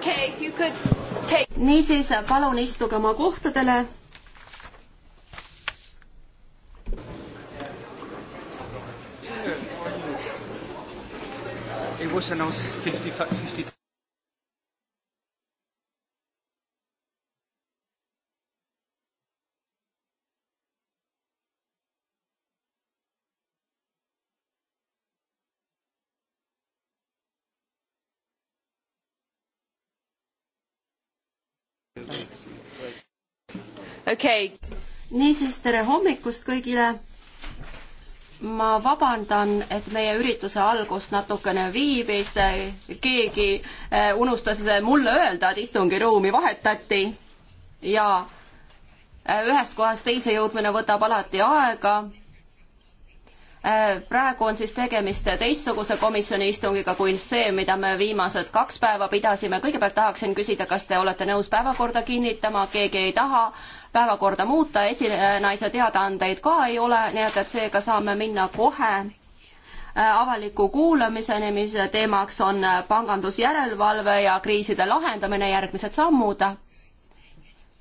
okay, take... niisiis, palun istuge oma kohtadele. It was announced 50, 50. okei okay.. niisiis, tere hommikust kõigile. ma vabandan, et meie ürituse algus natukene viibis, keegi eh, unustas mulle öelda, et istungiruumi vahetati ja eh, ühest kohast teise jõudmine võtab alati aega Äh, praegu on siis tegemist teistsuguse komisjoni istungiga kui see, mida me viimased kaks päeva pidasime. kõigepealt tahaksin küsida, kas te olete nõus päevakorda kinnitama, keegi ei taha päevakorda muuta, esinaise teadaandeid ka ei ole, nii et, et seega saame minna kohe äh, avaliku kuulamiseni, mis teemaks on äh, pangandusjärelevalve ja kriiside lahendamine, järgmised sammud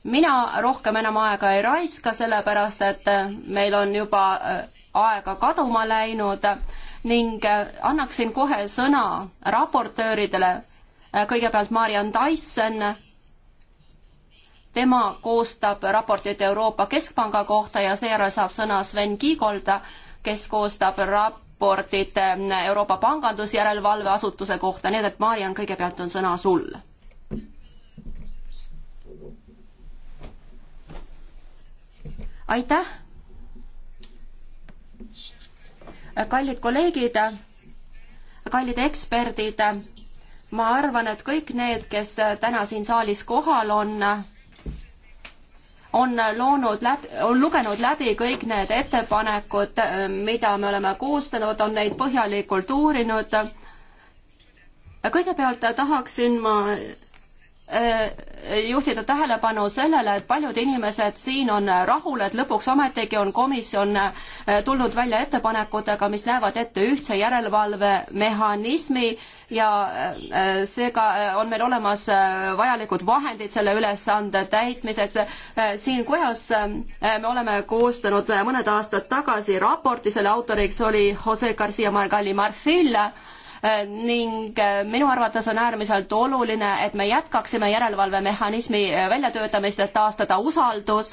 mina rohkem enam aega ei raiska, sellepärast et meil on juba aega kaduma läinud ning äh, annaksin kohe sõna raportööridele. Äh, kõigepealt Mariann Tyson. tema koostab raportit Euroopa Keskpanga kohta ja seejärel saab sõna Sven Kiigold, kes koostab raportit äh, Euroopa Pangandusjärelevalve Asutuse kohta, nii et Mariann, kõigepealt on sõna sul aitäh! kallid kolleegid, kallid eksperdid, ma arvan, et kõik need, kes täna siin saalis kohal on, on loonud läbi, on lugenud läbi kõik need ettepanekud, mida me oleme koostanud, on neid põhjalikult uurinud. kõigepealt tahaksin ma Äh, juhtida tähelepanu sellele, et paljud inimesed siin on rahul, et lõpuks ometigi on komisjon äh, tulnud välja ettepanekutega, mis näevad ette ühtse järelevalvemehhanismi ja äh, seega on meil olemas vajalikud vahendid selle ülesande täitmiseks. siin kojas me oleme koostanud mõned aastad tagasi raporti, selle autoriks oli Jose Garcia Margalli Marfil Äh, ning äh, minu arvates on äärmiselt oluline, et me jätkaksime järelevalvemehhanismi äh, väljatöötamist, et taastada usaldus.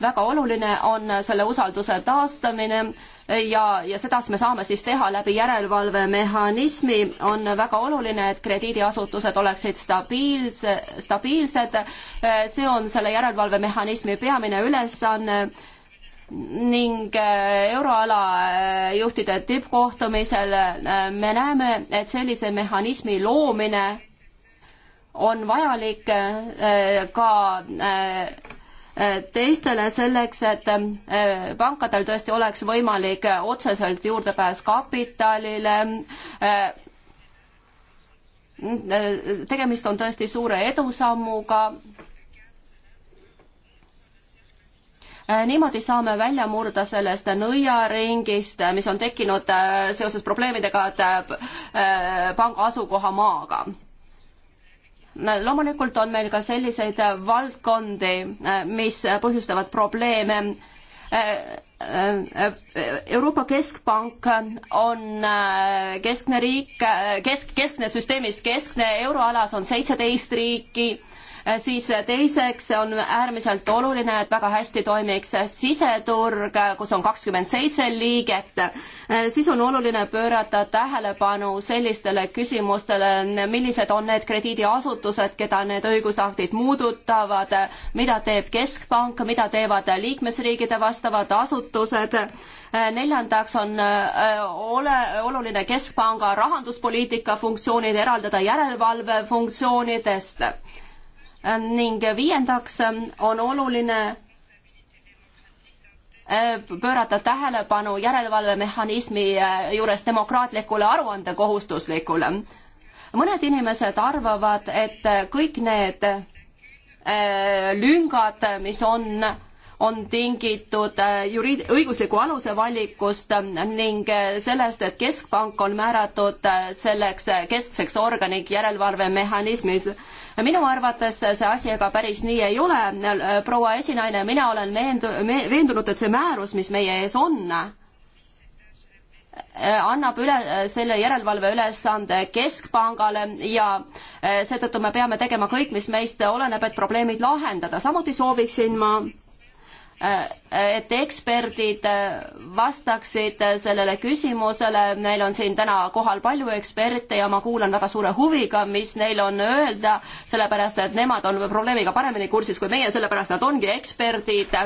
väga oluline on selle usalduse taastamine ja, ja seda me saame siis teha läbi järelevalvemehhanismi. on väga oluline, et krediidiasutused oleksid stabiilse, stabiilsed. see on selle järelevalvemehhanismi peamine ülesanne ning äh, euroala äh, juhtide tippkohtumisel äh, me näeme, et sellise mehhanismi loomine on vajalik ka teistele selleks, et pankadel tõesti oleks võimalik otseselt juurdepääs kapitalile. tegemist on tõesti suure edusammuga Äh, niimoodi saame välja murda sellest nõiaringist, äh, mis on tekkinud äh, seoses probleemidega panga asukohamaaga loomulikult on meil ka selliseid valdkondi, mis põhjustavad probleeme. Euroopa Keskpank on keskne riik, kesk, keskne süsteemis, keskne euroalas on seitseteist riiki Äh, siis äh, teiseks on äärmiselt oluline, et väga hästi toimiks äh, siseturg, kus on kakskümmend seitse liiget. siis on oluline pöörata tähelepanu sellistele küsimustele, millised on need krediidiasutused, keda need õigusaktid muudutavad, mida teeb Keskpank, mida teevad liikmesriigide vastavad asutused. neljandaks on ole, oluline Keskpanga rahanduspoliitika funktsioonid eraldada järelevalve funktsioonidest ning viiendaks ähm, on oluline äh, pöörata tähelepanu järelevalvemehhanismi äh, juures demokraatlikule aruandekohustuslikule. mõned inimesed arvavad, et kõik need äh, lüngad, mis on on tingitud äh, juriid-, õigusliku aluse valikust äh, ning äh, sellest, et Keskpank on määratud selleks keskseks organiks järelevalvemehhanismis. minu arvates see asi aga päris nii ei ole, proua esinaine, mina olen veendu-, veendunud, et see määrus, mis meie ees on, annab üle selle järelevalve ülesande Keskpangale ja seetõttu me peame tegema kõik, mis meist oleneb, et probleemid lahendada. samuti sooviksin ma et eksperdid vastaksid sellele küsimusele, meil on siin täna kohal palju eksperte ja ma kuulan väga suure huviga, mis neil on öelda, sellepärast et nemad on probleemiga paremini kursis kui meie, sellepärast nad ongi eksperdid.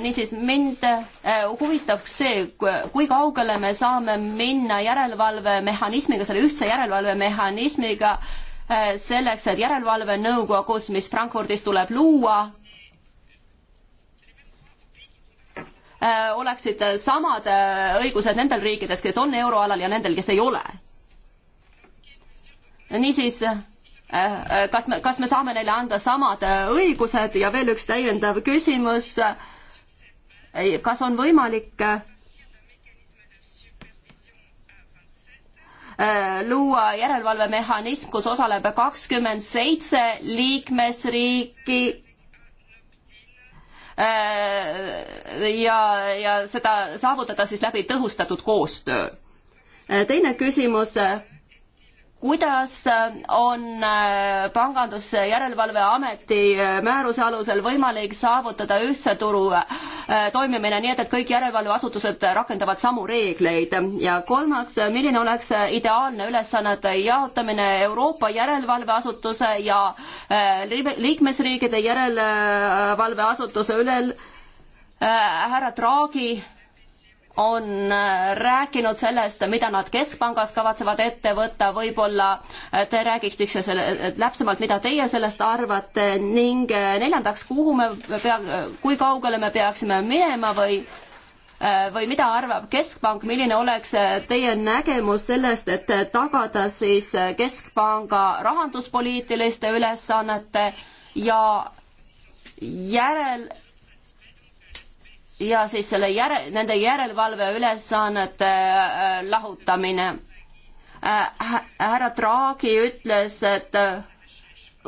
niisiis, mind eh, huvitaks see, kui kaugele me saame minna järelevalvemehhanismiga, selle ühtse järelevalvemehhanismiga, eh, selleks, et järelevalvenõukogus, mis Frankfurdis tuleb luua, Äh, oleksid samad äh, õigused nendel riikides, kes on euroalal ja nendel, kes ei ole. niisiis, äh, kas me, kas me saame neile anda samad õigused ja veel üks täiendav küsimus. kas on võimalik luua järelevalvemehhanism, kus osaleb kakskümmend seitse liikmesriiki Äh, ja, ja seda saavutada siis läbi tõhustatud koostöö. Äh, teine küsimus äh, kuidas äh, on äh, Pangandusjärelevalve Ameti äh, määruse alusel võimalik saavutada ühtse turu toimimine, nii et, et kõik järelevalveasutused rakendavad samu reegleid ja kolmaks, milline oleks ideaalne ülesannete jaotamine Euroopa järelevalveasutuse ja liikmesriikide järelevalveasutuse üle härra Draghi on äh, rääkinud sellest, mida nad Keskpangas kavatsevad ette võtta, võib-olla äh, te räägiksite selle äh, täpsemalt, mida teie sellest arvate ning neljandaks, kuhu me pea, kui kaugele me peaksime minema või või mida arvab Keskpank, milline oleks teie nägemus sellest, et tagada siis Keskpanga rahanduspoliitiliste ülesannete ja järel ja siis selle järe, nende järelevalveülesannete äh, lahutamine äh,. härra Draghi ütles, et äh,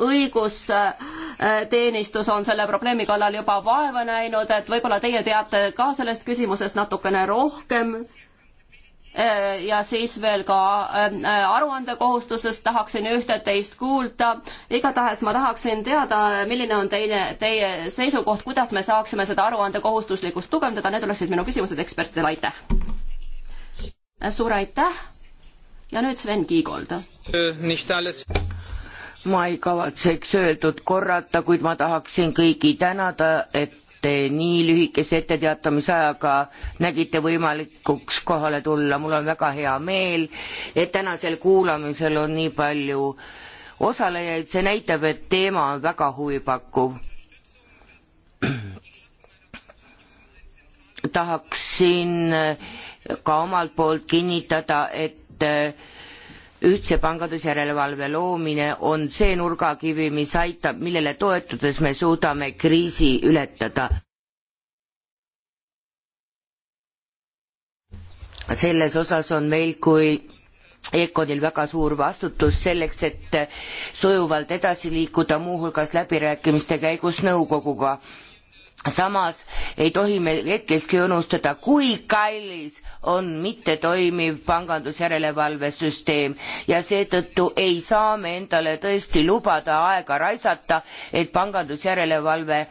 õigusteenistus äh, on selle probleemi kallal juba vaeva näinud, et võib-olla teie teate ka sellest küsimusest natukene rohkem Äh, ja siis veel ka äh, aruandekohustusest tahaksin ühte-teist kuulda. igatahes ma tahaksin teada, milline on teine, teie seisukoht, kuidas me saaksime seda aruandekohustuslikkust tugevdada, need oleksid minu küsimused ekspertidele, aitäh. suur aitäh ja nüüd Sven Kiigold. ma ei kavatseks öeldut korrata, kuid ma tahaksin kõigi tänada, et te nii lühikese etteteatamisajaga nägite võimalikuks kohale tulla, mul on väga hea meel, et tänasel kuulamisel on nii palju osalejaid, see näitab, et teema on väga huvipakkuv. tahaksin ka omalt poolt kinnitada, et ühtse pangandusjärelevalve loomine on see nurgakivi, mis aitab, millele toetudes me suudame kriisi ületada. selles osas on meil kui EKONil väga suur vastutus selleks, et sujuvalt edasi liikuda, muuhulgas läbirääkimiste käigus nõukoguga samas ei tohi me hetkekski unustada, kui kallis on mittetoimiv pangandusjärelevalvesüsteem ja seetõttu ei saa me endale tõesti lubada aega raisata, et pangandusjärelevalve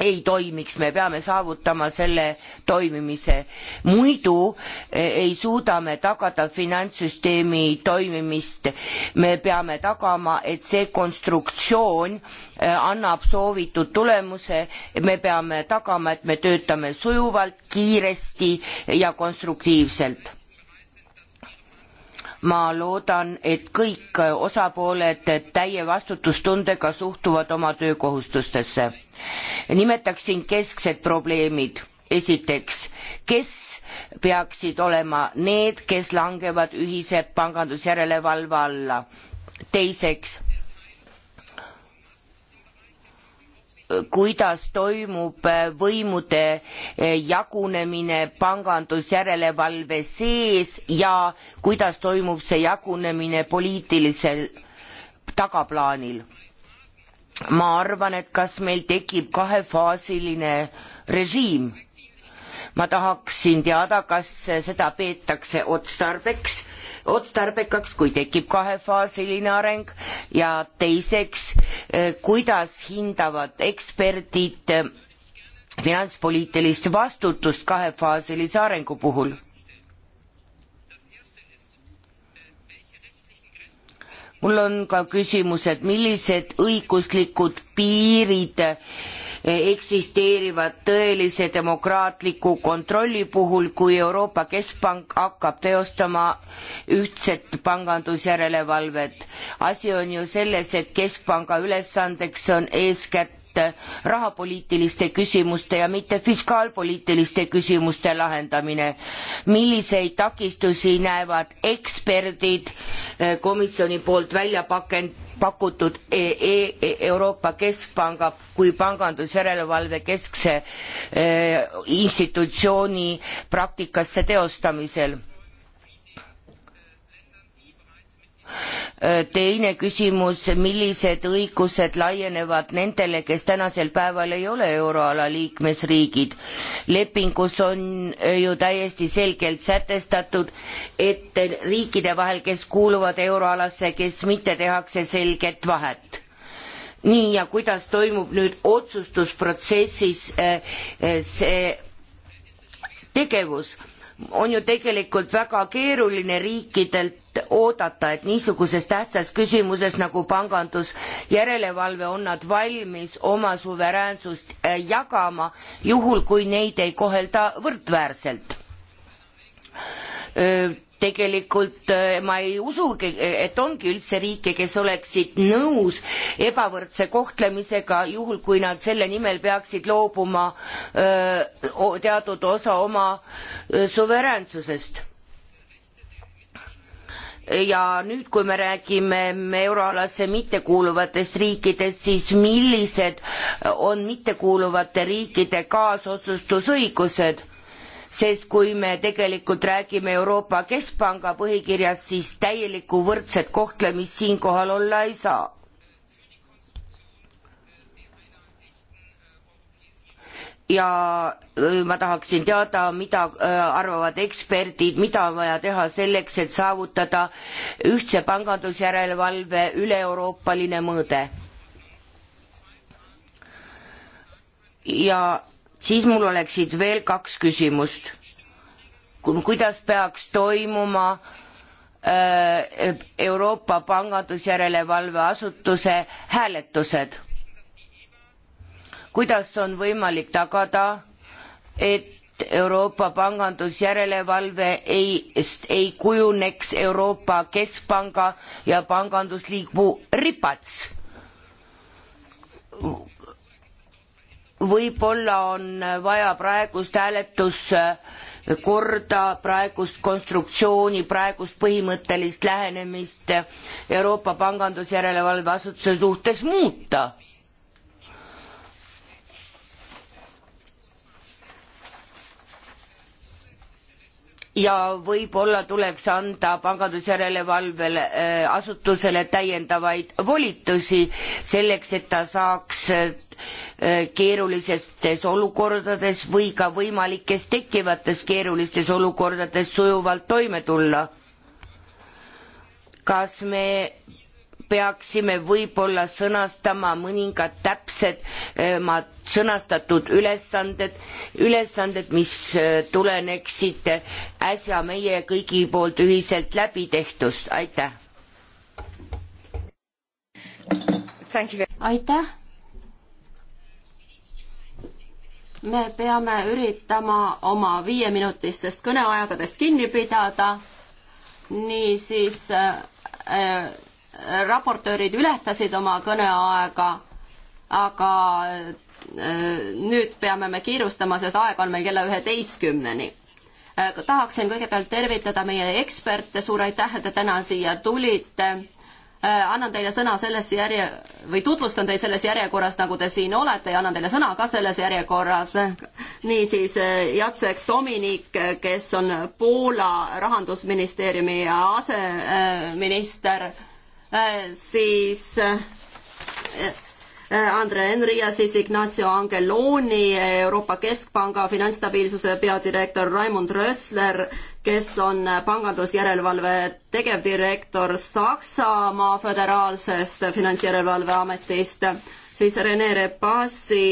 ei toimiks, me peame saavutama selle toimimise, muidu e, ei suuda me tagada finantssüsteemi toimimist. me peame tagama, et see konstruktsioon e, annab soovitud tulemuse, me peame tagama, et me töötame sujuvalt, kiiresti ja konstruktiivselt ma loodan, et kõik osapooled täie vastutustundega suhtuvad oma töökohustustesse. nimetaksin kesksed probleemid esiteks, kes peaksid olema need, kes langevad ühise pangandusjärelevalve alla? teiseks, kuidas toimub äh, võimude äh, jagunemine pangandusjärelevalve sees ja kuidas toimub see jagunemine poliitilisel tagaplaanil. ma arvan, et kas meil tekib kahefaasiline režiim ma tahaksin teada, kas seda peetakse otstarbeks, otstarbekaks, kui tekib kahefaasiline areng ja teiseks, eh, kuidas hindavad eksperdid eh, finantspoliitilist vastutust kahefaasilise arengu puhul? mul on ka küsimus, et millised õiguslikud piirid eksisteerivad tõelise demokraatliku kontrolli puhul, kui Euroopa Keskpank hakkab teostama ühtset pangandusjärelevalvet. asi on ju selles, et keskpanga ülesandeks on eeskätt mitte rahapoliitiliste küsimuste ja mitte fiskaalpoliitiliste küsimuste lahendamine. milliseid takistusi näevad eksperdid eh, komisjoni poolt välja pakend, pakutud e e e Euroopa Keskpanga kui pangandusjärelevalve keskse eh, institutsiooni praktikasse teostamisel? teine küsimus, millised õigused laienevad nendele, kes tänasel päeval ei ole euroala liikmesriigid? lepingus on ju täiesti selgelt sätestatud, et riikide vahel, kes kuuluvad euroalasse, kes mitte, tehakse selget vahet nii ja kuidas toimub nüüd otsustusprotsessis see tegevus on ju tegelikult väga keeruline riikidelt oodata, et niisuguses tähtsas küsimuses nagu pangandusjärelevalve on nad valmis oma suveräänsust äh, jagama, juhul kui neid ei kohelda võrdväärselt tegelikult äh, ma ei usugi, et ongi üldse riike, kes oleksid nõus ebavõrdse kohtlemisega, juhul kui nad selle nimel peaksid loobuma öö, teatud osa oma öö, suveräänsusest ja nüüd, kui me räägime euroalasse mittekuuluvatest riikidest, siis millised on mittekuuluvate riikide kaasotsustusõigused? sest kui me tegelikult räägime Euroopa Keskpanga põhikirjast, siis täielikku võrdset kohtlemist siinkohal olla ei saa ja ma tahaksin teada, mida arvavad eksperdid, mida on vaja teha selleks, et saavutada ühtse pangandusjärelevalve üle-euroopaline mõõde. ja siis mul oleksid veel kaks küsimust. kuidas peaks toimuma Euroopa pangandusjärelevalve asutuse hääletused? kuidas on võimalik tagada, et Euroopa pangandusjärelevalve ei, ei kujuneks Euroopa Keskpanga ja pangandusliidu ripats. võib-olla on vaja praegust hääletuskorda, praegust konstruktsiooni, praegust põhimõttelist lähenemist Euroopa pangandusjärelevalve asutuse suhtes muuta ja võib-olla tuleks anda pangandusjärelevalvele äh, asutusele täiendavaid volitusi selleks, et ta saaks äh, keerulistes olukordades või ka võimalikes tekkivates keerulistes olukordades sujuvalt toime tulla. kas me peaksime võib-olla sõnastama mõningad täpsemad sõnastatud ülesanded, ülesanded, mis äh, tuleneksid äsja meie kõigi poolt ühiselt läbi tehtust, aitäh. aitäh. me peame üritama oma viieminutistest kõneaegadest kinni pidada. niisiis äh, äh raportöörid ületasid oma kõneaega, aga äh, nüüd peame me kiirustama, sest aega on meil kella üheteistkümneni äh, tahaksin kõigepealt tervitada meie eksperte, suur aitäh, et te täna siia tulite. Äh, annan teile sõna selles järje- või tutvustan teid selles järjekorras, nagu te siin olete ja annan teile sõna ka selles järjekorras. niisiis Jacek Dominik, kes on Poola rahandusministeeriumi aseminister äh, Äh, siis äh, äh, Andre Henri ja siis Ignacio Angeloni, Euroopa Keskpanga finantsstabiilsuse peadirektor Raimond Rössler, kes on pangandusjärelevalve tegevdirektor Saksamaa Föderaalsest Finantsjärelevalveametist, siis Rene Repassi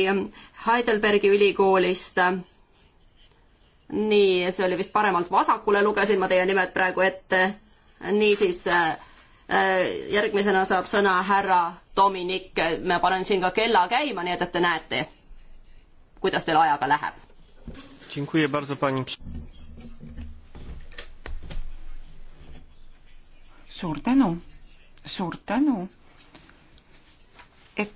Heidelbergi ülikoolist. nii, see oli vist paremalt vasakule, lugesin ma teie nimed praegu ette. niisiis äh, Äh, järgmisena saab sõna härra Dominik, ma panen siin ka kella käima, nii et, et te näete, kuidas teil ajaga läheb. suur tänu, suur tänu, et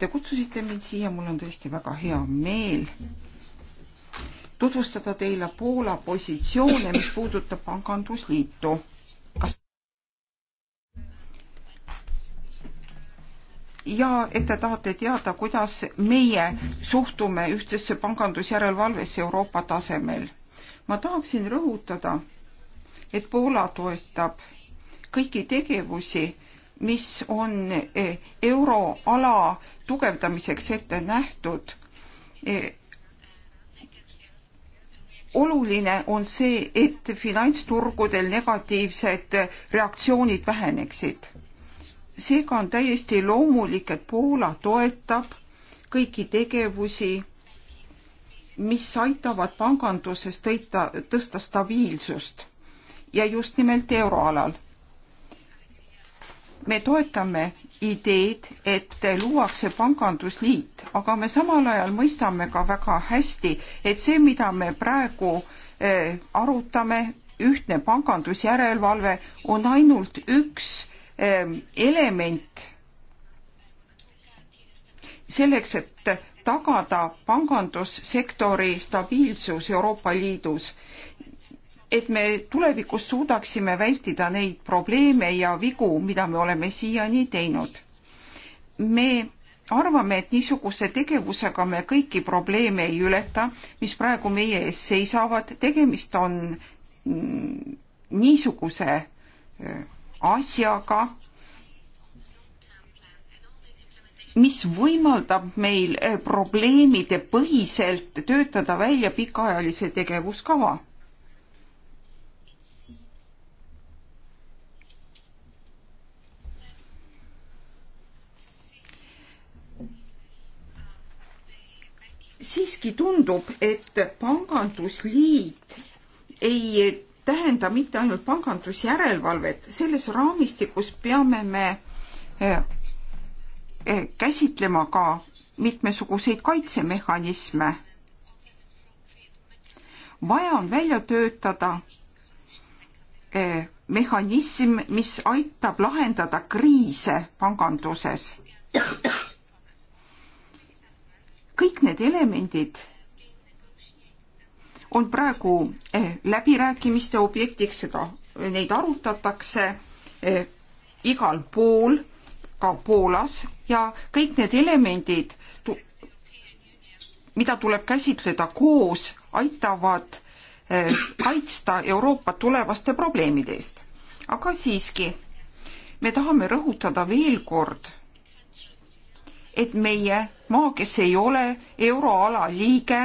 te kutsusite mind siia, mul on tõesti väga hea meel tutvustada teile Poola positsioone, mis puudutab pangandusliitu. kas ja et te tahate teada, kuidas meie suhtume ühtsesse pangandusjärelevalvesse Euroopa tasemel. ma tahaksin rõhutada, et Poola toetab kõiki tegevusi, mis on e, euroala tugevdamiseks ette nähtud. E, oluline on see, et finantsturgudel negatiivsed reaktsioonid väheneksid seega on täiesti loomulik, et Poola toetab kõiki tegevusi, mis aitavad panganduses tõita, tõsta stabiilsust ja just nimelt euroalal. me toetame ideed, et luuakse pangandusliit, aga me samal ajal mõistame ka väga hästi, et see, mida me praegu eh, arutame, ühtne pangandusjärelevalve, on ainult üks Ähm, element selleks, et tagada pangandussektori stabiilsus Euroopa Liidus, et me tulevikus suudaksime vältida neid probleeme ja vigu, mida me oleme siiani teinud. me arvame, et niisuguse tegevusega me kõiki probleeme ei ületa, mis praegu meie ees seisavad, tegemist on mm, niisuguse äh, asjaga, mis võimaldab meil eh, probleemide põhiselt töötada välja pikaajalise tegevuskava siiski tundub, et pangandusliit ei tähenda mitte ainult pangandusjärelevalvet, selles raamistikus peame me eh, eh, käsitlema ka mitmesuguseid kaitsemehhanisme. vaja on välja töötada eh, mehhanism, mis aitab lahendada kriise panganduses. kõik need elemendid on praegu eh, läbirääkimiste objektiks, seda, eh, neid arutatakse eh, igal pool, ka Poolas ja kõik need elemendid, mida tuleb käsitleda koos, aitavad kaitsta Euroopat tulevaste probleemide eest. aga siiski, me tahame rõhutada veel kord, et meie maa, kes ei ole euroala liige,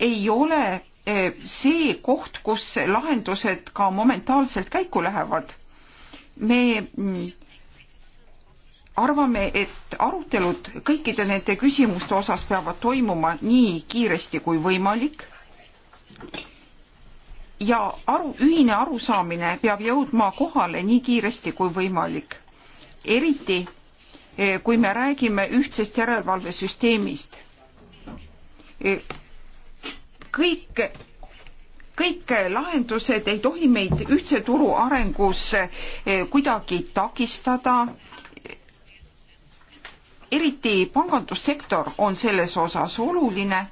ei ole eh, see koht, kus lahendused ka momentaalselt käiku lähevad. me mm, arvame, et arutelud kõikide nende küsimuste osas peavad toimuma nii kiiresti kui võimalik. ja aru, ühine arusaamine peab jõudma kohale nii kiiresti kui võimalik. eriti eh, kui me räägime ühtsest järelevalvesüsteemist E, kõik kõik lahendused ei tohi meid ühtse turu arengus e, kuidagi takistada. eriti pangandussektor on selles osas oluline.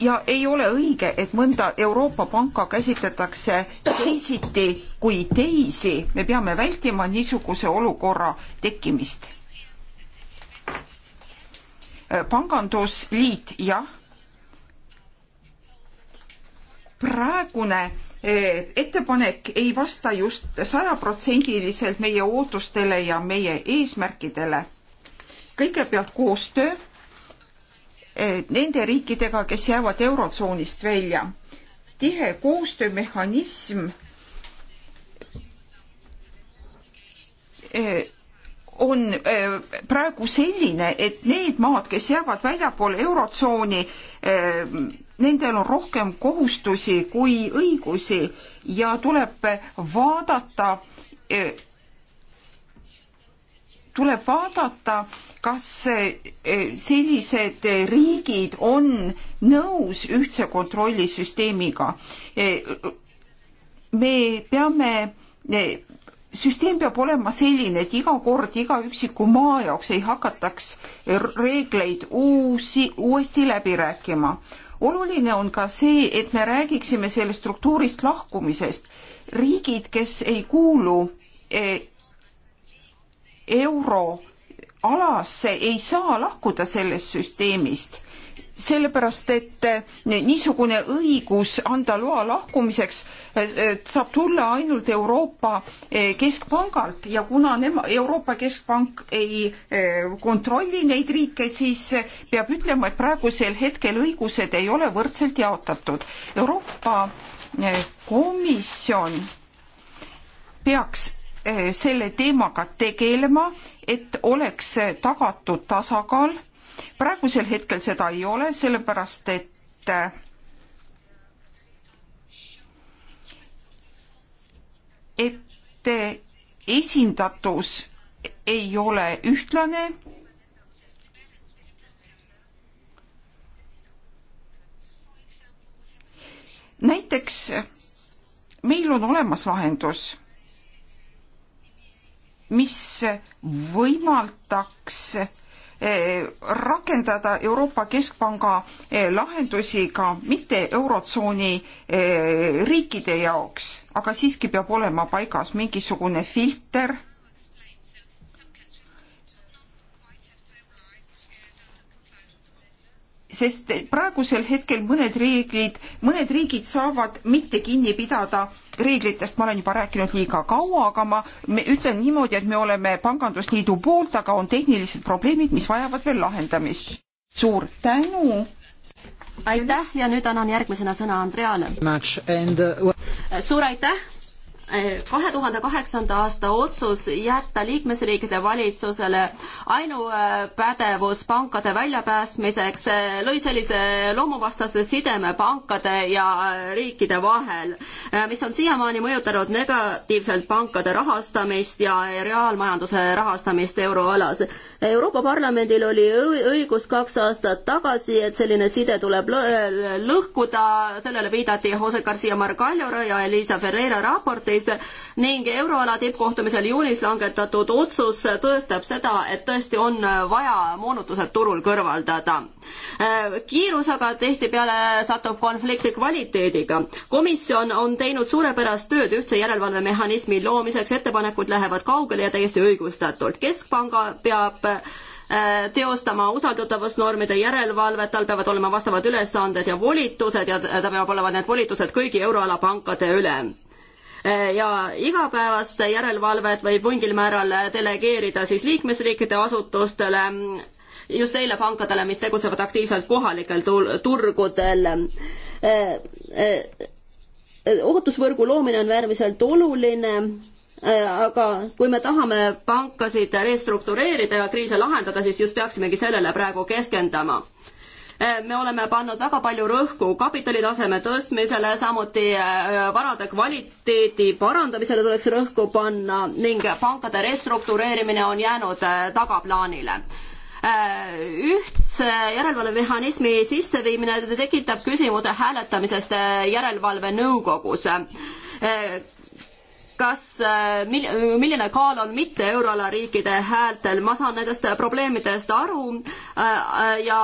ja ei ole õige, et mõnda Euroopa panka käsitletakse teisiti kui teisi. me peame vältima niisuguse olukorra tekkimist Äh, pangandusliit, jah. praegune äh, ettepanek ei vasta just sajaprotsendiliselt meie ootustele ja meie eesmärkidele. kõigepealt koostöö äh, nende riikidega, kes jäävad Eurotsoonist välja. tihe koostöömehhanism on äh, praegu selline, et need maad, kes jäävad väljapoole eurotsooni, äh, nendel on rohkem kohustusi kui õigusi ja tuleb vaadata, äh, tuleb vaadata, kas sellised riigid on nõus ühtse kontrollisüsteemiga. me peame süsteem peab olema selline, et iga kord iga üksiku maa jaoks ei hakataks reegleid uusi, uuesti läbi rääkima. oluline on ka see, et me räägiksime sellest struktuurist lahkumisest. riigid, kes ei kuulu e, euroalasse, ei saa lahkuda sellest süsteemist sellepärast, et eh, niisugune õigus anda loa lahkumiseks eh, eh, saab tulla ainult Euroopa Keskpangalt ja kuna nema, Euroopa Keskpank ei kontrolli neid riike, siis peab ütlema, et praegusel hetkel õigused ei ole võrdselt jaotatud. Euroopa Komisjon peaks selle teemaga tegelema, et oleks tagatud tasakaal praegusel hetkel seda ei ole, sellepärast et äh, et äh, esindatus ei ole ühtlane näiteks meil on olemas lahendus, mis võimaldaks Eh, rakendada Euroopa Keskpanga eh, lahendusi ka mitte Eurotsooni eh, riikide jaoks, aga siiski peab olema paigas mingisugune filter sest praegusel hetkel mõned reeglid, mõned riigid saavad mitte kinni pidada reeglitest, ma olen juba rääkinud liiga kaua, aga ma ütlen niimoodi, et me oleme Pangandusliidu poolt, aga on tehnilised probleemid, mis vajavad veel lahendamist. suur tänu aitäh ja nüüd annan järgmisena sõna Andreale. Uh, suur aitäh! kahe tuhande kaheksanda aasta otsus jätta liikmesriikide valitsusele ainupädevus pankade väljapäästmiseks lõi sellise loomuvastase sideme pankade ja riikide vahel, mis on siiamaani mõjutanud negatiivselt pankade rahastamist ja reaalmajanduse rahastamist euroalas. Euroopa Parlamendil oli õigus kaks aastat tagasi, et selline side tuleb lõhkuda, sellele viidati Jose Garcia Margallo ja Elisa Ferreira raportis, Pariisis ning euroala tippkohtumisel juunis langetatud otsus tõestab seda, et tõesti on vaja moonutused turul kõrvaldada. Äh, kiirus aga tihtipeale satub konflikti kvaliteediga. komisjon on teinud suurepärast tööd ühtse järelevalvemehhanismi loomiseks, ettepanekud lähevad kaugele ja täiesti õigustatult. keskpanga peab äh, teostama usaldatavusnormide järelevalvet, tal peavad olema vastavad ülesanded ja volitused ja ta peab olema need volitused kõigi euroala pankade üle Äh, ja igapäevast järelevalvet võib mingil määral delegeerida siis liikmesriikide asutustele just neile pankadele, mis tegutsevad aktiivselt kohalikel turgudel äh, äh, ohutusvõrgu loomine on äärmiselt oluline, aga kui me tahame pankasid restruktureerida ja kriise lahendada, siis just peaksimegi sellele praegu keskendama. Äh, me oleme pannud väga palju rõhku kapitalitaseme tõstmisele, samuti äh, varade kvaliteedi parandamisele tuleks rõhku panna ning pankade restruktureerimine on jäänud äh, tagaplaanile ühtse järelevalvemehhanismi sisseviimine tekitab küsimuse hääletamisest järelevalvenõukogus kas, äh, mil-, milline kaal on mitte euroala riikide häältel, ma saan nendest probleemidest aru äh, äh, ja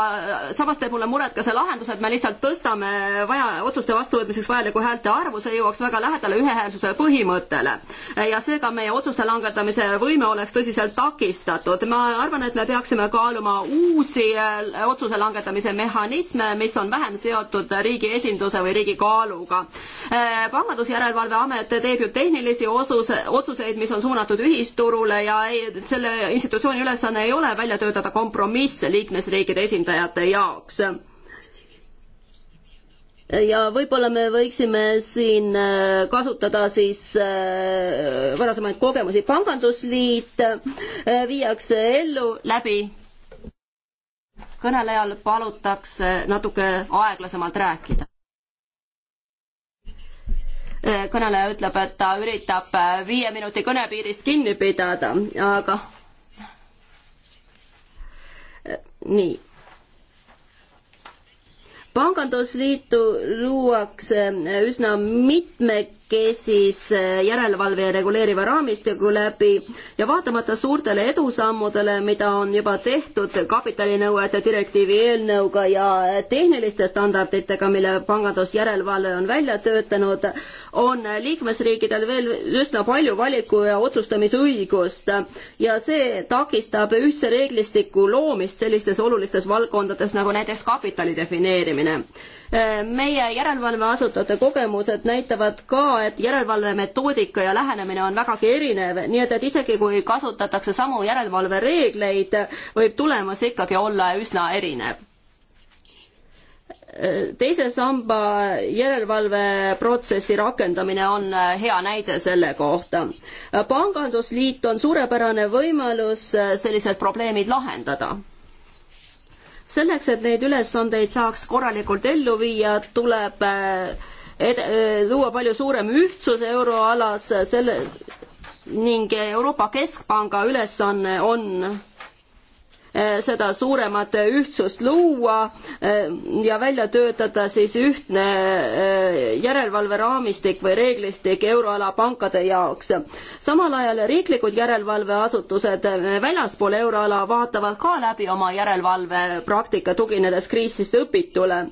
samas teeb mulle muret ka see lahendus, et me lihtsalt tõstame vaja, otsuste vastuvõtmiseks vajaliku häälte arvu, see jõuaks väga lähedale ühehäälsuse põhimõttele. ja seega meie otsuste langetamise võime oleks tõsiselt takistatud. ma arvan, et me peaksime kaaluma uusi otsuse langetamise mehhanisme, mis on vähem seotud riigi esinduse või riigi kaaluga. pangandusjärelevalveamet teeb ju tehnilisi poliitilisi osus, otsuseid, mis on suunatud ühisturule ja ei, selle institutsiooni ülesanne ei ole välja töötada kompromisse liikmesriikide esindajate jaoks ja võib-olla me võiksime siin äh, kasutada siis äh, varasemaid kogemusi. pangandusliit äh, viiakse ellu läbi. kõnelejal palutakse natuke aeglasemalt rääkida. Äh, kõneleja ütleb, et ta üritab äh, viie minuti kõnepiirist kinni pidada, aga äh, nii. pangandusliitu luuakse üsna mitme kestis eh, järelevalve ja reguleeriva raamistiku läbi ja vaatamata suurtele edusammudele, mida on juba tehtud kapitalinõuete direktiivi eelnõuga ja tehniliste standarditega, mille pangandusjärelevalve on välja töötanud, on liikmesriikidel veel üsna palju valiku ja otsustamisõigust ja see takistab ühtse reeglistiku loomist sellistes olulistes valdkondades nagu näiteks kapitali defineerimine meie järelevalveasutajate kogemused näitavad ka, et järelevalvemetoodika ja lähenemine on vägagi erinev, nii et, et isegi kui kasutatakse samu järelevalvereegleid, võib tulemus ikkagi olla üsna erinev teise samba järelevalveprotsessi rakendamine on hea näide selle kohta. pangandusliit on suurepärane võimalus sellised probleemid lahendada selleks, et neid ülesandeid saaks korralikult ellu viia, tuleb eh, ed-, eh, luua palju suurem ühtsus euroalas, selle ning Euroopa Keskpanga ülesanne on Eh, seda suuremat ühtsust luua eh, ja välja töötada siis ühtne eh, järelevalveraamistik või reeglistik euroala pankade jaoks. samal ajal riiklikud järelevalveasutused väljaspool euroala vaatavad ka läbi oma järelevalvepraktika, tuginedes kriisist õpitule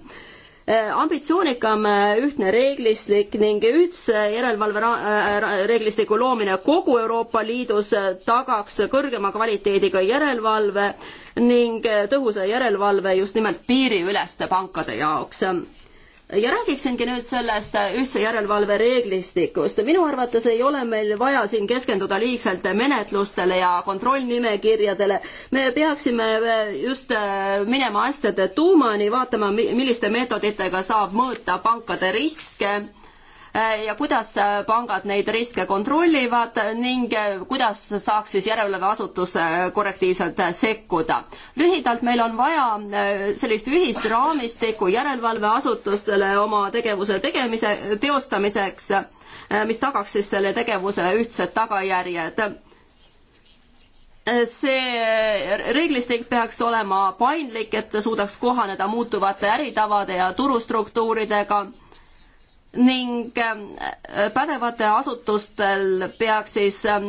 Äh, ambitsioonikam äh, ühtne reeglistik ning ühtse järelevalve äh, reeglistiku loomine kogu Euroopa Liidus tagaks kõrgema kvaliteediga järelevalve ning tõhusa järelevalve just nimelt piiriüleste pankade jaoks ja räägiksingi nüüd sellest ühtse järelevalve reeglistikust. minu arvates ei ole meil vaja siin keskenduda liigselt menetlustele ja kontrollnimekirjadele. me peaksime just minema asjade tuumani, vaatama, milliste meetoditega saab mõõta pankade riske Äh, ja kuidas äh, pangad neid riske kontrollivad ning äh, kuidas saaks siis järelevalveasutus korrektiivselt sekkuda. lühidalt, meil on vaja sellist ühist raamistikku järelevalveasutustele oma tegevuse tegemise, teostamiseks, mis tagaks siis selle tegevuse ühtsed tagajärjed see reeglistik peaks olema paindlik, et suudaks kohaneda muutuvate äritavade ja turustruktuuridega ning ähm, äh, pädevatel asutustel peaks siis ähm,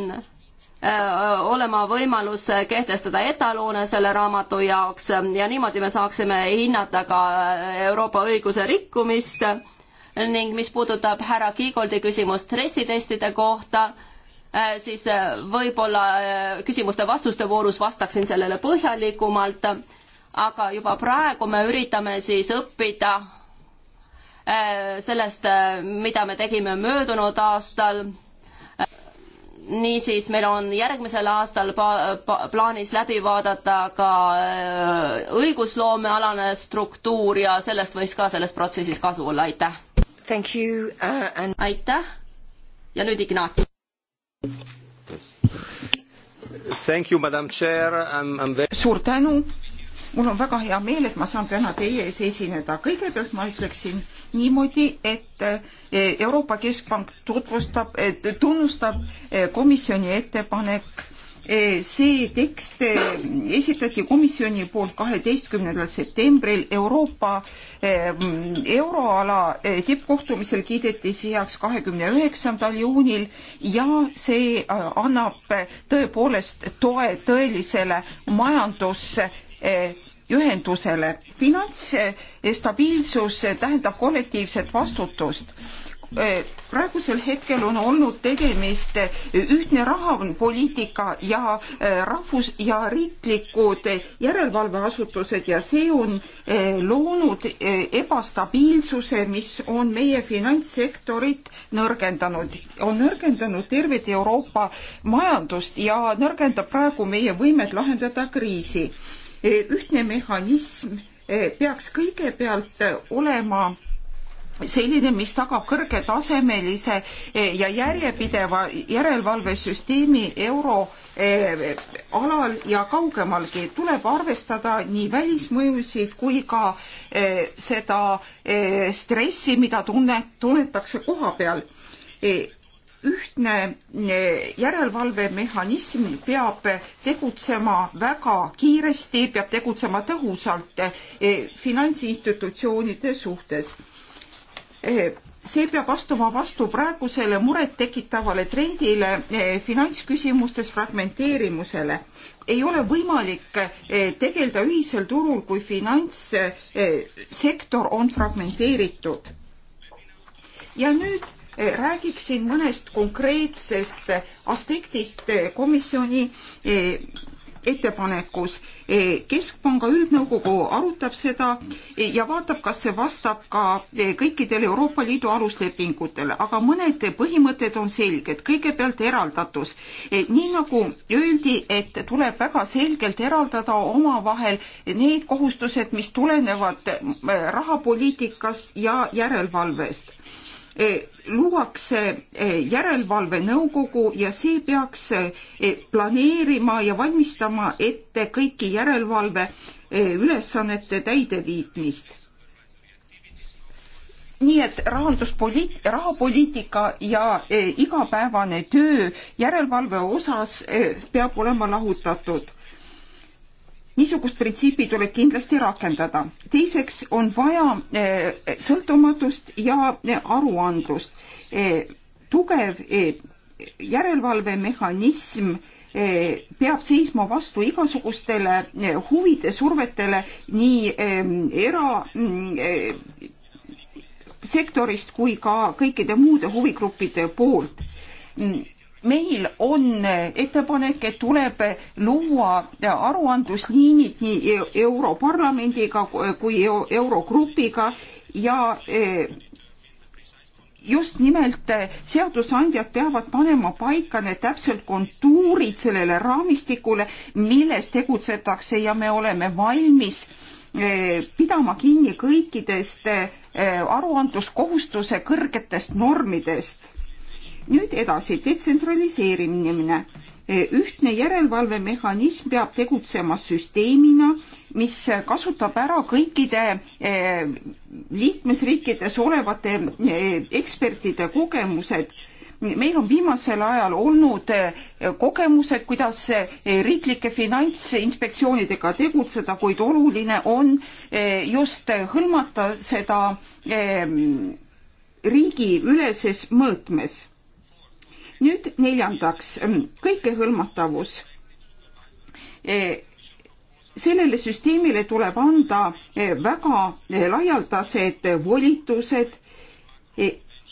äh, olema võimalus kehtestada etaloone selle raamatu jaoks ähm, ja niimoodi me saaksime hinnata ka äh, Euroopa õiguse rikkumist ning mis puudutab härra Kiigoldi küsimust stressitestide kohta, siis võib-olla küsimuste-vastuste voorus vastaksin sellele põhjalikumalt, aga juba praegu me üritame siis õppida Äh, sellest, äh, mida me tegime möödunud aastal. niisiis, meil on järgmisel aastal pa-, pa-, plaanis läbi vaadata ka äh, õigusloomealane struktuur ja sellest võiks ka selles protsessis kasu olla, aitäh! Uh, and... aitäh ja nüüd Ignats. Thank you, madam chair, I am very suur tänu mul on väga hea meel, et ma saan täna teie ees esineda. kõigepealt ma ütleksin niimoodi, et eh, Euroopa Keskpank tutvustab, tunnustab eh, komisjoni ettepanek eh, see tekst esitati komisjoni poolt kaheteistkümnendal septembril Euroopa euroala tippkohtumisel kiideti see heaks kahekümne üheksandal juunil ja see annab tõepoolest toe tõelisele majandus Eh, ühendusele. finantsstabiilsus eh, eh, tähendab kollektiivset vastutust praegusel hetkel on olnud tegemist ühtne rahapoliitika ja rahvus ja riiklikud järelevalveasutused ja see on loonud ebastabiilsuse, mis on meie finantssektorit nõrgendanud, on nõrgendanud tervet Euroopa majandust ja nõrgendab praegu meie võimet lahendada kriisi. E, ühtne mehhanism e, peaks kõigepealt olema selline, mis tagab kõrgetasemelise e, ja järjepideva järelevalvesüsteemi euro alal ja kaugemalgi tuleb arvestada nii välismõjusid kui ka seda stressi, mida tunne, tunnetakse koha peal ühtne eh, järelevalvemehhanism peab tegutsema väga kiiresti, peab tegutsema tõhusalt eh, finantsinstitutsioonide suhtes. Eh, see peab astuma vastu praegusele murettekitavale trendile finantsküsimustes fragmenteerimusele. ei ole võimalik tegeleda ühisel turul, kui finantssektor on fragmenteeritud. ja nüüd räägiksin mõnest konkreetsest aspektist komisjoni e, ettepanekus. E, keskpanga üldnõukogu arutab seda e, ja vaatab, kas see vastab ka kõikidele Euroopa Liidu aluslepingutele, aga mõned põhimõtted on selged. kõigepealt eraldatus. nii nagu öeldi, et tuleb väga selgelt eraldada omavahel need kohustused, mis tulenevad rahapoliitikast ja järelevalvest E, luuakse e, järelevalvenõukogu ja see peaks e, planeerima ja valmistama ette kõiki järelevalve ülesannete täideviitmist. nii et rahanduspoliit-, rahapoliitika ja igapäevane töö järelevalve osas peab olema lahutatud niisugust printsiipi tuleb kindlasti rakendada. teiseks on vaja eh, sõltumatust ja eh, aruandlust. Eh, tugev järelevalvemehhanism peab seisma vastu igasugustele huvide survetele nii era mm, sektorist kui ka kõikide muude huvigruppide poolt mm meil on ettepanek, et tuleb luua aruandlusliinid nii Europarlamendiga kui Eurogrupiga ja eh, just nimelt seadusandjad peavad panema paika need täpselt kontuurid sellele raamistikule, milles tegutsetakse ja me oleme valmis eh, pidama kinni kõikidest eh, aruandluskohustuse kõrgetest normidest nüüd edasi, detsentraliseerimine. ühtne järelevalvemehhanism peab tegutsema süsteemina, mis kasutab ära kõikide eh, liikmesriikides olevate eh, ekspertide kogemused meil on viimasel ajal olnud eh, kogemused, kuidas riiklike finantsinspektsioonidega tegutseda, kuid oluline on just hõlmata seda riigiüleses mõõtmes nüüd neljandaks, mm, kõikehõlmatavus. E, sellele süsteemile tuleb anda e, väga e, laialdased volitused.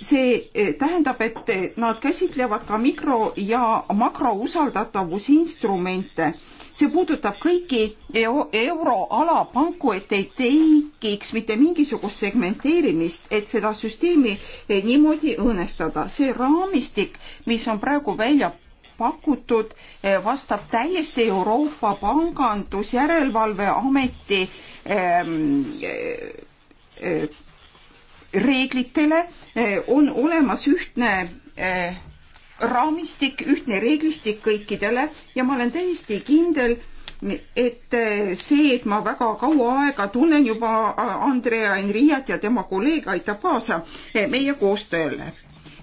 see tähendab, et nad käsitlevad ka mikro ja makrousaldatavuse instrumente see puudutab kõiki euroala panku, et ei tekiks mitte mingisugust segmenteerimist, et seda süsteemi eh, niimoodi õõnestada. see raamistik, mis on praegu välja pakutud, eh, vastab täiesti Euroopa Pangandusjärelevalve Ameti ähm, äh, eh, reeglitele, on olemas ühtne äh, raamistik, ühtne reeglistik kõikidele ja ma olen täiesti kindel, et eh, see, et ma väga kaua aega tunnen juba äh, Andrea Enriat ja tema kolleeg aitab kaasa eh, meie koostööle.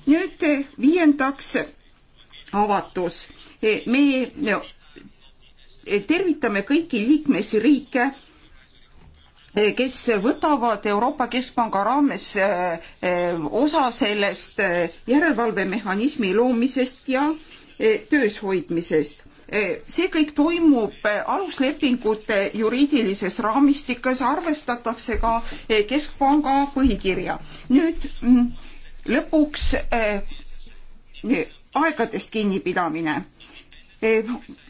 nüüd eh, viiendaks avatus. me tervitame kõiki liikmesriike kes võtavad Euroopa Keskpanga raames eh, eh, osa sellest eh, järelevalvemehhanismi loomisest ja töös hoidmisest. see kõik toimub aluslepingute juriidilises raamistikas, arvestatakse ka Keskpanga põhikirja. nüüd mm, lõpuks aegadest kinnipidamine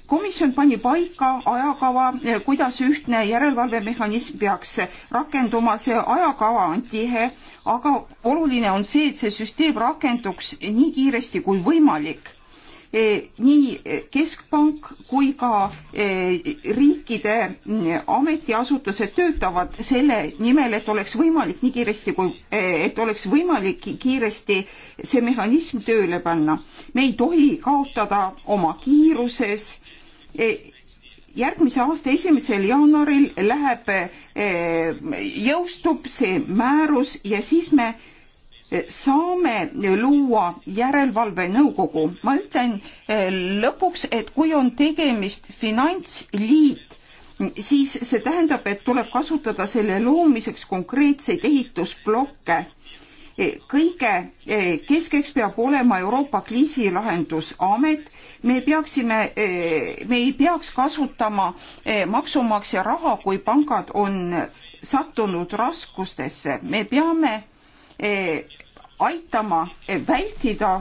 komisjon pani paika ajakava, eh, kuidas ühtne järelevalvemehhanism peaks rakenduma, see ajakava on tihe, aga oluline on see, et see süsteem rakenduks nii kiiresti kui võimalik. Eh, nii Keskpank kui ka eh, riikide mm, ametiasutused töötavad selle nimel, et oleks võimalik nii kiiresti kui, et oleks võimalik kiiresti see mehhanism tööle panna. me ei tohi kaotada oma kiiruses E, järgmise aasta esimesel jaanuaril läheb, e, jõustub see määrus ja siis me e, saame luua järelevalvenõukogu. ma ütlen lõpuks, et kui on tegemist finantsliit, siis see tähendab, et tuleb kasutada selle loomiseks konkreetseid ehitusplokke. Eh, kõige eh, keskeks peab olema Euroopa kriisilahendusamet. me peaksime, eh, me ei peaks kasutama maksumaksja raha, kui pangad on sattunud raskustesse. me peame aitama vältida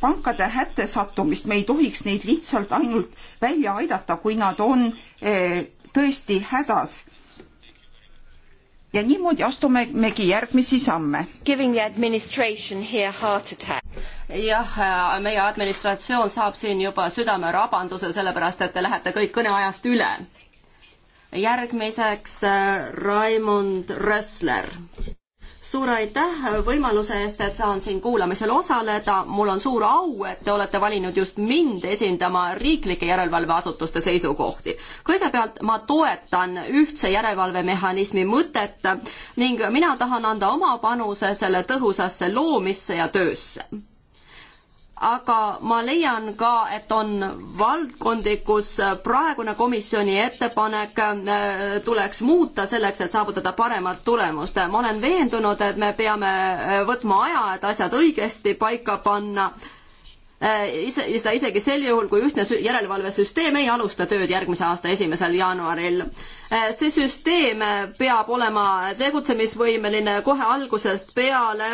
pankade hätte sattumist, me ei tohiks neid lihtsalt ainult välja aidata, kui nad on tõesti hädas ja niimoodi astumegi järgmisi samme. jah, äh, meie administratsioon saab siin juba südamerabanduse, sellepärast et te lähete kõik kõneajast üle. järgmiseks äh, Raimond Rössler suur aitäh võimaluse eest, et saan siin kuulamisel osaleda. mul on suur au, et te olete valinud just mind esindama riiklike järelevalveasutuste seisukohti. kõigepealt ma toetan ühtse järelevalvemehhanismi mõtet ning mina tahan anda oma panuse selle tõhusasse loomisse ja töösse aga ma leian ka, et on valdkondi, kus praegune komisjoni ettepanek äh, tuleks muuta selleks, et saavutada paremat tulemust. ma olen veendunud, et me peame äh, võtma aja, et asjad õigesti paika panna. Äh, ise, seda isegi sel juhul, kui ühtne järelevalvesüsteem ei alusta tööd järgmise aasta esimesel jaanuaril. see süsteem peab olema tegutsemisvõimeline kohe algusest peale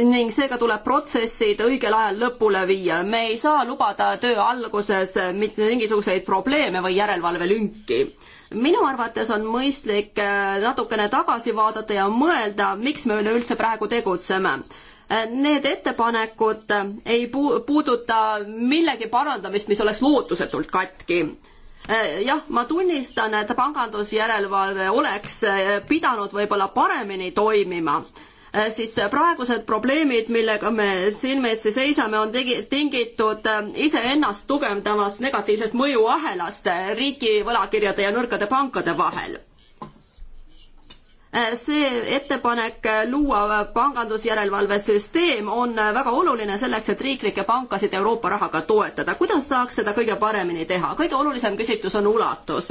ning seega tuleb protsessid õigel ajal lõpule viia. me ei saa lubada töö alguses mitte mingisuguseid probleeme või järelevalvelünki. minu arvates on mõistlik äh, natukene tagasi vaadata ja mõelda, miks me üleüldse praegu tegutseme. Äh, need ettepanekud äh, ei puuduta millegi parandamist, mis oleks lootusetult katki jah, ma tunnistan, et pangandusjärelevalve oleks pidanud võib-olla paremini toimima Äh, siis äh, praegused probleemid, millega me silmitsi seisame, on tegi-, tingitud äh, iseennast tugevdavast negatiivsest mõjuahelast riigi võlakirjade ja nõrkade pankade vahel Äh, see ettepanek luua pangandusjärelevalvesüsteem on äh, väga oluline selleks, et riiklikke pankasid Euroopa rahaga toetada. kuidas saaks seda kõige paremini teha? kõige olulisem küsitlus on ulatus.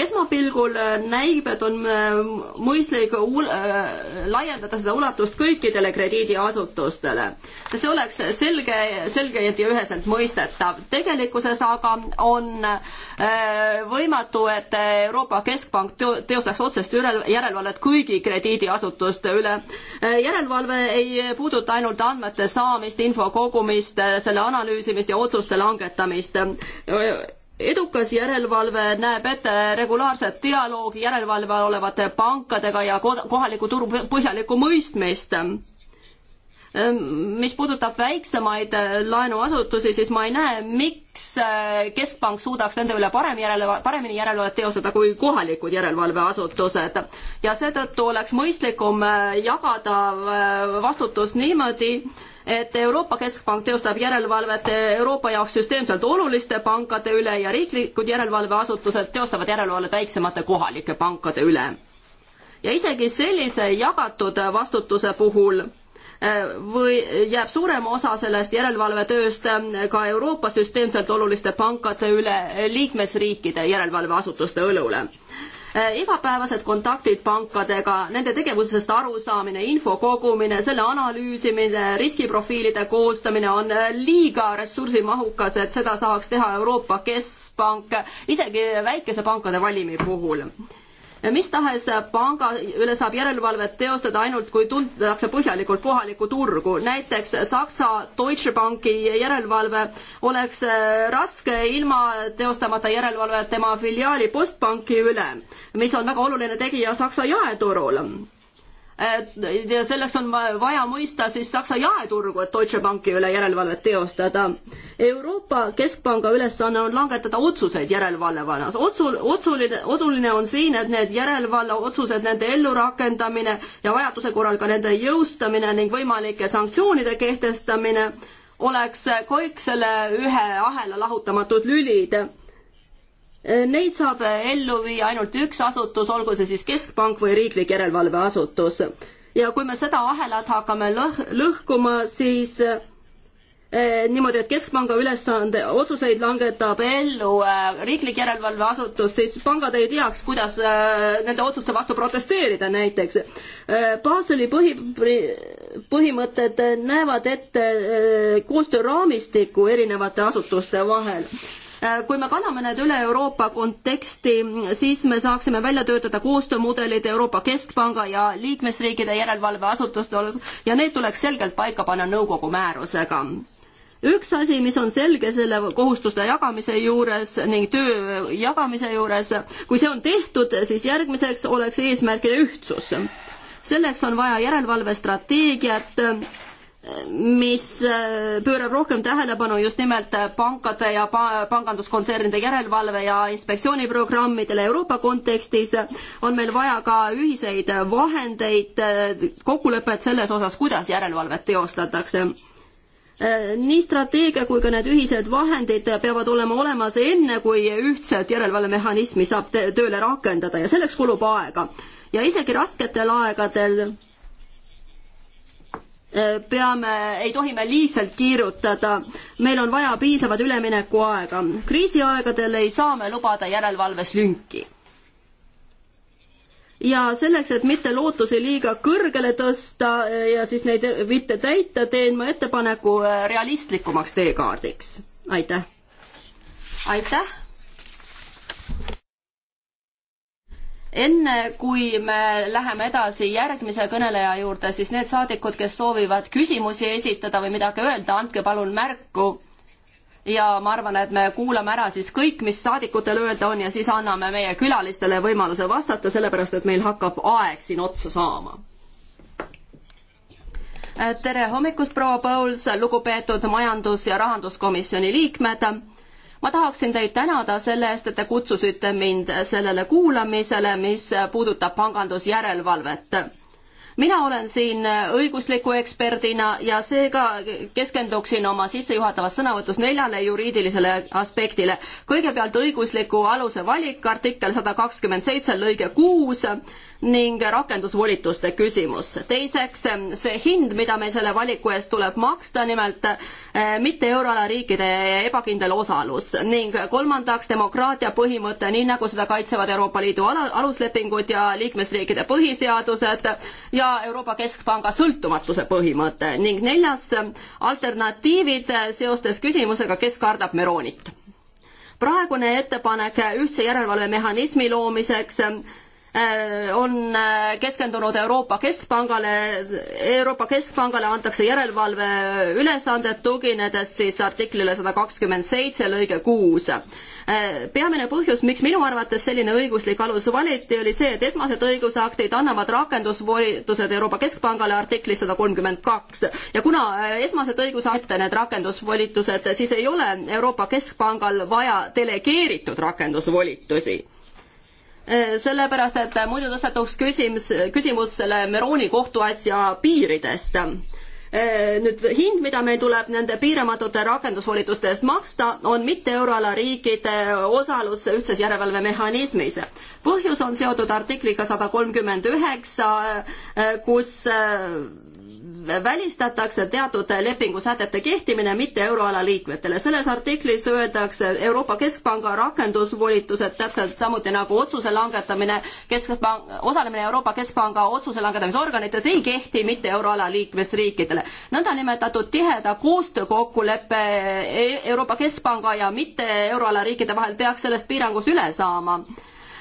esmapilgul äh, näib, et on mõistlik laiendada seda ulatust kõikidele krediidiasutustele. see oleks selge, selgelt ja üheselt mõistetav. tegelikkuses aga on võimatu, et Euroopa Keskpank teostaks otsest järelevalvet, kui kõigi krediidiasutuste üle. järelevalve ei puuduta ainult andmete saamist, info kogumist, selle analüüsimist ja otsuste langetamist edukas järelevalve näeb ette regulaarset dialoogi järelevalve olevate pankadega ja kohaliku turu põhjalikku mõistmist Ehm, mis puudutab väiksemaid äh, laenuasutusi, siis ma ei näe, miks äh, Keskpank suudaks nende üle parem järele, paremini järelevalvet teostada kui kohalikud järelevalveasutused. ja seetõttu oleks mõistlikum äh, jagada vastutus niimoodi, et Euroopa Keskpank teostab järelevalvet Euroopa jaoks süsteemselt oluliste pankade üle ja riiklikud järelevalveasutused teostavad järelevalvet väiksemate kohalike pankade üle. ja isegi sellise jagatud vastutuse puhul või jääb suurem osa sellest järelevalvetööst äh, ka Euroopa süsteemselt oluliste pankade üle liikmesriikide järelevalveasutuste õlule äh, igapäevased kontaktid pankadega, nende tegevusest arusaamine, info kogumine, selle analüüsimine, riskiprofiilide koostamine on äh, liiga ressursimahukas, et seda saaks teha Euroopa Keskpank isegi väikese pankade valimi puhul mis tahes panga üle saab järelevalvet teostada ainult, kui tuntakse põhjalikult kohalikku turgu. näiteks Saksa Deutsche Banki järelevalve oleks äh, raske ilma teostamata järelevalvet tema filiaali Postbanki üle, mis on väga oluline tegija Saksa jaeturul ja selleks on vaja mõista siis Saksa jaeturgu, et Deutsche Banki üle järelevalvet teostada. Euroopa Keskpanga ülesanne on langetada otsuseid järelevalve vallas. otsul, otsuline, oluline on siin, et need järelevalveotsused, nende ellurakendamine ja vajaduse korral ka nende jõustamine ning võimalike sanktsioonide kehtestamine oleks kõik selle ühe ahela lahutamatud lülid Äh, neid saab äh, ellu viia ainult üks asutus, olgu see siis Keskpank või riiklik järelevalveasutus. ja kui me seda ahelat hakkame lõh-, lõhkuma, siis eh, niimoodi, et Keskpanga ülesande, otsuseid langetab ellu eh, riiklik järelevalveasutus, siis pangad ei teaks, kuidas eh, nende otsuste vastu protesteerida näiteks. Baseli põhi, põhimõtted näevad ette koostööraamistiku erinevate asutuste vahel Äh, kui me kanname need üle Euroopa konteksti, siis me saaksime välja töötada koostöömudelid Euroopa Keskpanga ja liikmesriikide järelevalveasutuste osas ja need tuleks selgelt paika panna nõukogu määrusega üks asi, mis on selge selle kohustuste jagamise juures ning töö jagamise juures, kui see on tehtud, siis järgmiseks oleks eesmärkide ühtsus. selleks on vaja järelevalvestrateegiat mis äh, pöörab rohkem tähelepanu just nimelt pankade ja pa panganduskontsernide järelevalve ja inspektsiooniprogrammidele Euroopa kontekstis, on meil vaja ka ühiseid vahendeid, äh, kokkulepet selles osas, kuidas järelevalvet teostatakse äh, nii strateegia kui ka need ühised vahendid peavad olema olemas enne, kui ühtset järelevalvemehhanismi saab tööle rakendada ja selleks kulub aega. ja isegi rasketel aegadel peame, ei tohi me liigselt kiirutada, meil on vaja piisavat üleminekuaega. kriisiaegadel ei saa me lubada järelevalves lünki. ja selleks, et mitte lootusi liiga kõrgele tõsta ja siis neid mitte täita, teen ma ettepaneku realistlikumaks teekaardiks. aitäh! aitäh! enne kui me läheme edasi järgmise kõneleja juurde, siis need saadikud, kes soovivad küsimusi esitada või midagi öelda, andke palun märku. ja ma arvan, et me kuulame ära siis kõik, mis saadikutel öelda on ja siis anname meie külalistele võimaluse vastata, sellepärast et meil hakkab aeg siin otsa saama. tere hommikust, proua Pauls, lugupeetud majandus- ja rahanduskomisjoni liikmed ma tahaksin teid tänada selle eest, et te kutsusite mind sellele kuulamisele, mis puudutab pangandusjärelevalvet mina olen siin äh, õigusliku eksperdina ja seega keskenduksin oma sissejuhatavas sõnavõtus neljale juriidilisele aspektile. kõigepealt õigusliku aluse valik, artikkel sada kakskümmend seitse lõige kuus ning rakendusvolituste küsimus. teiseks, äh, see hind, mida meil selle valiku eest tuleb maksta, nimelt äh, mitte euroala riikide ebakindel osalus ning kolmandaks, demokraatia põhimõte, nii nagu seda kaitsevad Euroopa Liidu aluslepingud ja liikmesriikide põhiseadused ja ja Euroopa Keskpanga sõltumatuse põhimõte ning neljas alternatiivid seostes küsimusega, kes kardab Meroonit. praegune ettepanek ühtse järelevalvemehhanismi loomiseks Äh, on äh, keskendunud Euroopa Keskpangale, Euroopa Keskpangale antakse järelevalve ülesanded, tuginedes siis artiklile sada kakskümmend seitse lõige kuus. Äh, peamine põhjus, miks minu arvates selline õiguslik alus valiti, oli see, et esmased õigusaktid annavad rakendusvolitused Euroopa Keskpangale artiklis sada kolmkümmend kaks ja kuna esmased õigusakte, need rakendusvolitused, siis ei ole Euroopa Keskpangal vaja delegeeritud rakendusvolitusi Äh, sellepärast et muidu tõstatuks küsimus, küsimus selle Meroni kohtuasja piiridest. Äh, nüüd hind, mida meil tuleb nende piiramatute rakendusvolituste eest maksta, on mitte euroala riikide osalus ühtses järelevalvemehhanismis. põhjus on seotud artikliga sada kolmkümmend üheksa, äh, kus välistatakse teatud lepingusätete kehtimine mitte euroala liikmetele. selles artiklis öeldakse Euroopa Keskpanga rakendusvolitused täpselt samuti nagu otsuse langetamine, keskpanga, osalemine Euroopa Keskpanga otsuse langetamisorganites ei kehti mitte euroala liikmesriikidele. nõndanimetatud tiheda koostöökokkulepe e-, Euroopa Keskpanga ja mitte euroala riikide vahel peaks sellest piirangust üle saama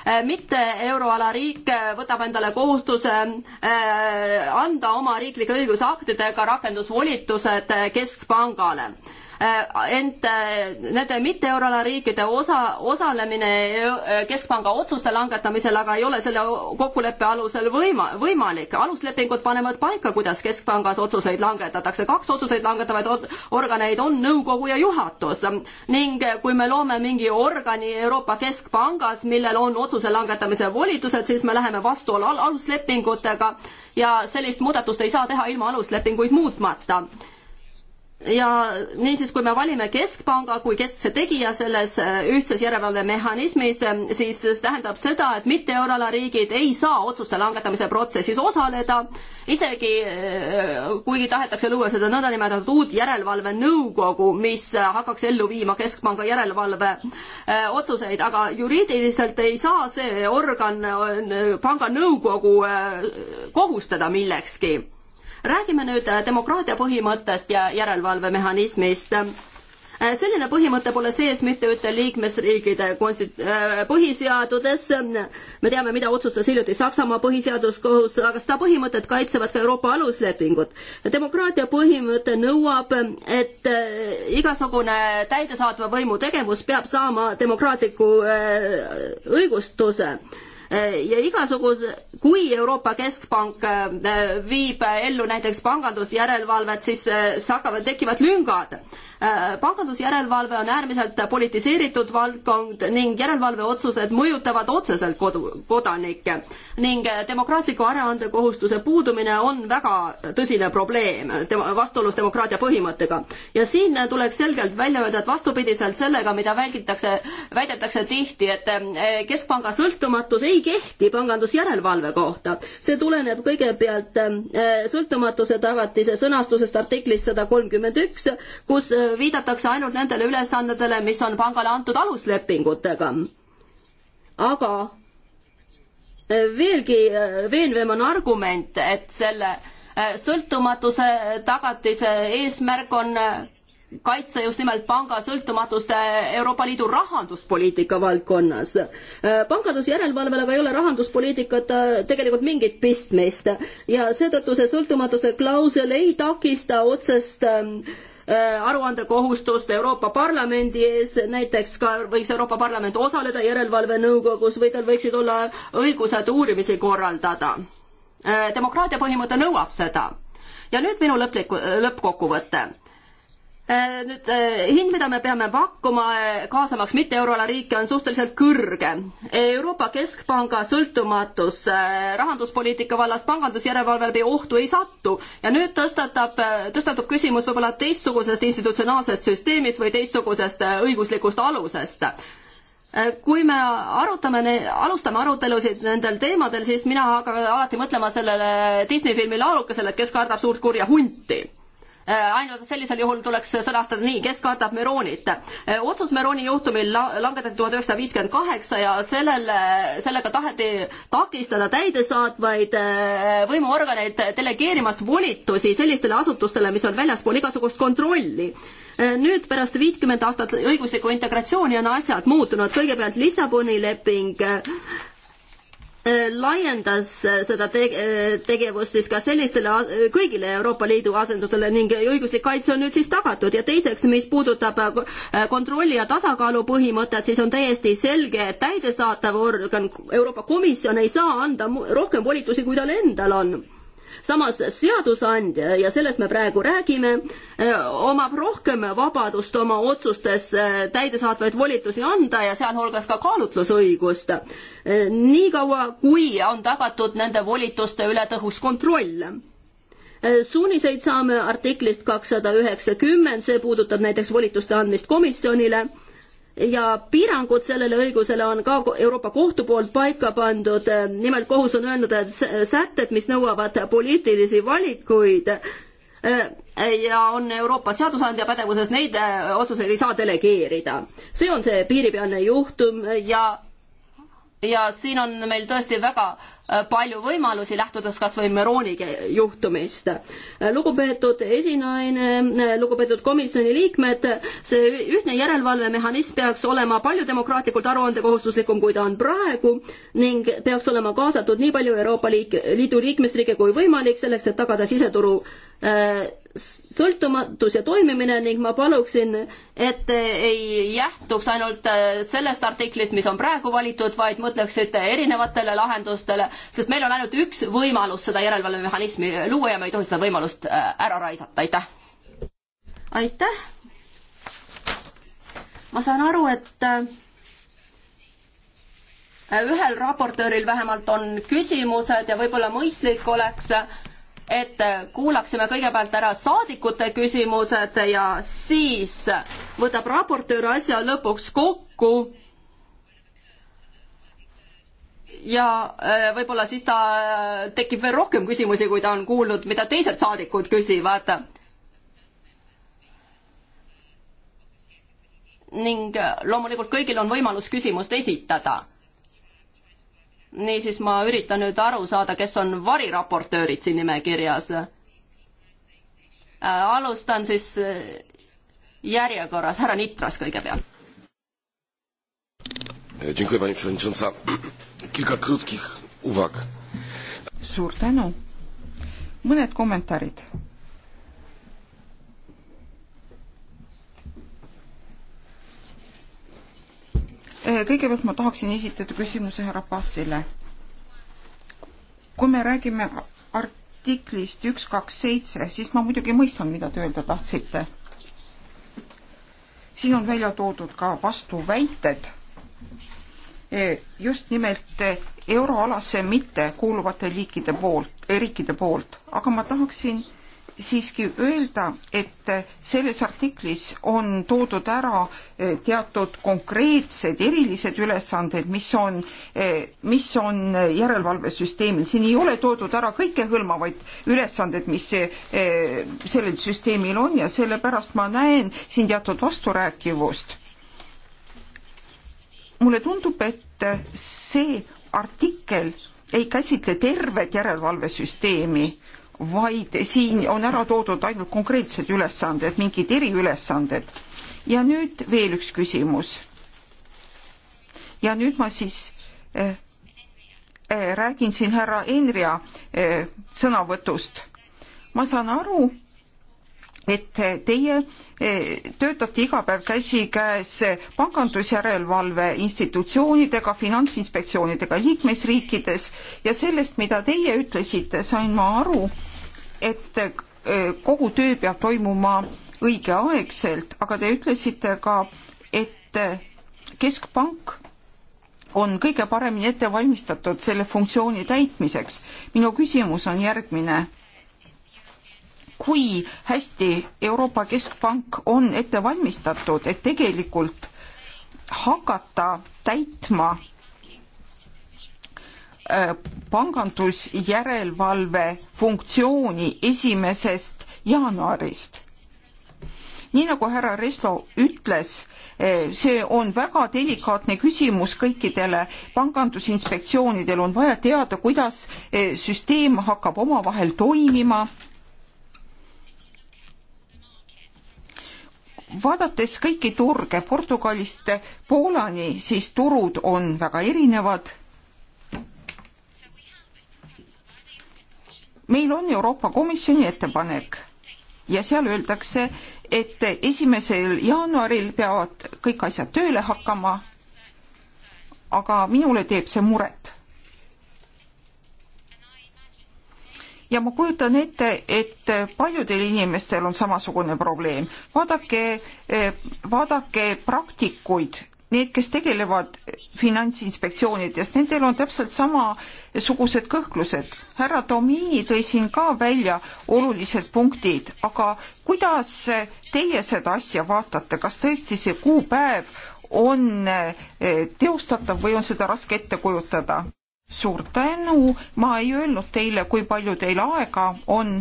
Äh, mitte euroala riik äh, võtab endale kohustuse äh, anda oma riiklike õigusaktidega rakendusvolitused keskpangale Äh, ent äh, nende mitte euroala riikide osa, osalemine äh, Keskpanga otsuste langetamisel aga ei ole selle kokkuleppe alusel võima-, võimalik. aluslepingud panevad paika, kuidas Keskpangas otsuseid langetatakse. kaks otsuseid langetavaid organeid on nõukogu ja juhatus ning kui me loome mingi organi Euroopa Keskpangas, millel on otsuse langetamise volitused, siis me läheme vastuollu al aluslepingutega ja sellist muudatust ei saa teha ilma aluslepinguid muutmata ja niisiis, kui me valime keskpanga kui keskse tegija selles äh, ühtses järelevalvemehhanismis, äh, siis see tähendab seda, et mitte euroala riigid ei saa otsuste langetamise protsessis osaleda, isegi äh, kuigi tahetakse luua seda nõndanimetatud uut järelevalvenõukogu, mis hakkaks ellu viima keskpanga järelevalve otsuseid, aga juriidiliselt ei saa see organ panga nõukogu kohustada millekski räägime nüüd äh, demokraatia põhimõttest ja järelevalvemehhanismist äh, selline põhimõte pole sees mitte ühte liikmesriigide äh, põhiseaduses, me teame, mida otsustas hiljuti Saksamaa põhiseaduskohus, aga seda põhimõtet kaitsevad ka Euroopa aluslepingud. demokraatia põhimõte nõuab, et igasugune täidesaatva võimu tegevus peab saama demokraatliku õigustuse Äh, ja igasuguse, kui Euroopa Keskpank äh, viib ellu näiteks pangandusjärelevalvet, siis hakkavad, äh, tekivad lüngad. Äh, pangandusjärelevalve on äärmiselt politiseeritud valdkond ning järelevalveotsused mõjutavad otseselt kodu, kodanikke ning äh, demokraatliku aruandekohustuse puudumine on väga tõsine probleem vastuolus demokraatia põhimõttega. ja siin äh, tuleks selgelt välja öelda, et vastupidiselt sellega, mida välgitakse, väidetakse tihti, et keskpanga sõltumatus ei kehti pangandusjärelevalve kohta. see tuleneb kõigepealt sõltumatuse tagatise sõnastusest artiklis sada kolmkümmend üks, kus viidatakse ainult nendele ülesandedele, mis on pangale antud aluslepingutega. aga eh, veelgi eh, veenvem on argument, et selle eh, sõltumatuse tagatise eesmärk on kaitse just nimelt panga sõltumatust Euroopa Liidu rahanduspoliitika valdkonnas. pangandusjärelevalvel aga ei ole rahanduspoliitikat tegelikult mingit pistmist ja seetõttu see sõltumatuse klausel ei takista otsest äh, Äh, aruandekohustust Euroopa Parlamendi ees, näiteks ka võiks Euroopa Parlament osaleda järelevalvenõukogus või tal võiksid olla õigused uurimisi korraldada. Äh, demokraatia põhimõte nõuab seda. ja nüüd minu lõplik, äh, lõppkokkuvõte Äh, nüüd äh, hind, mida me peame pakkuma, äh, kaasamaks mitte euroala riike, on suhteliselt kõrge. Euroopa Keskpanga sõltumatus rahanduspoliitika vallas pangandusjärelevalve läbi ohtu ei satu ja nüüd tõstatab, tõstatub küsimus võib-olla teistsugusest institutsionaalsest süsteemist või teistsugusest õiguslikust alusest kui me arutame, alustame arutelusid nendel teemadel, siis mina hakkan alati mõtlema sellele Disney filmi laulukesele, et kes kardab suurt kurja hunti Äh, ainult sellisel juhul tuleks sõnastada nii, kes katab Meronit. Äh, otsus Meroni juhtumil langetati tuhat üheksasada viiskümmend kaheksa ja sellele, sellega taheti takistada täidesaatvaid äh, võimuorganeid delegeerimast volitusi sellistele asutustele, mis on väljaspool igasugust kontrolli. nüüd pärast viitkümmet aastat õiguslikku integratsiooni on asjad muutunud, kõigepealt Lissaboni leping Äh, laiendas äh, seda te-, äh, tegevust siis ka sellistele, kõigile Euroopa Liidu asendusele ning õiguslik kaitse on nüüd siis tagatud ja teiseks, mis puudutab kontrolli ja tasakaalu põhimõtet, siis on täiesti selge, et täidesaatav organ, Euroopa Komisjon ei saa anda rohkem volitusi, kui tal endal on samas seadusandja ja sellest me praegu räägime, eh, omab rohkem vabadust oma otsustes eh, täidesaatvaid volitusi anda ja sealhulgas ka kaalutlusõigust. Eh, niikaua, kui on tagatud nende volituste üle tõhus kontroll suuniseid saame artiklist kakssada üheksakümmend, see puudutab näiteks volituste andmist komisjonile ja piirangud sellele õigusele on ka Euroopa Kohtu poolt paika pandud, nimelt kohus on öelnud, et sätted, mis nõuavad poliitilisi valikuid äh, ja on Euroopa seadusandja pädevuses, neid äh, otsuseid ei saa delegeerida. see on see piiripealne juhtum ja ja siin on meil tõesti väga äh, palju võimalusi, lähtudes kas või Meroonigi juhtumist. Äh, lugupeetud esinaine, äh, lugupeetud komisjoni liikmed, see ühtne järelevalvemehhanism peaks olema palju demokraatlikult aruandekohustuslikum, kui ta on praegu ning peaks olema kaasatud nii palju Euroopa liik-, Liidu liikmesriike kui võimalik, selleks et tagada siseturu äh, sõltumatus ja toimimine ning ma paluksin, et ei jähtuks ainult äh, sellest artiklist, mis on praegu valitud, vaid mõtleksite erinevatele lahendustele, sest meil on ainult üks võimalus seda järelevalvemehhanismi luua ja me ei tohi seda võimalust äh, ära raisata, aitäh. aitäh. ma saan aru, et äh, ühel raportööril vähemalt on küsimused ja võib-olla mõistlik oleks äh, et kuulaksime kõigepealt ära saadikute küsimused ja siis võtab raportöör asja lõpuks kokku ja e, võib-olla siis ta e, tekib veel rohkem küsimusi, kui ta on kuulnud, mida teised saadikud küsivad. ning e, loomulikult kõigil on võimalus küsimust esitada niisiis ma üritan nüüd aru saada, kes on variraportöörid siin nimekirjas. Äh, alustan siis äh, järjekorras, härra Nitras kõigepealt. Äh, suur tänu, mõned kommentaarid Äh, kõigepealt ma tahaksin esitada küsimuse härra Passile. kui me räägime artiklist üks, kaks, seitse, siis ma muidugi mõistan, mida te öelda tahtsite. siin on välja toodud ka vastuväited e, just nimelt euroalasse mitte kuuluvate liikide poolt, e, riikide poolt, aga ma tahaksin siiski öelda, et selles artiklis on toodud ära eh, teatud konkreetsed erilised ülesanded, mis on, eh, mis on järelevalvesüsteemil. siin ei ole toodud ära kõikehõlmavaid ülesanded, mis eh, sellel süsteemil on ja sellepärast ma näen siin teatud vasturääkivust. mulle tundub, et see artikkel ei käsitle tervet järelevalvesüsteemi vaid siin on ära toodud ainult konkreetsed ülesanded, mingid eriülesanded. ja nüüd veel üks küsimus. ja nüüd ma siis äh, äh, räägin siin härra Enria äh, sõnavõtust. ma saan aru, et teie töötate iga päev käsikäes pangandusjärelevalve institutsioonidega, finantsinspektsioonidega liikmesriikides ja sellest, mida teie ütlesite, sain ma aru, et eh, kogu töö peab toimuma õigeaegselt, aga te ütlesite ka, et eh, keskpank on kõige paremini ette valmistatud selle funktsiooni täitmiseks. minu küsimus on järgmine. kui hästi Euroopa Keskpank on ette valmistatud, et tegelikult hakata täitma Äh, pangandusjärelevalve funktsiooni esimesest jaanuarist. nii nagu härra Resto ütles, äh, see on väga delikaatne küsimus kõikidele pangandusinspektsioonidel, on vaja teada, kuidas äh, süsteem hakkab omavahel toimima. vaadates kõiki turge Portugalist Poolani, siis turud on väga erinevad meil on Euroopa Komisjoni ettepanek ja seal öeldakse, et esimesel jaanuaril peavad kõik asjad tööle hakkama. aga minule teeb see muret. ja ma kujutan ette, et paljudel inimestel on samasugune probleem. vaadake, eh, vaadake praktikuid need, kes tegelevad finantsinspektsioonidest, nendel on täpselt samasugused kõhklused. härra Domini tõi siin ka välja olulised punktid, aga kuidas teie seda asja vaatate, kas tõesti see kuupäev on eh, teostatav või on seda raske ette kujutada? suur tänu, ma ei öelnud teile, kui palju teil aega on,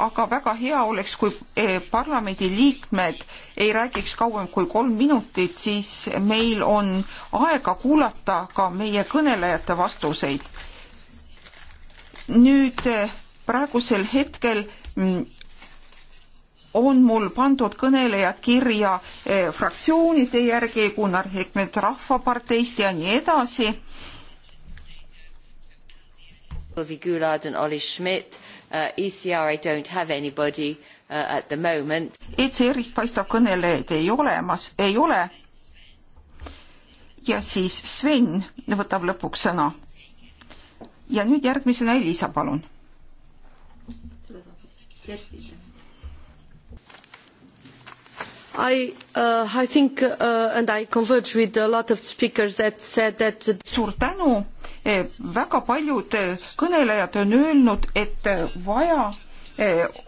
aga väga hea oleks, kui eh, parlamendi liikmed ei räägiks kauem kui kolm minutit, siis meil on aega kuulata ka meie kõnelejate vastuseid. nüüd eh, praegusel hetkel mm, on mul pandud kõnelejad kirja eh, fraktsioonide järgi, Gunnar Hekmet Rahvaparteist ja nii edasi. Olvi Küülad ja Oli Schmidt Uh, ECR I don't have anybody uh, at the moment. ECR-ist paistab kõnelejaid ei olemas, ei ole. ja siis Sven võtab lõpuks sõna. ja nüüd järgmisena Elisa, palun. I, uh, I think uh, and I converge with a lot of speakers that said that suur tänu Eh, väga paljud eh, kõnelejad on öelnud, et eh, vaja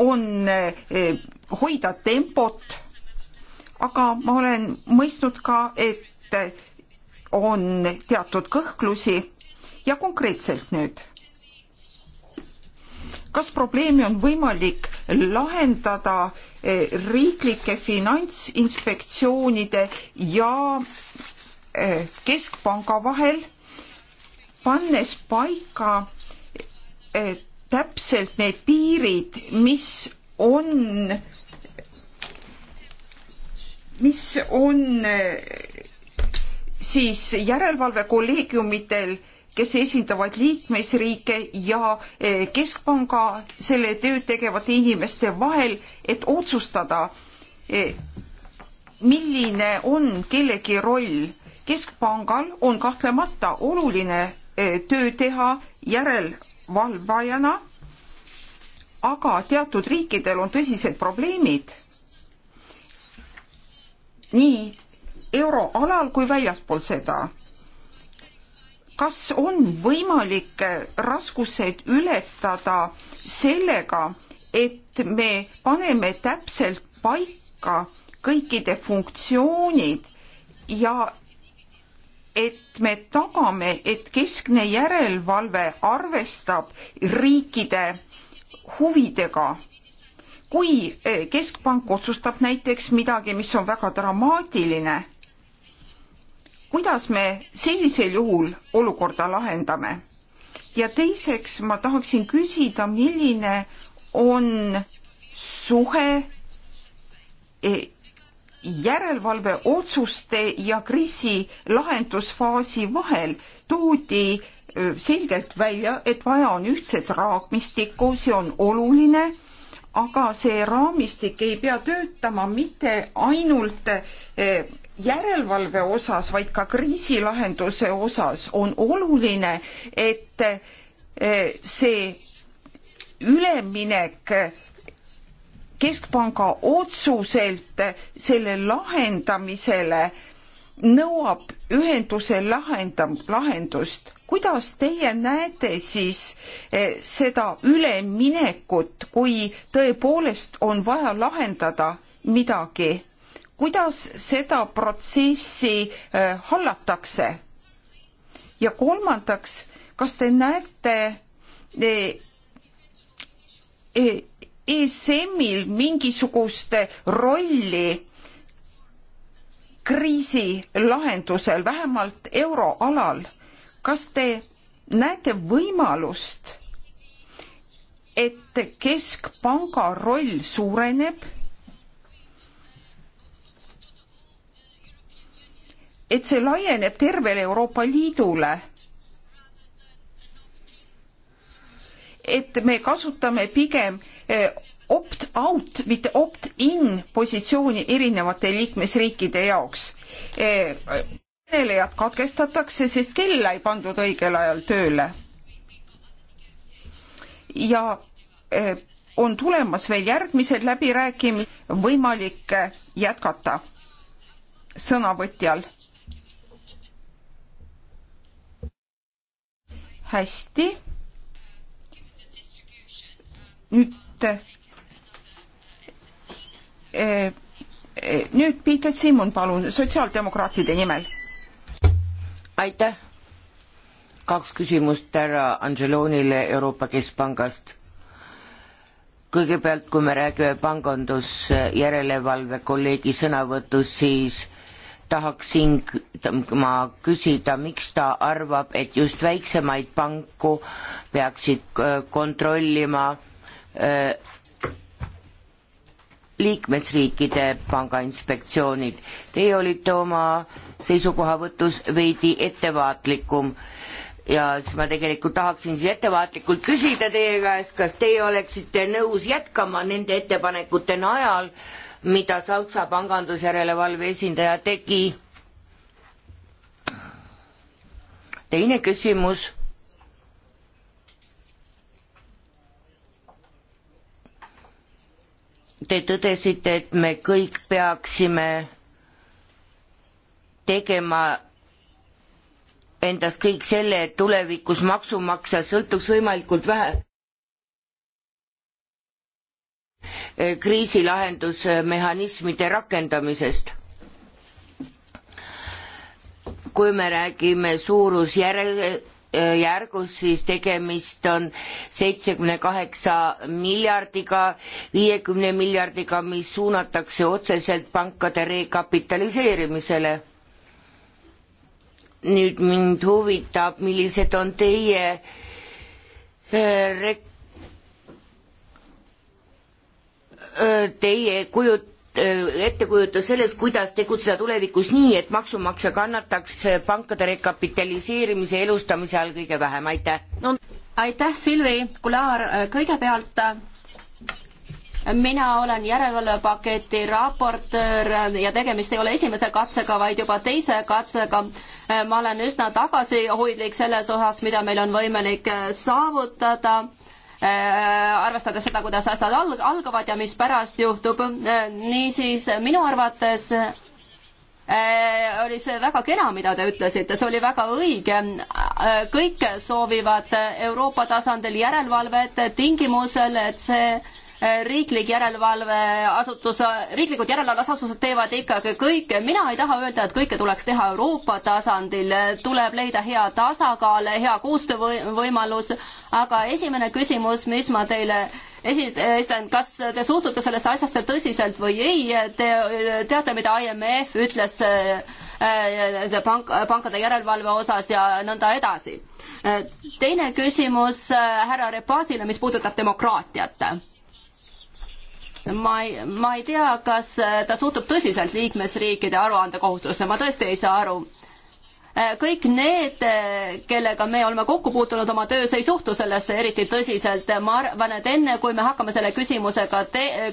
on hoida tempot, aga ma olen mõistnud ka, et on teatud kõhklusi ja konkreetselt nüüd. kas probleemi on võimalik lahendada riiklike finantsinspektsioonide ja keskpanga vahel pannes paika eh, täpselt need piirid, mis on, mis on eh, siis järelevalvekolleegiumitel, kes esindavad liikmesriike ja eh, keskpanga selle tööd tegevate inimeste vahel, et otsustada, milline on kellegi roll. keskpangal on kahtlemata oluline töö teha järelvalvajana, aga teatud riikidel on tõsised probleemid nii euroalal kui väljaspool seda. kas on võimalik raskused ületada sellega, et me paneme täpselt paika kõikide funktsioonid ja et me tagame, et keskne järelevalve arvestab riikide huvidega. kui eh, keskpank otsustab näiteks midagi, mis on väga dramaatiline, kuidas me sellisel juhul olukorda lahendame? ja teiseks ma tahaksin küsida, milline on suhe eh, järelevalve otsuste ja kriisi lahendusfaasi vahel toodi selgelt välja, et vaja on ühtset raamistikku, see on oluline, aga see raamistik ei pea töötama mitte ainult järelevalve osas, vaid ka kriisilahenduse osas on oluline, et see üleminek keskpanga otsuselt selle lahendamisele nõuab ühenduse lahendam, lahendust. kuidas teie näete siis eh, seda üleminekut, kui tõepoolest on vaja lahendada midagi? kuidas seda protsessi eh, hallatakse? ja kolmandaks, kas te näete eh, ESM-il mingisugust rolli kriisi lahendusel, vähemalt euroalal, kas te näete võimalust, et keskpanga roll suureneb? et see laieneb tervele Euroopa Liidule? et me kasutame pigem Eh, opt-out, mitte opt-in positsiooni erinevate liikmesriikide jaoks. Eh, kõnelejad katkestatakse, sest kella ei pandud õigel ajal tööle. ja eh, on tulemas veel järgmised läbirääkimised, võimalik jätkata sõnavõtjal. hästi. nüüd E, e, nüüd, nüüd Piitel Simmon, palun, sotsiaaldemokraatide nimel. aitäh. kaks küsimust härra Angelonile Euroopa Keskpangast kõigepealt, kui me räägime pangandusjärelevalve kolleegi sõnavõtust, siis tahaksin ma küsida, miks ta arvab, et just väiksemaid panku peaksid kontrollima Äh, liikmesriikide pangainspektsioonid. Teie olite oma seisukohavõtus veidi ettevaatlikum ja siis ma tegelikult tahaksin siis ettevaatlikult küsida teie käest, kas teie oleksite nõus jätkama nende ettepanekute najal, mida Saksa pangandusjärelevalve esindaja tegi. teine küsimus te tõdesite, et me kõik peaksime tegema endast kõik selle, et tulevikus maksumaksja sõltuks võimalikult vähe kriisilahendusmehhanismide rakendamisest. kui me räägime suurusjärg, järgus, siis tegemist on seitsekümne kaheksa miljardiga, viiekümne miljardiga, mis suunatakse otseselt pankade rekapitaliseerimisele. nüüd mind huvitab, millised on teie eh, rek-, eh, teie kujut-, Äh, ettekujutus sellest, kuidas tegutseda tulevikus nii, et maksumaksja kannataks pankade rekapitaliseerimise ja elustamise all kõige vähem, aitäh no.! aitäh, Silvi Kulaar, äh, kõigepealt äh, mina olen järelevalvepaketi raportöör ja tegemist ei ole esimese katsega, vaid juba teise katsega. ma olen üsna tagasihoidlik selles osas, mida meil on võimalik saavutada Äh, arvestades seda, kuidas asjad alg-, algavad ja mis pärast juhtub. Äh, niisiis minu arvates äh, oli see väga kena, mida te ütlesite, see oli väga õige. kõik soovivad Euroopa tasandil järelevalvet tingimusel, et see riiklik järelevalveasutus, riiklikud järelevalveasutused teevad ikkagi kõike, mina ei taha öelda, et kõike tuleks teha Euroopa tasandil, tuleb leida hea tasakaal, hea koostöövõimalus, aga esimene küsimus, mis ma teile esi-, esitan, kas te suhtute sellesse asjasse tõsiselt või ei, te teate, mida IMF ütles äh, pank, pankade järelevalve osas ja nõnda edasi. teine küsimus äh, härra Repasile, mis puudutab demokraatiat ma ei, ma ei tea, kas ta suhtub tõsiselt liikmesriikide aruandekohustusse, ma tõesti ei saa aru Äh, kõik need, äh, kellega me oleme kokku puutunud oma töös, ei suhtu sellesse eriti tõsiselt. ma arvan, et enne kui me hakkame selle küsimusega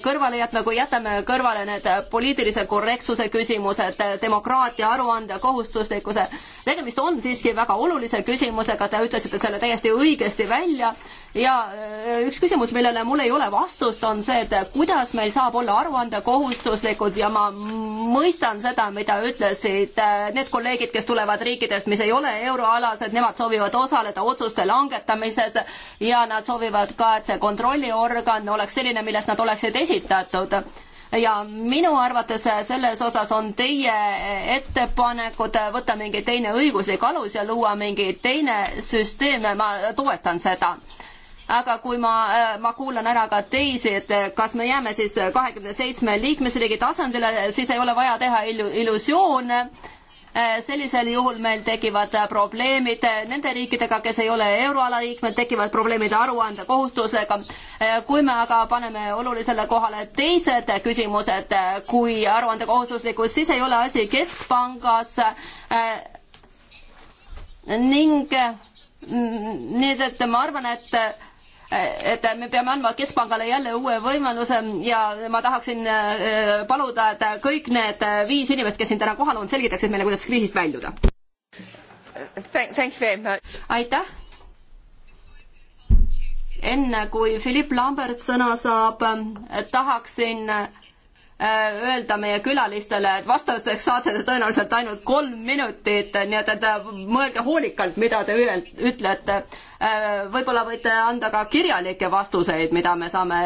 kõrvale jätma, kui jätame kõrvale need poliitilise korrektsuse küsimused, demokraatia aruande kohustuslikkuse, tegemist on siiski väga olulise küsimusega, te ütlesite selle täiesti õigesti välja ja äh, üks küsimus, millele mul ei ole vastust, on see, et kuidas meil saab olla aruande kohustuslikud ja ma mõistan seda, mida ütlesid need kolleegid, kes tulevad riikidest, mis ei ole euroalased, nemad soovivad osaleda otsuste langetamises ja nad soovivad ka, et see kontrolliorgan oleks selline, milles nad oleksid esitatud ja minu arvates selles osas on teie ettepanekud võtta mingi teine õiguslik alus ja luua mingi teine süsteem, ma toetan seda aga kui ma, ma kuulan ära ka teisi, et kas me jääme siis kahekümne seitsme liikmesriigi tasandile, siis ei ole vaja teha illusioone Eh, sellisel juhul meil tekivad eh, probleemid eh, nende riikidega, kes ei ole euroala liikmed, tekivad probleemid aruandekohustusega. kui me aga paneme olulisele kohale teised küsimused kui aruandekohustuslikkus, siis ei ole asi keskpangas ning mm, nii et ma arvan, et et me peame andma Keskpangale jälle uue võimaluse ja ma tahaksin äh, paluda, et kõik need äh, viis inimest, kes siin täna kohal on, selgitaksid meile, kuidas kriisist väljuda. aitäh. enne kui Philipp Lambert sõna saab, tahaksin äh, Äh, öelda meie külalistele, et vastuseks saate te tõenäoliselt ainult kolm minutit, nii et, et äh, mõelge hoolikalt, mida te ütlete. Äh, võib-olla võite anda ka kirjalikke vastuseid, mida me saame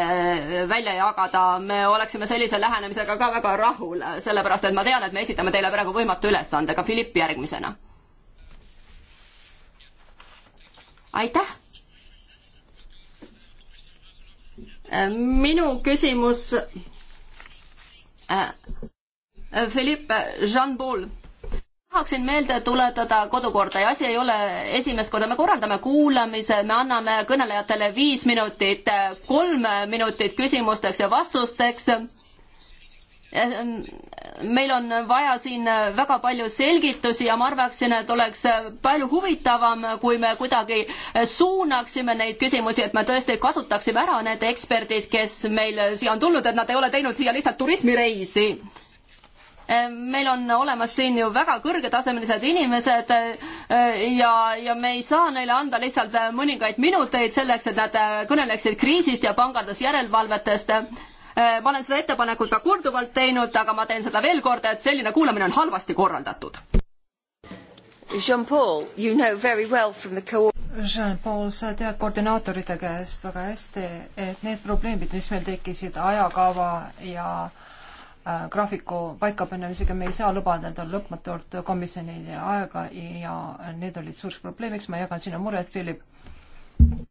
välja jagada, me oleksime sellise lähenemisega ka väga rahul, sellepärast et ma tean, et me esitame teile praegu võimatu ülesandega, Philipp järgmisena. aitäh minu küsimus Äh, äh, Philippe äh, Jean-Paul tahaksin meelde tuletada kodukorda ja asi ei ole esimest korda, me korraldame kuulamise, me anname kõnelejatele viis minutit, kolm minutit küsimusteks ja vastusteks Ehm, meil on vaja siin väga palju selgitusi ja ma arvaksin, et oleks palju huvitavam, kui me kuidagi suunaksime neid küsimusi, et me tõesti kasutaksime ära need eksperdid, kes meil siia on tulnud, et nad ei ole teinud siia lihtsalt turismireisi ehm, meil on olemas siin ju väga kõrgetasemelised inimesed ehm, ja, ja me ei saa neile anda lihtsalt mõningaid minuteid selleks, et nad kõneleksid kriisist ja pangandusjärelevalvetest Äh, ma olen seda ettepanekut ka korduvalt teinud, aga ma teen seda veel kord, et selline kuulamine on halvasti korraldatud. Jean-Paul, you know very well from the co- Jean-Paul, sa tead koordinaatorite käest väga hästi, et need probleemid, mis meil tekkisid ajakava ja äh, graafiku paikapanemisega, me ei saa lubada endale lõpmatult komisjoni aega ja need olid suureks probleemiks, ma jagan sinu muret, Philip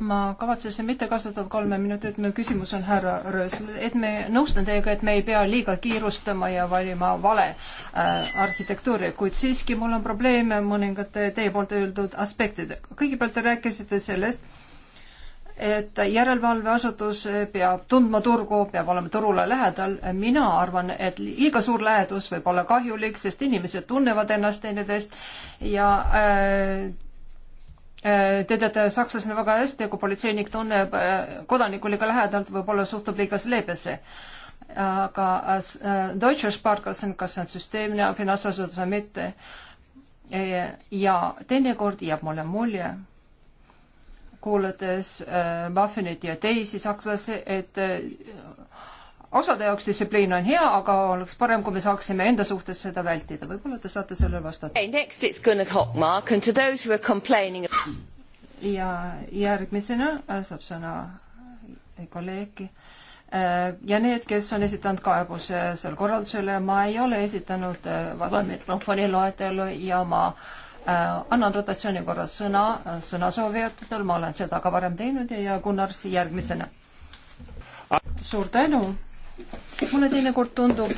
ma kavatsesin mitte kasutada kolme minutit, mu küsimus on härra Röösl, et me, nõustun teiega, et me ei pea liiga kiirustama ja valima vale äh, arhitektuuri, kuid siiski mul on probleeme mõningate teie poolt öeldud aspektidega. kõigepealt te rääkisite sellest, et järelevalveasutus peab tundma turgu, peab olema turule lähedal. mina arvan, et liiga suur lähedus võib olla kahjulik, sest inimesed tunnevad ennast teineteist ja äh, Te äh, teate äh, sakslasena väga hästi, kui politseinik tunneb äh, kodanikku liiga lähedalt, võib-olla suhtub liiga leebesse. aga Deutsche Sparkassen, kas see on süsteemne finantsasutus või mitte, ja teinekord jääb mulle mulje, kuulates Muffinit ja teisi sakslasi, et osade jaoks distsipliin on hea, aga oleks parem, kui me saaksime enda suhtes seda vältida. võib-olla te saate sellele vastata okay,. ja järgmisena äh, saab sõna äh, kolleeg. Äh, ja need, kes on esitanud kaebuse selle korraldusele, ma ei ole esitanud vaba mikrofoni loetelu ja ma annan rotatsiooni korras sõna sõnasoovijatel, ma olen seda ka varem teinud ja Gunnar järgmisena. Ah. suur tänu mulle teinekord tundub,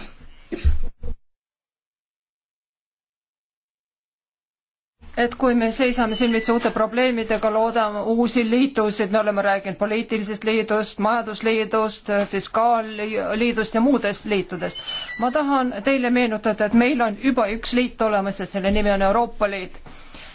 et kui me seisame silmitsi uute probleemidega, loodame uusi liitusid, me oleme rääkinud poliitilisest liidust, majandusliidust, fiskaalliidust ja muudest liitudest. ma tahan teile meenutada, et meil on juba üks liit olemas ja selle nimi on Euroopa Liit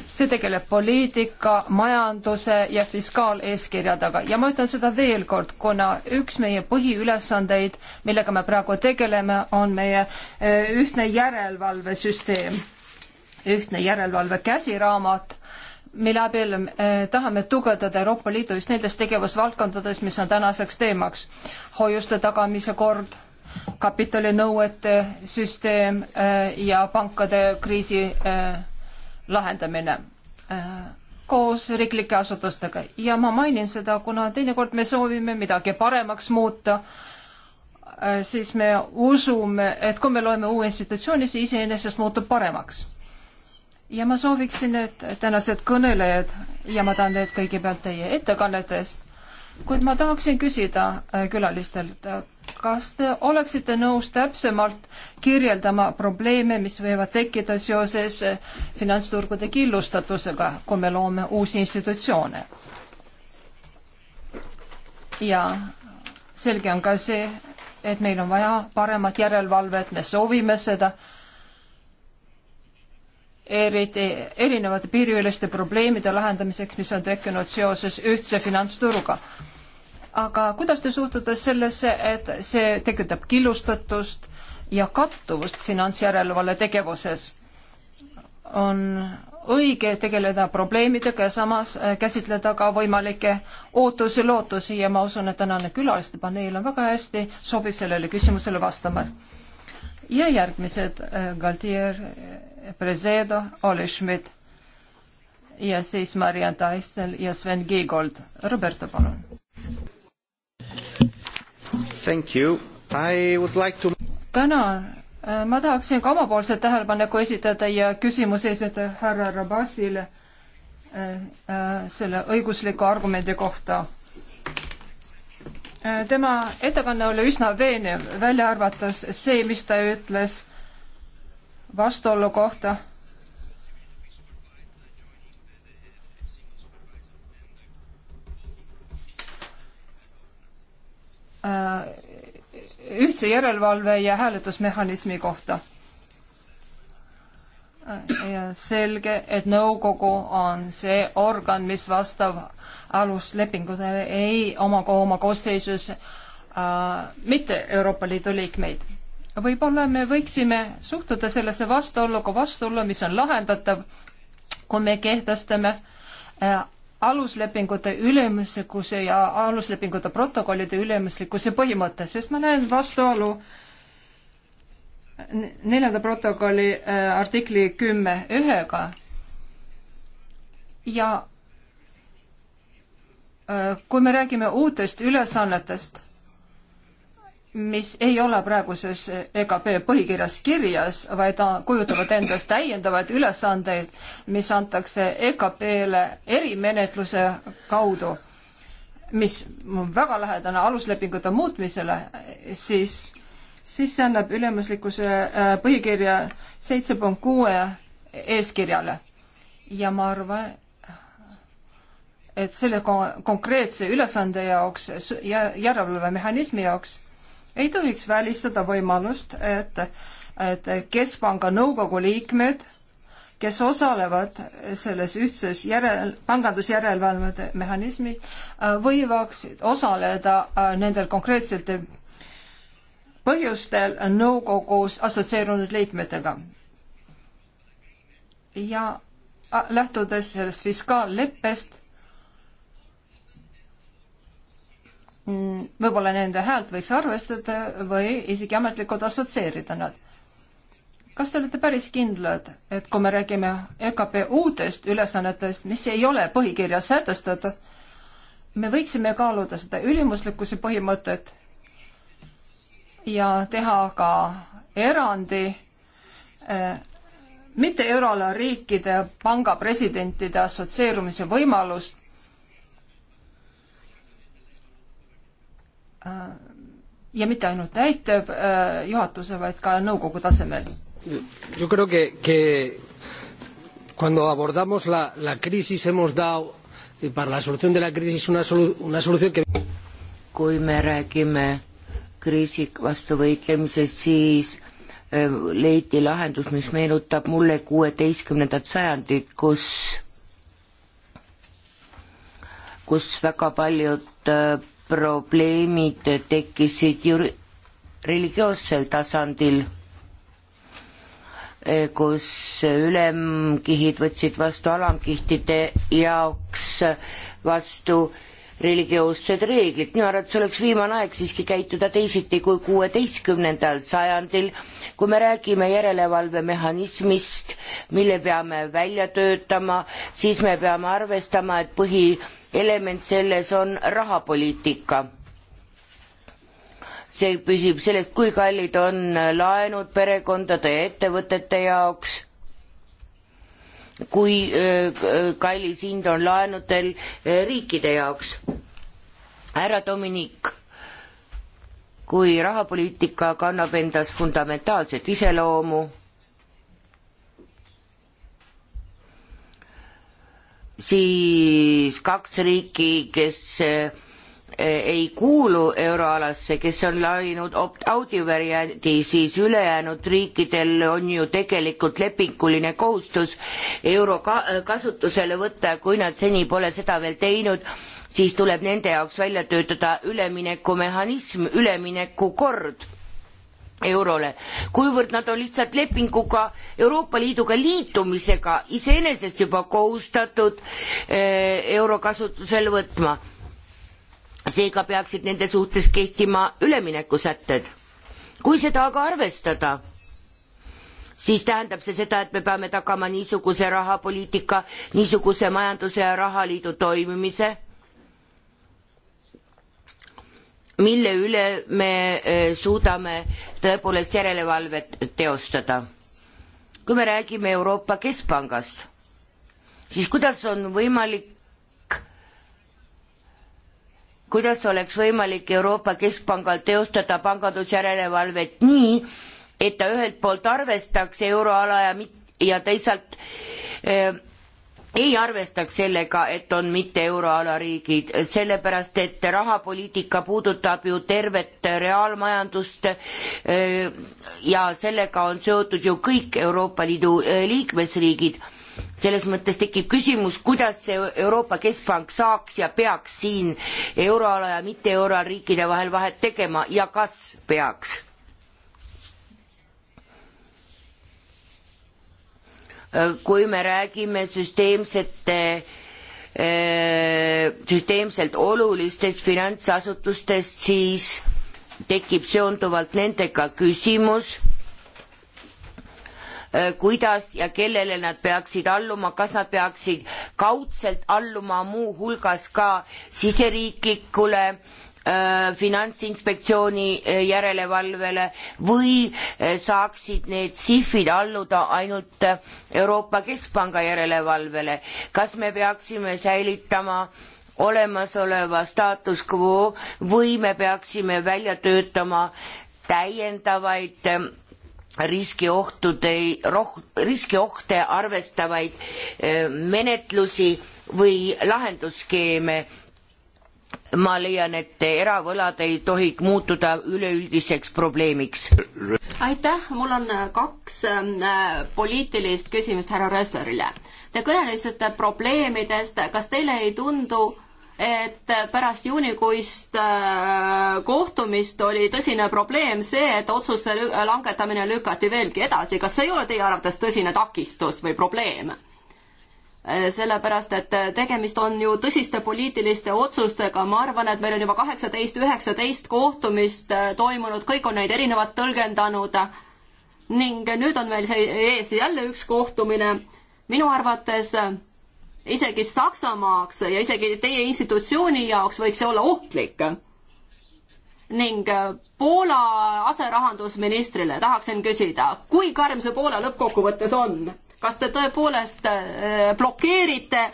see tegeleb poliitika, majanduse ja fiskaaleeskirjadega ja ma ütlen seda veel kord, kuna üks meie põhiülesandeid, millega me praegu tegeleme, on meie äh, ühtne järelevalvesüsteem, ühtne järelevalve käsiraamat, mille abil eh, tahame tugevdada Euroopa Liidu just nendes tegevusvaldkondades, mis on tänaseks teemaks. hoiuste tagamise kord, kapitalinõuete süsteem eh, ja pankade kriisi eh, lahendamine äh, koos riiklike asutustega ja ma mainin seda, kuna teinekord me soovime midagi paremaks muuta, äh, siis me usume, et kui me loeme uue institutsiooni, see iseenesest muutub paremaks. ja ma sooviksin, et tänased kõnelejad ja ma tänan teid kõigepealt teie ettekannetest kuid ma tahaksin küsida äh, külalistelt, äh, kas te oleksite nõus täpsemalt kirjeldama probleeme, mis võivad tekkida seoses äh, finantsturgude killustatusega, kui me loome uusi institutsioone? ja selge on ka see, et meil on vaja paremat järelevalvet, me soovime seda eriti erinevate piiriüleste probleemide lahendamiseks, mis on tekkinud seoses ühtse finantsturuga. aga kuidas te suhtute sellesse, et see tekitab killustatust ja kattuvust finantsjärelevalve tegevuses? on õige tegeleda probleemidega ja samas äh, käsitleda ka võimalikke ootusi, lootusi ja ma usun, et tänane külaliste paneel on väga hästi, sobib sellele küsimusele vastama. ja järgmised, äh, Galtier Presedo, Ole Schmidt ja siis Mariann Taistel ja Sven Kiigold. Roberto, palun. Thank you. I would like to... tänan. Äh, ma tahaksin ka omapoolse tähelepaneku esitada ja küsimuse esitada härra Rabasile äh, äh, selle õigusliku argumendi kohta. tema ettekanne oli üsna veenev, välja arvates see, mis ta ütles vastuollu kohta. Äh, ühtse järelevalve ja hääletusmehhanismi kohta. Äh, ja selge, et nõukogu on see organ, mis vastav aluslepingutele ei oma ka oma koosseisus äh, mitte Euroopa Liidu liikmeid võib-olla me võiksime suhtuda sellesse vastuollu kui vastuollu, mis on lahendatav, kui me kehtestame äh, aluslepingute ülemuslikkuse ja aluslepingute protokollide ülemuslikkuse põhimõte, sest ma näen vastuolu neljanda protokolli äh, artikli kümme ühega ja äh, kui me räägime uutest ülesannetest mis ei ole praeguses EKP põhikirjas kirjas, vaid kujutavad endast täiendavaid ülesandeid, mis antakse EKP-le erimenetluse kaudu, mis on väga lähedane aluslepingute muutmisele, siis, siis see annab ülemuslikkuse äh, põhikirja seitse punkt kuue eeskirjale. ja ma arvan, et selle konkreetse ülesande jaoks, järelevalvemehhanismi jaoks ei tohiks välistada võimalust, et, et Keskpanga nõukogu liikmed, kes osalevad selles ühtses järel, pangandusjärelevalve mehhanismis, võivaksid osaleda äh, nendel konkreetsetel põhjustel nõukogus assotsieerunud liikmetega. ja äh, lähtudes sellest fiskaalleppest Mm, võib-olla nende häält võiks arvestada või isegi ametlikult assotsieerida nad. kas te olete päris kindlad, et kui me räägime EKP uutest ülesannetest, mis ei ole põhikirjas sätestatud, me võiksime kaaluda seda ülimuslikkuse põhimõtet ja teha ka erandi äh, mitte euroala riikide pangapresidentide assotsieerumise võimalust ja mitte ainult täitev äh, juhatuse, vaid ka nõukogu tasemel. Yo creo que, que cuando abordamos la, la crisis hemos dado para la solución de la crisis una, solu una solución que kui me räägime kriisi vastu võitlemisest, siis äh, leiti lahendus, mis meenutab mulle kuueteistkümnendat sajandit, kus, kus väga paljud äh, probleemid tekkisid ju religioossel tasandil, eh, kus ülemkihid võtsid vastu alamkihtide jaoks vastu äh, religioossed reeglid, minu arvates oleks viimane aeg siiski käituda teisiti kui kuueteistkümnendal sajandil, kui me räägime järelevalvemehhanismist, mille peame välja töötama, siis me peame arvestama, et põhielement selles on rahapoliitika see püsib sellest, kui kallid on laenud perekondade ja ettevõtete jaoks kui äh, kallis hind on laenudel äh, riikide jaoks. härra Dominik, kui rahapoliitika kannab endas fundamentaalset iseloomu, siis kaks riiki, kes äh, ei kuulu euroalasse, kes on valinud opt-out'i variandi, siis ülejäänud riikidel on ju tegelikult lepinguline kohustus euro ka kasutusele võtta ja kui nad seni pole seda veel teinud, siis tuleb nende jaoks välja töötada üleminekumehhanism, üleminekukord eurole, kuivõrd nad on lihtsalt lepinguga, Euroopa Liiduga liitumisega iseenesest juba kohustatud eh, euro kasutusele võtma seega peaksid nende suhtes kehtima üleminekusätted. kui seda aga arvestada, siis tähendab see seda, et me peame tagama niisuguse rahapoliitika, niisuguse majanduse ja rahaliidu toimimise, mille üle me e, suudame tõepoolest järelevalvet teostada. kui me räägime Euroopa Keskpangast, siis kuidas on võimalik kuidas oleks võimalik Euroopa Keskpangal teostada pangandusjärelevalvet nii, et ta ühelt poolt arvestaks euroala ja mit-, ja teisalt eh, ei arvestaks sellega, et on mitte euroala riigid, sellepärast et rahapoliitika puudutab ju tervet reaalmajandust eh, ja sellega on seotud ju kõik Euroopa Liidu eh, liikmesriigid selles mõttes tekib küsimus, kuidas see Euroopa Keskpank saaks ja peaks siin euroala ja mitte euroala riikide vahel vahet tegema ja kas peaks? kui me räägime süsteemsete, eh, süsteemselt olulistest finantsasutustest, siis tekib seonduvalt nendega küsimus Äh, kuidas ja kellele nad peaksid alluma, kas nad peaksid kaudselt alluma muuhulgas ka siseriiklikule äh, finantsinspektsiooni äh, järelevalvele või äh, saaksid need SIFid alluda ainult Euroopa Keskpanga järelevalvele. kas me peaksime säilitama olemasoleva staatus quo või me peaksime välja töötama täiendavaid riskiohtude, roh-, riskiohte arvestavaid eh, menetlusi või lahendusskeeme. ma leian, et eravõlad ei tohi muutuda üleüldiseks probleemiks. aitäh, mul on äh, kaks äh, poliitilist küsimust härra Rööslerile. Te kõnelesite probleemidest, kas teile ei tundu, et pärast juunikuist äh, kohtumist oli tõsine probleem see, et otsuse langetamine lükati veelgi edasi. kas see ei ole teie arvates tõsine takistus või probleem? Äh, sellepärast, et äh, tegemist on ju tõsiste poliitiliste otsustega, ma arvan, et meil on juba kaheksateist, üheksateist kohtumist toimunud, kõik on neid erinevalt tõlgendanud ning nüüd on meil see ees jälle üks kohtumine. minu arvates isegi Saksamaaks ja isegi teie institutsiooni jaoks võiks see olla ohtlik. ning äh, Poola aserahandusministrile tahaksin küsida, kui karm see Poola lõppkokkuvõttes on? kas te tõepoolest äh, blokeerite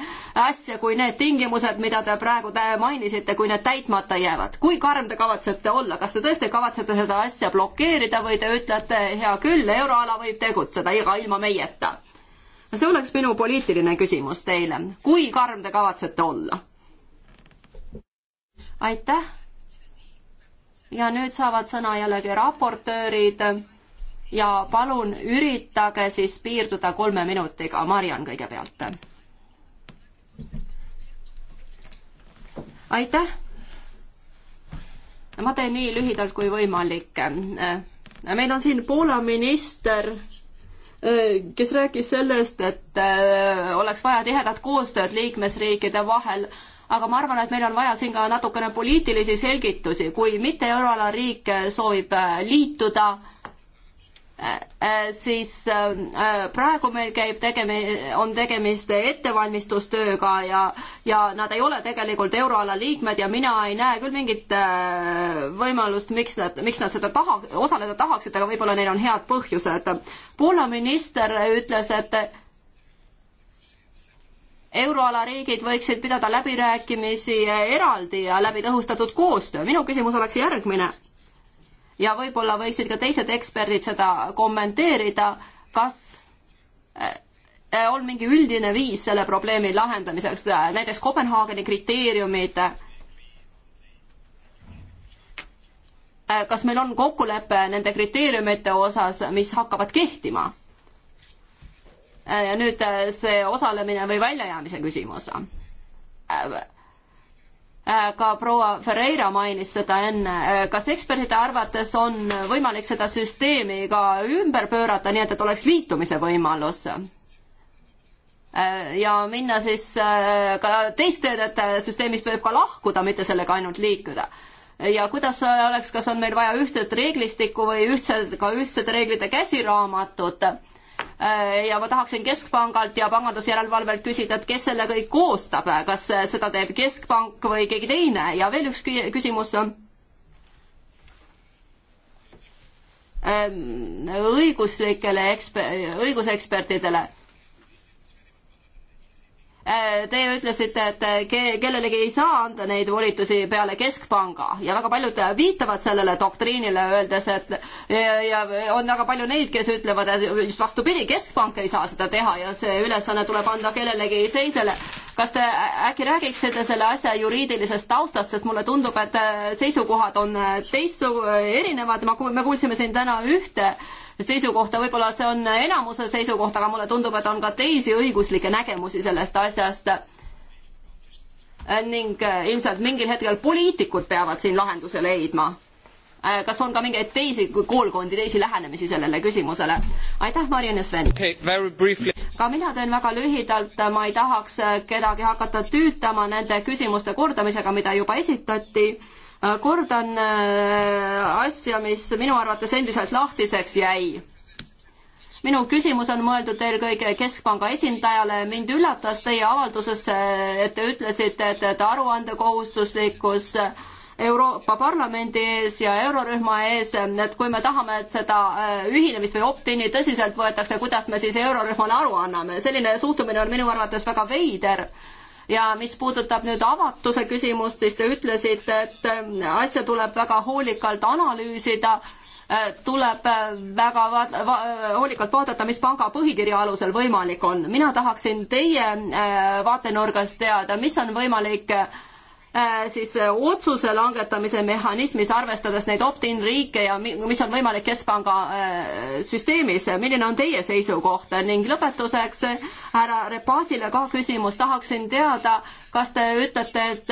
asja, kui need tingimused, mida te praegu te mainisite, kui need täitmata jäävad, kui karm te kavatsete olla, kas te tõesti kavatsete seda asja blokeerida või te ütlete, hea küll, euroala võib tegutseda, ega ilma meieta? see oleks minu poliitiline küsimus teile. kui karm te kavatsete olla? aitäh. ja nüüd saavad sõna jällegi raportöörid ja palun üritage siis piirduda kolme minutiga. Mariann kõigepealt. aitäh. ma teen nii lühidalt kui võimalik. meil on siin Poola minister kes rääkis sellest, et äh, oleks vaja tihedat koostööd liikmesriikide vahel, aga ma arvan, et meil on vaja siin ka natukene poliitilisi selgitusi, kui mitte euroala riik soovib äh, liituda, Äh, äh, siis äh, praegu meil käib tegemi-, on tegemist ettevalmistustööga ja, ja nad ei ole tegelikult euroala liikmed ja mina ei näe küll mingit võimalust, miks nad, miks nad seda taha, osaleda tahaksid, aga võib-olla neil on head põhjused. Poola minister ütles, et euroala riigid võiksid pidada läbirääkimisi eraldi ja läbi tõhustatud koostöö. minu küsimus oleks järgmine ja võib-olla võiksid ka teised eksperdid seda kommenteerida, kas äh, äh, on mingi üldine viis selle probleemi lahendamiseks, äh, näiteks Kopenhaageni kriteeriumid. kas meil on kokkulepe nende kriteeriumite osas, mis hakkavad kehtima? ja nüüd see osalemine või väljajäämise küsimus. Äh, ka proua Ferreira mainis seda enne, äh, kas ekspertide arvates on võimalik seda süsteemi ka ümber pöörata, nii et, et oleks liitumise võimalus? Äh, ja minna siis ka teist teed, et süsteemist võib ka lahkuda, mitte sellega ainult liikuda. ja kuidas oleks, kas on meil vaja ühtset reeglistikku või ühtset, ka ühtsete reeglite käsiraamatut? Äh, ja ma tahaksin Keskpangalt ja pangandusjärelevalvelt küsida, et kes selle kõik koostab, kas seda teeb Keskpank või keegi teine ja veel üks küsimus. Ähm, õiguslikele eksper-, õigusekspertidele Äh, Teie ütlesite, et äh, ke-, kellelegi ei saa anda neid volitusi peale keskpanga ja väga paljud äh, viitavad sellele doktriinile, öeldes, et ja, ja on väga palju neid, kes ütlevad, et just vastupidi, keskpank ei saa seda teha ja see ülesanne tuleb anda kellelegi seisele. kas te äkki räägiksite selle asja juriidilisest taustast, sest mulle tundub, et seisukohad on teistsugu-, erinevad, ma kuul-, me kuulsime siin täna ühte äh, seisukohta, võib-olla see on enamuse seisukoht, aga mulle tundub, et on ka teisi õiguslikke nägemusi sellest asjast. ning eh, ilmselt mingil hetkel poliitikud peavad siin lahenduse leidma. Eh, kas on ka mingeid teisi koolkondi, teisi lähenemisi sellele küsimusele? aitäh, Mariann ja Sven okay,! ka mina teen väga lühidalt, ma ei tahaks eh, kedagi hakata tüütama nende küsimuste kordamisega, mida juba esitati Äh, kordan äh, asja, mis minu arvates endiselt lahtiseks jäi. minu küsimus on mõeldud eelkõige Keskpanga esindajale, mind üllatas teie avalduses, et te ütlesite, et, et aruandekohustuslikkus Euroopa Parlamendi ees ja eurorühma ees, et kui me tahame, et seda äh, ühinemist või opt-in'i tõsiselt võetakse, kuidas me siis eurorühmale aru anname, selline suhtumine on minu arvates väga veider ja mis puudutab nüüd avatuse küsimust, siis te ütlesite, et äh, asja tuleb väga hoolikalt analüüsida, äh, tuleb äh, väga va va hoolikalt vaadata, mis panga põhikirja alusel võimalik on. mina tahaksin teie vaatenurgast teada, mis on võimalik äh, Äh, siis äh, otsuse langetamise mehhanismis, arvestades neid opt-in riike ja mis on võimalik keskpanga äh, süsteemis, milline on teie seisukoht ning lõpetuseks härra Repasile ka küsimus, tahaksin teada, kas te ütlete, et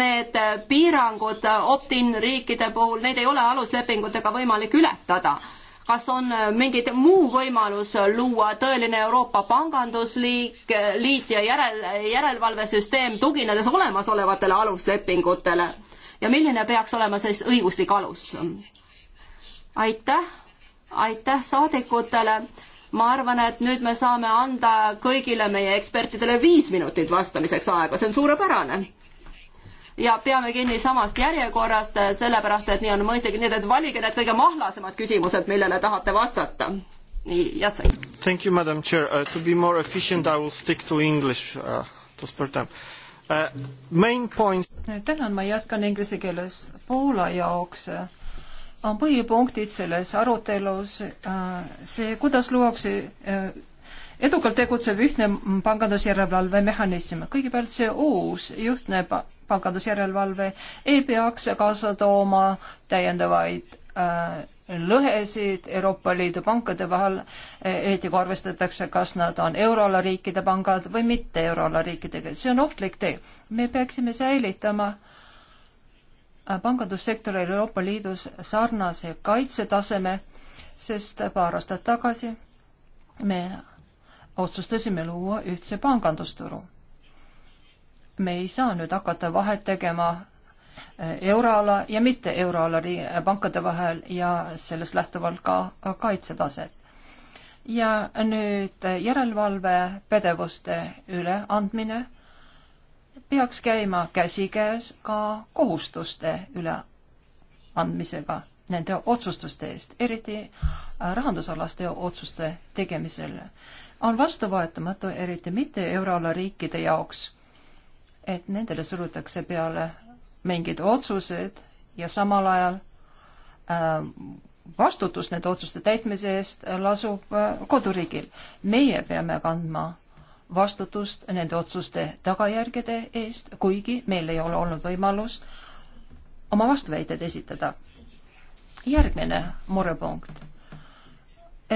need piirangud opt-in riikide puhul, neid ei ole aluslepingutega võimalik ületada kas on äh, mingit muu võimalus luua tõeline Euroopa pangandusliik, äh, liit ja järel, järelevalvesüsteem, tuginedes olemasolevatele aluslepingutele? ja milline peaks olema siis õiguslik alus? aitäh, aitäh saadikutele ma arvan, et nüüd me saame anda kõigile meie ekspertidele viis minutit vastamiseks aega, see on suurepärane ja peame kinni samast järjekorrast, eh, sellepärast et nii on mõistlik, nii et valige need kõige mahlasemad küsimused, millele tahate vastata. nii, Jacek. Thank you, madam chair uh,. To be more efficient, I will stick to english uh, to spare time uh,. Main points. tänan, ma jätkan inglise keeles. Poola jaoks uh, on põhipunktid selles arutelus uh, see, kuidas luuakse uh, edukalt tegutsev ühtne pangandusjärelevalve mehhanism. kõigepealt see uus juhtne pangandusjärelevalve ei peaks kaasa tooma täiendavaid äh, lõhesid Euroopa Liidu pankade vahel, eriti kui arvestatakse, kas nad on euroala riikide pangad või mitte euroala riikidega, see on ohtlik tee. me peaksime säilitama äh, pangandussektoril Euroopa Liidus sarnase kaitsetaseme, sest paar aastat tagasi me otsustasime luua ühtse pangandusturu me ei saa nüüd hakata vahet tegema eh, euroala ja mitte euroala pankade vahel ja sellest lähtuvalt ka kaitsetaset. ja nüüd eh, järelevalve pädevuste üleandmine peaks käima käsikäes ka kohustuste üleandmisega nende otsustuste eest, eriti eh, rahandusalaste otsuste tegemisel. on vastuvõetamatu, eriti mitte euroala riikide jaoks et nendele surutakse peale mingid otsused ja samal ajal äh, vastutus nende otsuste täitmise eest lasub äh, koduriigil. meie peame kandma vastutust nende otsuste tagajärgede eest, kuigi meil ei ole olnud võimalust oma vastuväited esitada. järgmine murepunkt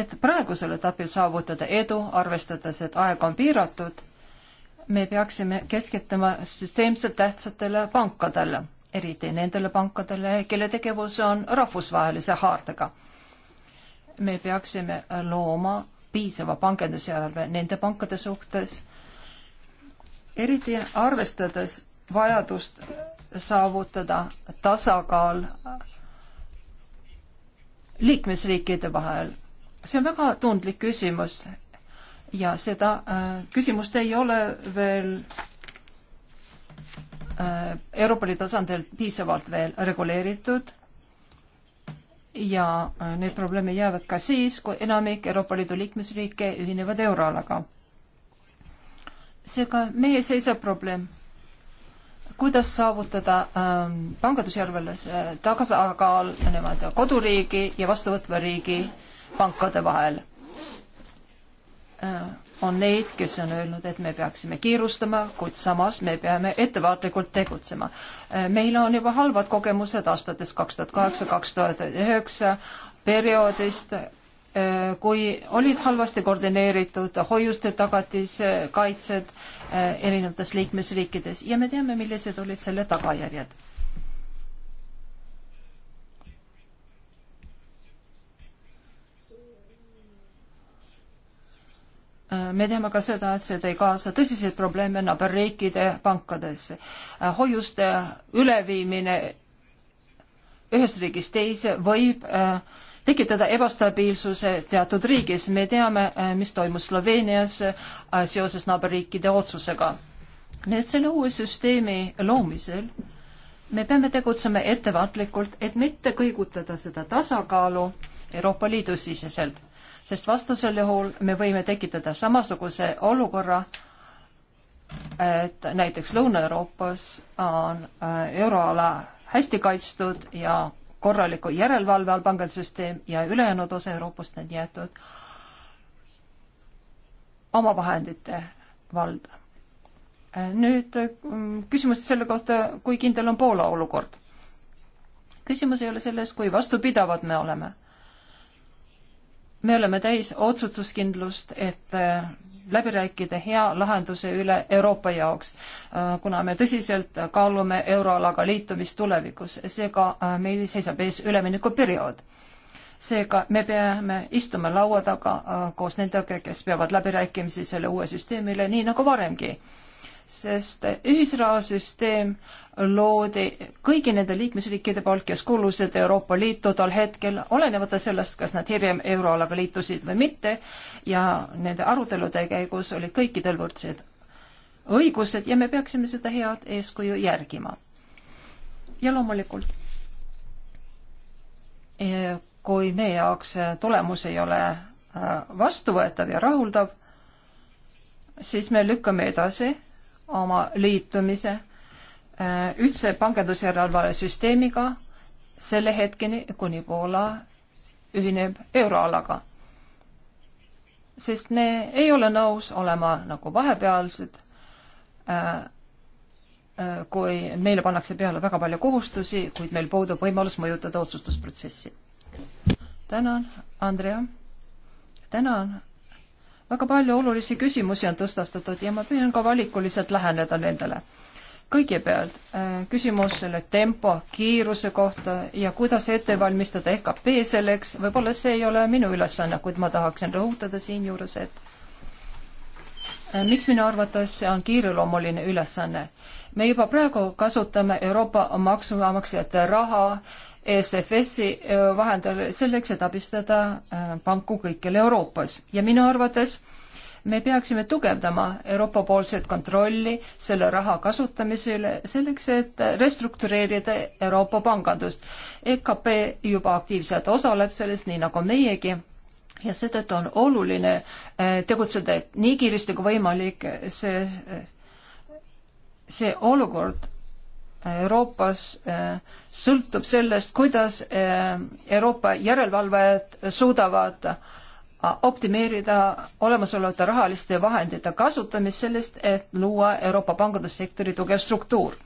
et praegusel etapil saavutada edu, arvestades, et aeg on piiratud, me peaksime keskenduma süsteemselt tähtsatele pankadele, eriti nendele pankadele, kelle tegevus on rahvusvahelise haardega. me peaksime looma piisava pangandusjärelevalve nende pankade suhtes, eriti arvestades vajadust saavutada tasakaal liikmesriikide vahel. see on väga tundlik küsimus ja seda äh, küsimust ei ole veel äh, Euroopa Liidu tasandil piisavalt veel reguleeritud ja äh, need probleeme jäävad ka siis, kui enamik Euroopa Liidu liikmesriike ühinevad euroalaga. seega meie seisab probleem, kuidas saavutada ähm, pangandusjärveles äh, tasakaal nii-öelda koduriigi ja vastuvõtva riigi pankade vahel Äh, on neid, kes on öelnud, et me peaksime kiirustama, kuid samas me peame ettevaatlikult tegutsema. Äh, meil on juba halvad kogemused aastatest kaks tuhat kaheksa, kaks tuhat üheksa perioodist, äh, kui olid halvasti koordineeritud hoiuste tagatise kaitsed erinevates liikmesriikides ja me teame, millised olid selle tagajärjed Äh, me teame ka seda, et see tõi kaasa tõsiseid probleeme naaberriikide pankadesse. Äh, hoiuste üleviimine ühest riigist teise võib äh, tekitada ebastabiilsuse teatud riigis. me teame, mis toimus Sloveenias seoses naaberriikide otsusega. nii et selle uue süsteemi loomisel me peame tegutsema ettevaatlikult, et mitte kõigutada seda tasakaalu Euroopa Liidu siseselt sest vastasel juhul me võime tekitada samasuguse olukorra, et näiteks Lõuna-Euroopas on äh, euroala hästi kaitstud ja korraliku järelevalve all pangandussüsteem ja ülejäänud osa Euroopast on jäetud omavahendite valda. Äh, nüüd mm, küsimus selle kohta, kui kindel on Poola olukord. küsimus ei ole selles, kui vastupidavad me oleme me oleme täis otsustuskindlust, et äh, läbi rääkida hea lahenduse üle Euroopa jaoks, äh, kuna me tõsiselt kaalume euroalaga liitumist tulevikus, seega äh, meil seisab ees üleminekuperiood. seega me peame istuma laua taga koos nendega, kes peavad läbirääkimisi selle uue süsteemi üle, nii nagu varemgi sest ühisrahasüsteem loodi kõigi nende liikmesriikide poolt, kes kuulusid Euroopa Liitu tol hetkel, olenemata sellest, kas nad hiljem euroalaga liitusid või mitte ja nende arutelude käigus olid kõikidel võrdsed õigused ja me peaksime seda head eeskuju järgima. ja loomulikult, e, kui meie jaoks tulemus ei ole e, vastuvõetav ja rahuldav, siis me lükkame edasi oma liitumise äh, üldse pangandusjärelevalve süsteemiga selle hetkeni, kuni Poola ühineb euroalaga. sest me ei ole nõus olema nagu vahepealsed äh, äh kui meile pannakse peale väga palju kohustusi, kuid meil puudub võimalus mõjutada otsustusprotsessi. tänan, Andrea. tänan väga palju olulisi küsimusi on tõstastatud ja ma püüan ka valikuliselt läheneda nendele. kõigepealt äh, küsimus selle tempo, kiiruse kohta ja kuidas ette valmistada EKP selleks, võib-olla see ei ole minu ülesanne, kuid ma tahaksin rõhutada siinjuures, et äh, miks minu arvates see on kiireloomuline ülesanne. me juba praegu kasutame Euroopa maksumaksjate raha äh, ESFS-i äh, vahendajal selleks, et abistada äh, panku kõikjal Euroopas ja minu arvates me peaksime tugevdama Euroopa poolset kontrolli selle raha kasutamise üle selleks, et restruktureerida Euroopa pangandust. EKP juba aktiivselt osaleb selles, nii nagu meiegi ja seetõttu on oluline äh, tegutseda nii kiiresti kui võimalik, see, see olukord Euroopas eh, sõltub sellest, kuidas eh, Euroopa järelevalvajad suudavad eh, optimeerida olemasolevate rahaliste vahendite kasutamist sellest, et luua Euroopa pangandussektori tugev struktuur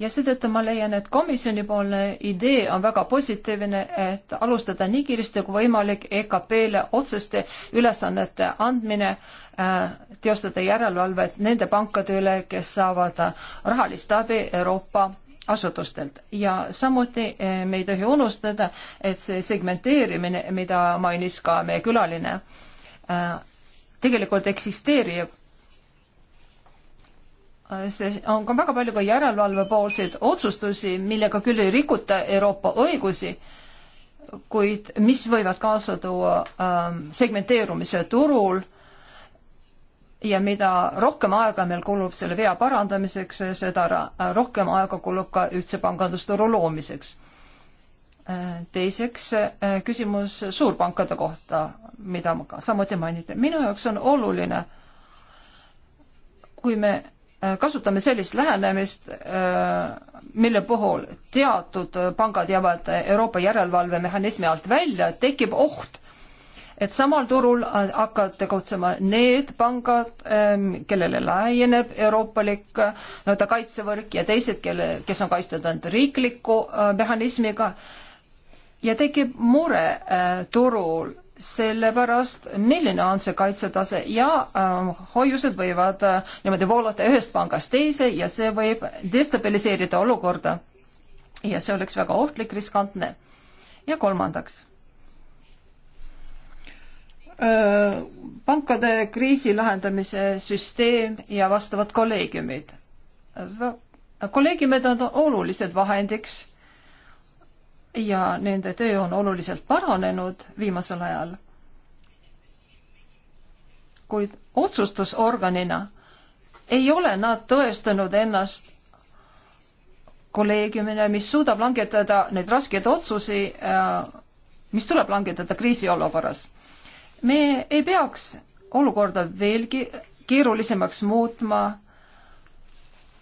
ja seetõttu ma leian, et komisjonipoolne idee on väga positiivne, et alustada nii kiiresti kui võimalik EKP-le otseste ülesannete andmine äh,, teostada järelevalvet nende pankade üle, kes saavad rahalist abi Euroopa asutustelt ja samuti äh, me ei tohi unustada, et see segmenteerimine, mida mainis ka meie külaline äh,, tegelikult eksisteerib see on ka väga palju ka järelevalvepoolseid otsustusi, millega küll ei rikuta Euroopa õigusi, kuid mis võivad kaasa tuua ähm, segmenteerumise turul ja mida rohkem aega meil kulub selle vea parandamiseks, seda rohkem aega kulub ka ühtse pangandusturu loomiseks äh, Teiseks äh, küsimus suurpankade kohta, mida ma ka samuti mainiti. minu jaoks on oluline, kui me Äh, kasutame sellist lähenemist, äh, mille puhul teatud pangad jäävad Euroopa järelevalvemehhanismi alt välja, tekib oht, et samal turul hakkavad tegutsema need pangad, ähm, kellele laieneb euroopalik nii-öelda äh, kaitsevõrk ja teised, kelle, kes on kaitstud ainult riikliku mehhanismiga ja tekib mure turul sellepärast, milline on see kaitsetase ja äh, hoiused võivad äh, niimoodi voolata ühest pangast teise ja see võib destabiliseerida olukorda. ja see oleks väga ohtlik, riskantne. ja kolmandaks äh,. pankade kriisi lahendamise süsteem ja vastavad kolleegiumid. Äh, kolleegiumid on olulised vahendiks ja nende töö on oluliselt paranenud viimasel ajal. kuid otsustusorganina ei ole nad tõestanud ennast kolleegiumina, mis suudab langetada neid raskeid otsusi, äh, mis tuleb langetada kriisiolukorras. me ei peaks olukorda veelgi keerulisemaks muutma,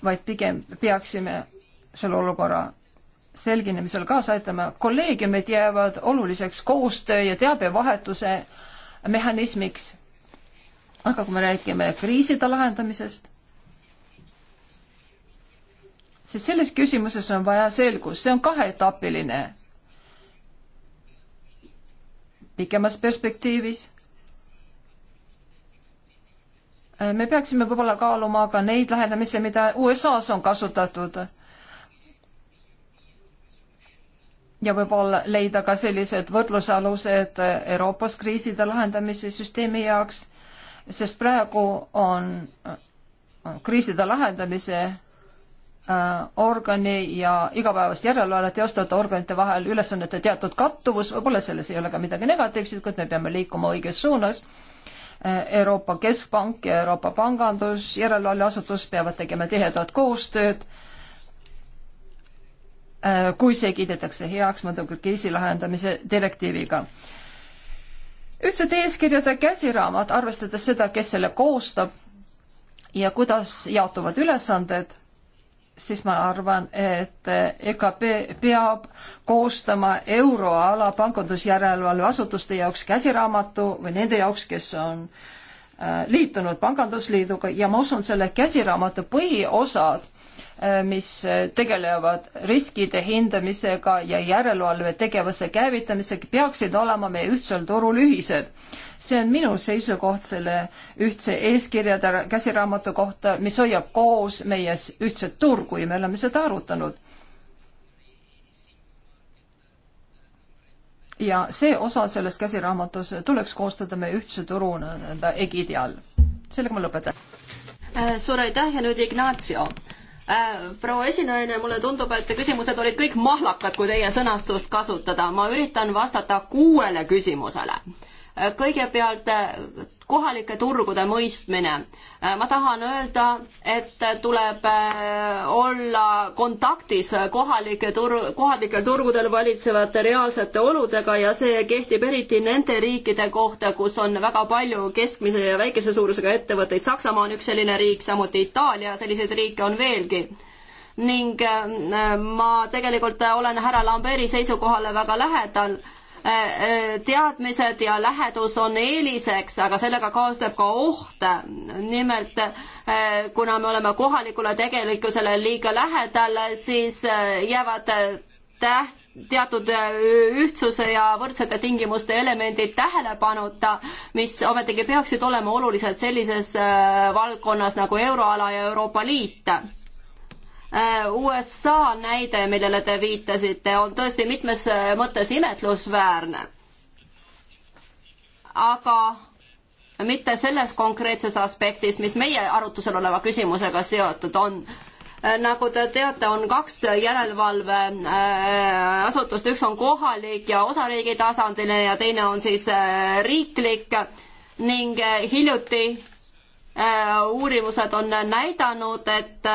vaid pigem peaksime selle olukorra selginemisel kaasa aitama. kolleegiumid jäävad oluliseks koostöö ja teabevahetuse mehhanismiks. aga kui me räägime kriiside lahendamisest, siis selles küsimuses on vaja selgust, see on kaheetapiline. pikemas perspektiivis me peaksime võib-olla kaaluma ka neid lähenemisi, mida USA-s on kasutatud ja võib-olla leida ka sellised võrdlusalused Euroopas kriiside lahendamise süsteemi jaoks, sest praegu on kriiside lahendamise äh, organi ja igapäevast järelevalvet teostavate organite vahel ülesannete teatud kattuvus, võib-olla selles ei ole ka midagi negatiivset, kuid me peame liikuma õiges suunas. Äh, Euroopa Keskpank ja Euroopa Pangandus, järelevalveasutus peavad tegema tihedat koostööd Äh, kui see kiidetakse heaks madalakriisi lahendamise direktiiviga. ühtsete eeskirjade käsiraamat, arvestades seda, kes selle koostab ja kuidas jaotuvad ülesanded, siis ma arvan, et EKP peab koostama euroala pangandusjärelevalveasutuste jaoks käsiraamatu või nende jaoks, kes on äh, Äh, liitunud Pangandusliiduga ja ma usun, selle käsiraamatu põhiosad, äh, mis äh, tegelevad riskide hindamisega ja järelevalve tegevuse käivitamisega, peaksid olema meie ühtsel turul ühised. see on minu seisukoht selle ühtse eeskirjade käsiraamatu kohta, mis hoiab koos meie ühtset turgu ja me oleme seda arutanud ja see osa sellest käsiraamatus tuleks koostada meie ühtse turu nii-öelda egiidi all. sellega ma lõpetan. Äh, suur aitäh ja nüüd Ignatsio äh, proua esinaine, mulle tundub, et küsimused olid kõik mahlakad, kui teie sõnastust kasutada. ma üritan vastata kuuele küsimusele kõigepealt eh, kohalike turgude mõistmine. Eh, ma tahan öelda, et tuleb eh, olla kontaktis kohalike tur-, kohalikel turgudel valitsevate reaalsete oludega ja see kehtib eriti nende riikide kohta, kus on väga palju keskmise ja väikese suurusega ettevõtteid. Saksamaa on üks selline riik, samuti Itaalia, selliseid riike on veelgi ning ma tegelikult olen härra Lamberi seisukohale väga lähedal Äh, äh, teadmised ja lähedus on eeliseks, aga sellega kaasneb ka oht. nimelt äh, kuna me oleme kohalikule tegelikkusele liiga lähedal, siis jäävad täht-, teatud ühtsuse ja võrdsete tingimuste elemendid tähelepanuta, mis ometigi peaksid olema olulised sellises valdkonnas nagu euroala ja Euroopa Liit Äh, USA näide, millele te viitasite, on tõesti mitmes äh, mõttes imetlusväärne. aga mitte selles konkreetses aspektis, mis meie arutusel oleva küsimusega seotud on. Äh, nagu te teate, on kaks järelevalveasutust, üks on kohalik ja osariigi tasandiline ja teine on siis riiklik ning hiljuti uurimused on näidanud, et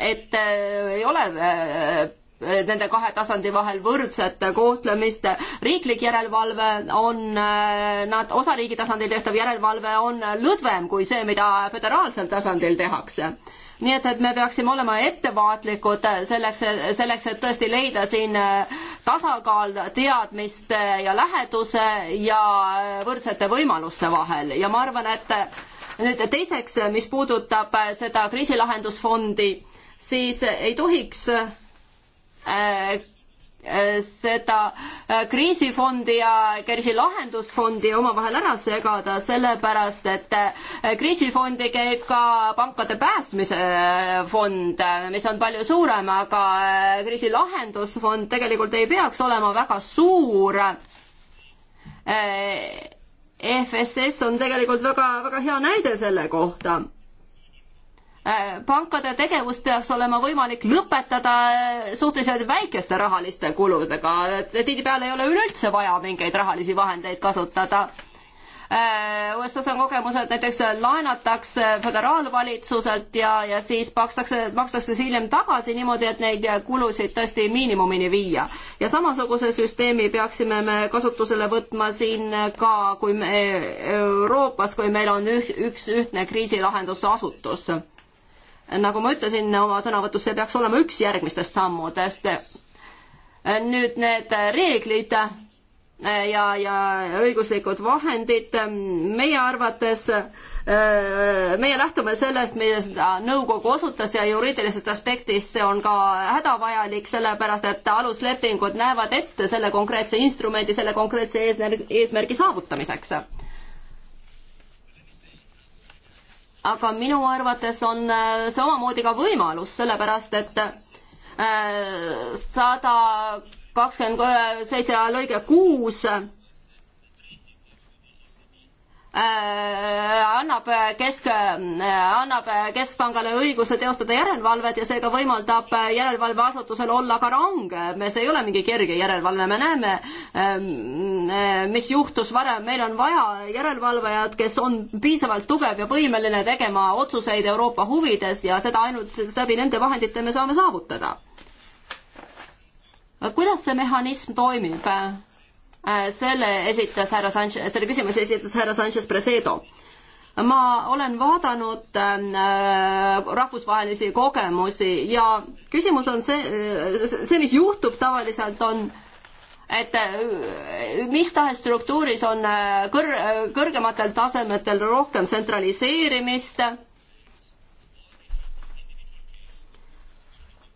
et äh, ei ole äh, äh, nende kahe tasandi vahel võrdset kohtlemist. riiklik järelevalve on, nad, osariigi tasandil tehtav järelevalve on lõdvem kui see, mida föderaalsel tasandil tehakse nii et, et me peaksime olema ettevaatlikud selleks, selleks, et tõesti leida siin tasakaal teadmiste ja läheduse ja võrdsete võimaluste vahel ja ma arvan, et nüüd teiseks, mis puudutab seda kriisilahendusfondi siis ei tohiks äh, äh, seda äh, kriisifondi ja kriisilahendusfondi omavahel ära segada, sellepärast et kriisifondi käib ka pankade päästmise fond, mis on palju suurem, aga kriisilahendusfond tegelikult ei peaks olema väga suur. EFSS on tegelikult väga, väga hea näide selle kohta Äh, pankade tegevus peaks olema võimalik lõpetada äh, suhteliselt väikeste rahaliste kuludega, tihtipeale ei ole üleüldse vaja mingeid rahalisi vahendeid kasutada. Äh, USA-s on kogemus, et näiteks laenatakse föderaalvalitsuselt ja, ja siis makstakse, makstakse see hiljem tagasi niimoodi, et neid kulusid tõesti miinimumini viia. ja samasuguse süsteemi peaksime me kasutusele võtma siin ka, kui me Euroopas, kui meil on üh, üks ühtne kriisilahendusasutus nagu ma ütlesin oma sõnavõtus, see peaks olema üks järgmistest sammudest. nüüd need reeglid ja, ja õiguslikud vahendid, meie arvates, meie lähtume sellest, millest nõukogu osutas ja juriidilisest aspektist see on ka hädavajalik, sellepärast et aluslepingud näevad ette selle konkreetse instrumendi, selle konkreetse eesmärgi, eesmärgi saavutamiseks aga minu arvates on äh, see omamoodi ka võimalus, sellepärast et äh, sada kakskümmend äh, seitse lõige kuus 120 Äh, annab äh, kesk, äh, annab Keskpangale õiguse teostada järelevalvet ja seega võimaldab järelevalveasutusel olla ka rangem. see ei ole mingi kerge järelevalve, me näeme, ähm, mis juhtus varem, meil on vaja järelevalvajat, kes on piisavalt tugev ja võimeline tegema otsuseid Euroopa huvides ja seda ainult läbi nende vahendite me saame saavutada. kuidas see mehhanism toimib? Äh, selle esitas härra Sanchez, selle küsimuse esitas härra Sanchez Presedo. ma olen vaadanud ähm, äh, rahvusvahelisi kogemusi ja küsimus on see, äh, see, mis juhtub tavaliselt, on et mis tahes struktuuris on kõr-, kõrgematel tasemetel rohkem tsentraliseerimist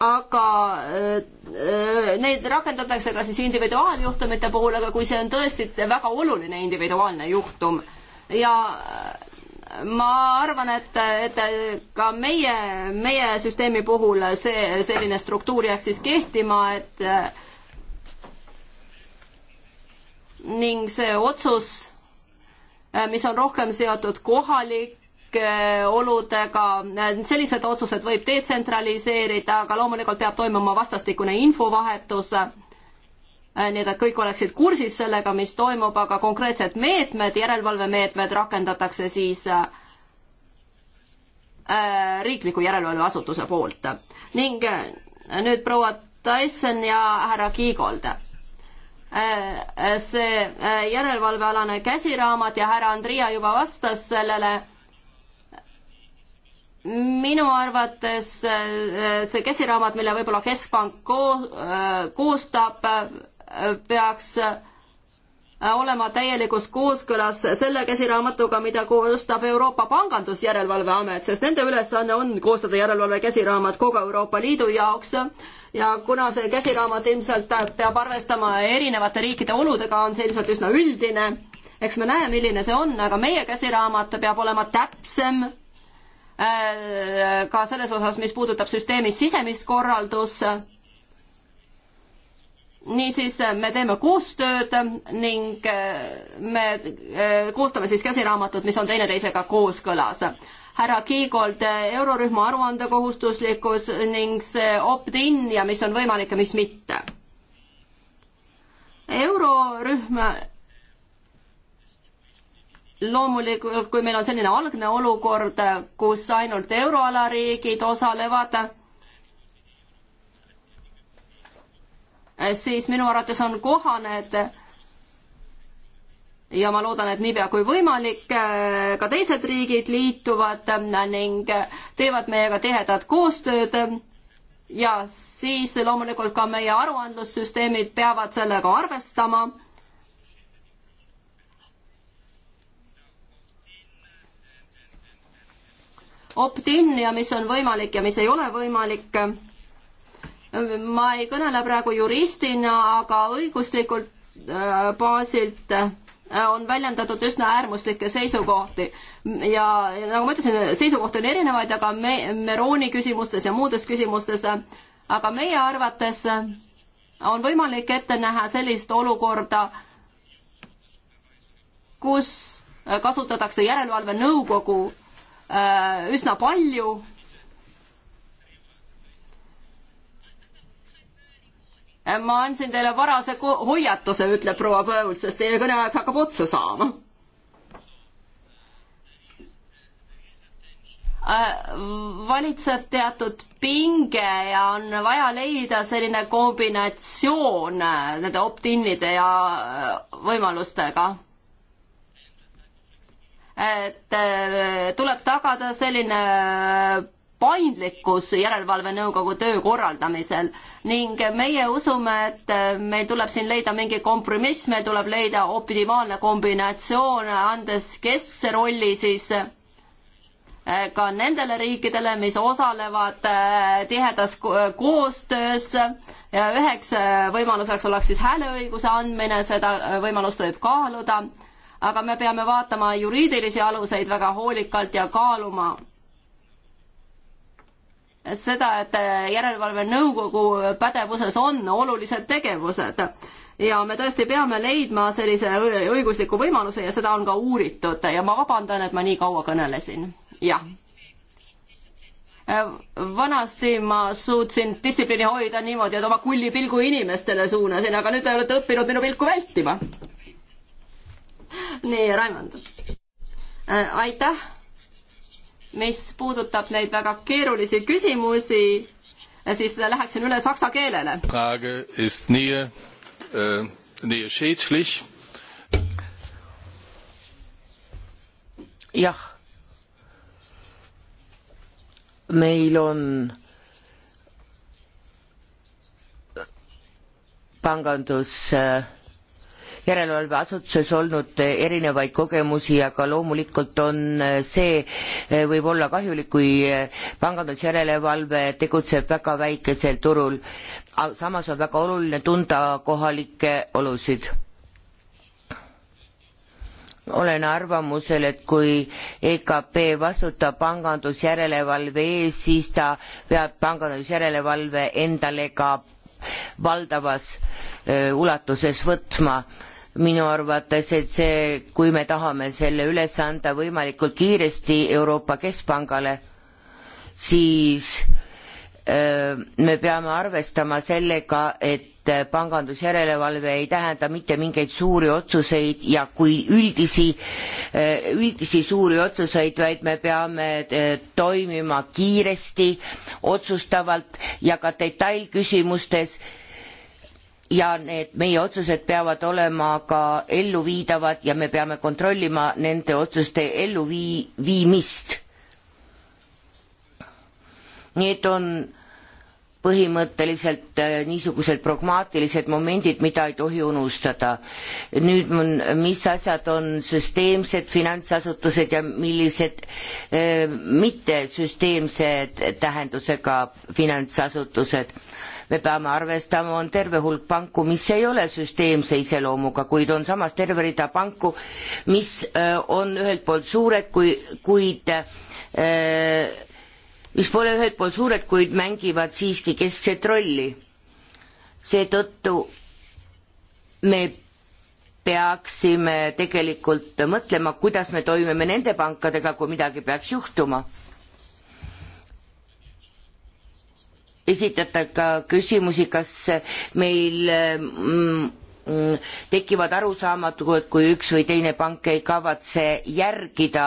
aga äh, äh, neid rakendatakse ka siis individuaaljuhtumite puhul, aga kui see on tõesti väga oluline individuaalne juhtum ja äh, ma arvan, et, et ka meie, meie süsteemi puhul see, selline struktuur jääks siis kehtima, et ning see otsus, mis on rohkem seotud kohalik hetkeoludega, äh, sellised otsused võib detsentraliseerida, aga loomulikult peab toimuma vastastikune infovahetus, äh, nii et, et kõik oleksid kursis sellega, mis toimub, aga konkreetsed meetmed, järelevalvemeetmed rakendatakse siis äh, riikliku järelevalveasutuse poolt. ning nüüd proua Tyson ja härra Kiigold see järelevalvealane käsiraamat ja härra Andria juba vastas sellele, minu arvates äh, see käsiraamat, mille võib-olla Keskpank äh, koostab, äh, peaks olema täielikus kooskõlas selle käsiraamatuga, mida koostab Euroopa Pangandusjärelevalve Amet, sest nende ülesanne on koostada järelevalve käsiraamat kogu Euroopa Liidu jaoks ja kuna see käsiraamat ilmselt peab arvestama erinevate riikide oludega, on see ilmselt üsna üldine, eks me näe, milline see on, aga meie käsiraamat peab olema täpsem Äh, ka selles osas, mis puudutab süsteemi sisemist korraldus. niisiis me teeme koostööd ning äh, me äh, koostame siis käsiraamatut, mis on teineteisega kooskõlas härra Kiigold eurorühma aruandekohustuslikkus ning see opt-in ja mis on võimalik ja mis mitte. eurorühm loomulikult, kui meil on selline algne olukord, kus ainult euroala riigid osalevad, siis minu arvates on kohane, et ja ma loodan, et niipea kui võimalik, ka teised riigid liituvad ning teevad meiega tihedat koostööd ja siis loomulikult ka meie aruandlussüsteemid peavad sellega arvestama opt-in ja mis on võimalik ja mis ei ole võimalik. ma ei kõnele praegu juristina, aga õiguslikult äh, baasilt äh, on väljendatud üsna äärmuslikke seisukohti ja nagu ma ütlesin, seisukohti on erinevaid, aga me Merooni küsimustes ja muudes küsimustes, aga meie arvates on võimalik ette näha sellist olukorda, kus kasutatakse järelevalvenõukogu Äh, üsna palju. ma andsin teile varase hoiatuse, ütleb proua Põõl, sest teie kõneaeg hakkab otsa saama äh, valitseb teatud pinge ja on vaja leida selline kombinatsioon äh, nende opt-in'ide ja võimalustega et äh, tuleb tagada selline äh, paindlikkus Järelevalvenõukogu töö korraldamisel ning meie usume, et äh, meil tuleb siin leida mingi kompromiss, meil tuleb leida optimaalne kombinatsioon, andes keskse rolli siis ka nendele riikidele, mis osalevad tihedas koostöös ja üheks võimaluseks oleks siis hääleõiguse andmine, seda võimalust võib kaaluda aga me peame vaatama juriidilisi aluseid väga hoolikalt ja kaaluma seda, et järelevalve nõukogu pädevuses on olulised tegevused ja me tõesti peame leidma sellise õigusliku võimaluse ja seda on ka uuritud ja ma vabandan, et ma nii kaua kõnelesin. jah vanasti ma suutsin distsipliini hoida niimoodi, et oma kulli pilgu inimestele suunasin, aga nüüd te olete õppinud minu pilku vältima nii, Raimond. Äh, aitäh. mis puudutab neid väga keerulisi küsimusi, äh, siis läheksin üle saksa keelele. Frage ist nie äh,, nie schädlich. jah. meil on pangandus äh, järelevalveasutuses olnud erinevaid kogemusi, aga loomulikult on eh, see, eh, võib olla kahjulik, kui eh, pangandusjärelevalve tegutseb väga väikesel turul. samas on väga oluline tunda kohalikke olusid olen arvamusel, et kui EKP vastutab pangandusjärelevalve ees, siis ta peab pangandusjärelevalve endale ka valdavas öö, ulatuses võtma minu arvates, et see, kui me tahame selle üles anda võimalikult kiiresti Euroopa Keskpangale, siis öö, me peame arvestama sellega, et pangandusjärelevalve ei tähenda mitte mingeid suuri otsuseid ja kui üldisi, üldisi suuri otsuseid, vaid me peame toimima kiiresti, otsustavalt ja ka detailküsimustes ja need meie otsused peavad olema ka elluviidavad ja me peame kontrollima nende otsuste elluviimist. Need on põhimõtteliselt äh, niisugused pragmaatilised momendid, mida ei tohi unustada. nüüd, mis asjad on süsteemsed finantsasutused ja millised äh, mittesüsteemsed tähendusega finantsasutused me peame arvestama, on terve hulk panku, mis ei ole süsteemse iseloomuga, kuid on samas terve rida panku, mis äh, on ühelt poolt suured, kui, kuid äh, mis pole ühelt poolt suured, kuid mängivad siiski keskset rolli. seetõttu me peaksime tegelikult mõtlema, kuidas me toimime nende pankadega, kui midagi peaks juhtuma esitada ka küsimusi, kas meil mm, mm, tekivad arusaamatud, kui üks või teine pank ei kavatse järgida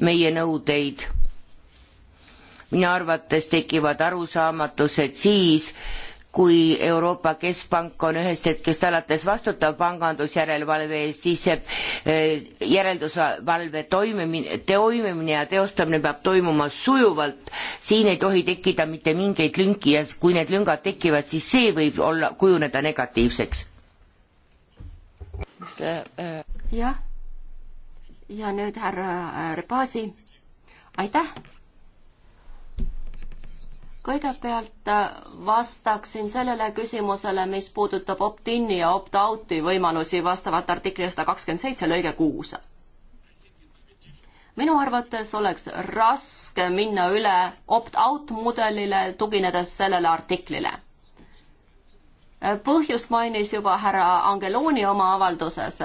meie nõudeid. minu arvates tekivad arusaamatused siis, kui Euroopa Keskpank on ühest hetkest alates vastutav pangandusjärelevalve eest, siis see eh, järeldusvalve toimimine, toimimine ja teostamine peab toimuma sujuvalt, siin ei tohi tekkida mitte mingeid lünki ja kui need lüngad tekivad, siis see võib olla, kujuneda negatiivseks. Eh, jah, ja nüüd härra eh, Rebasi, aitäh kõigepealt äh, vastaksin sellele küsimusele, mis puudutab opt-in'i ja opt-out'i võimalusi vastavalt artikli sada kakskümmend seitse lõige kuus. minu arvates oleks raske minna üle opt-out mudelile, tuginedes sellele artiklile. Äh, põhjust mainis juba härra Angeloni oma avalduses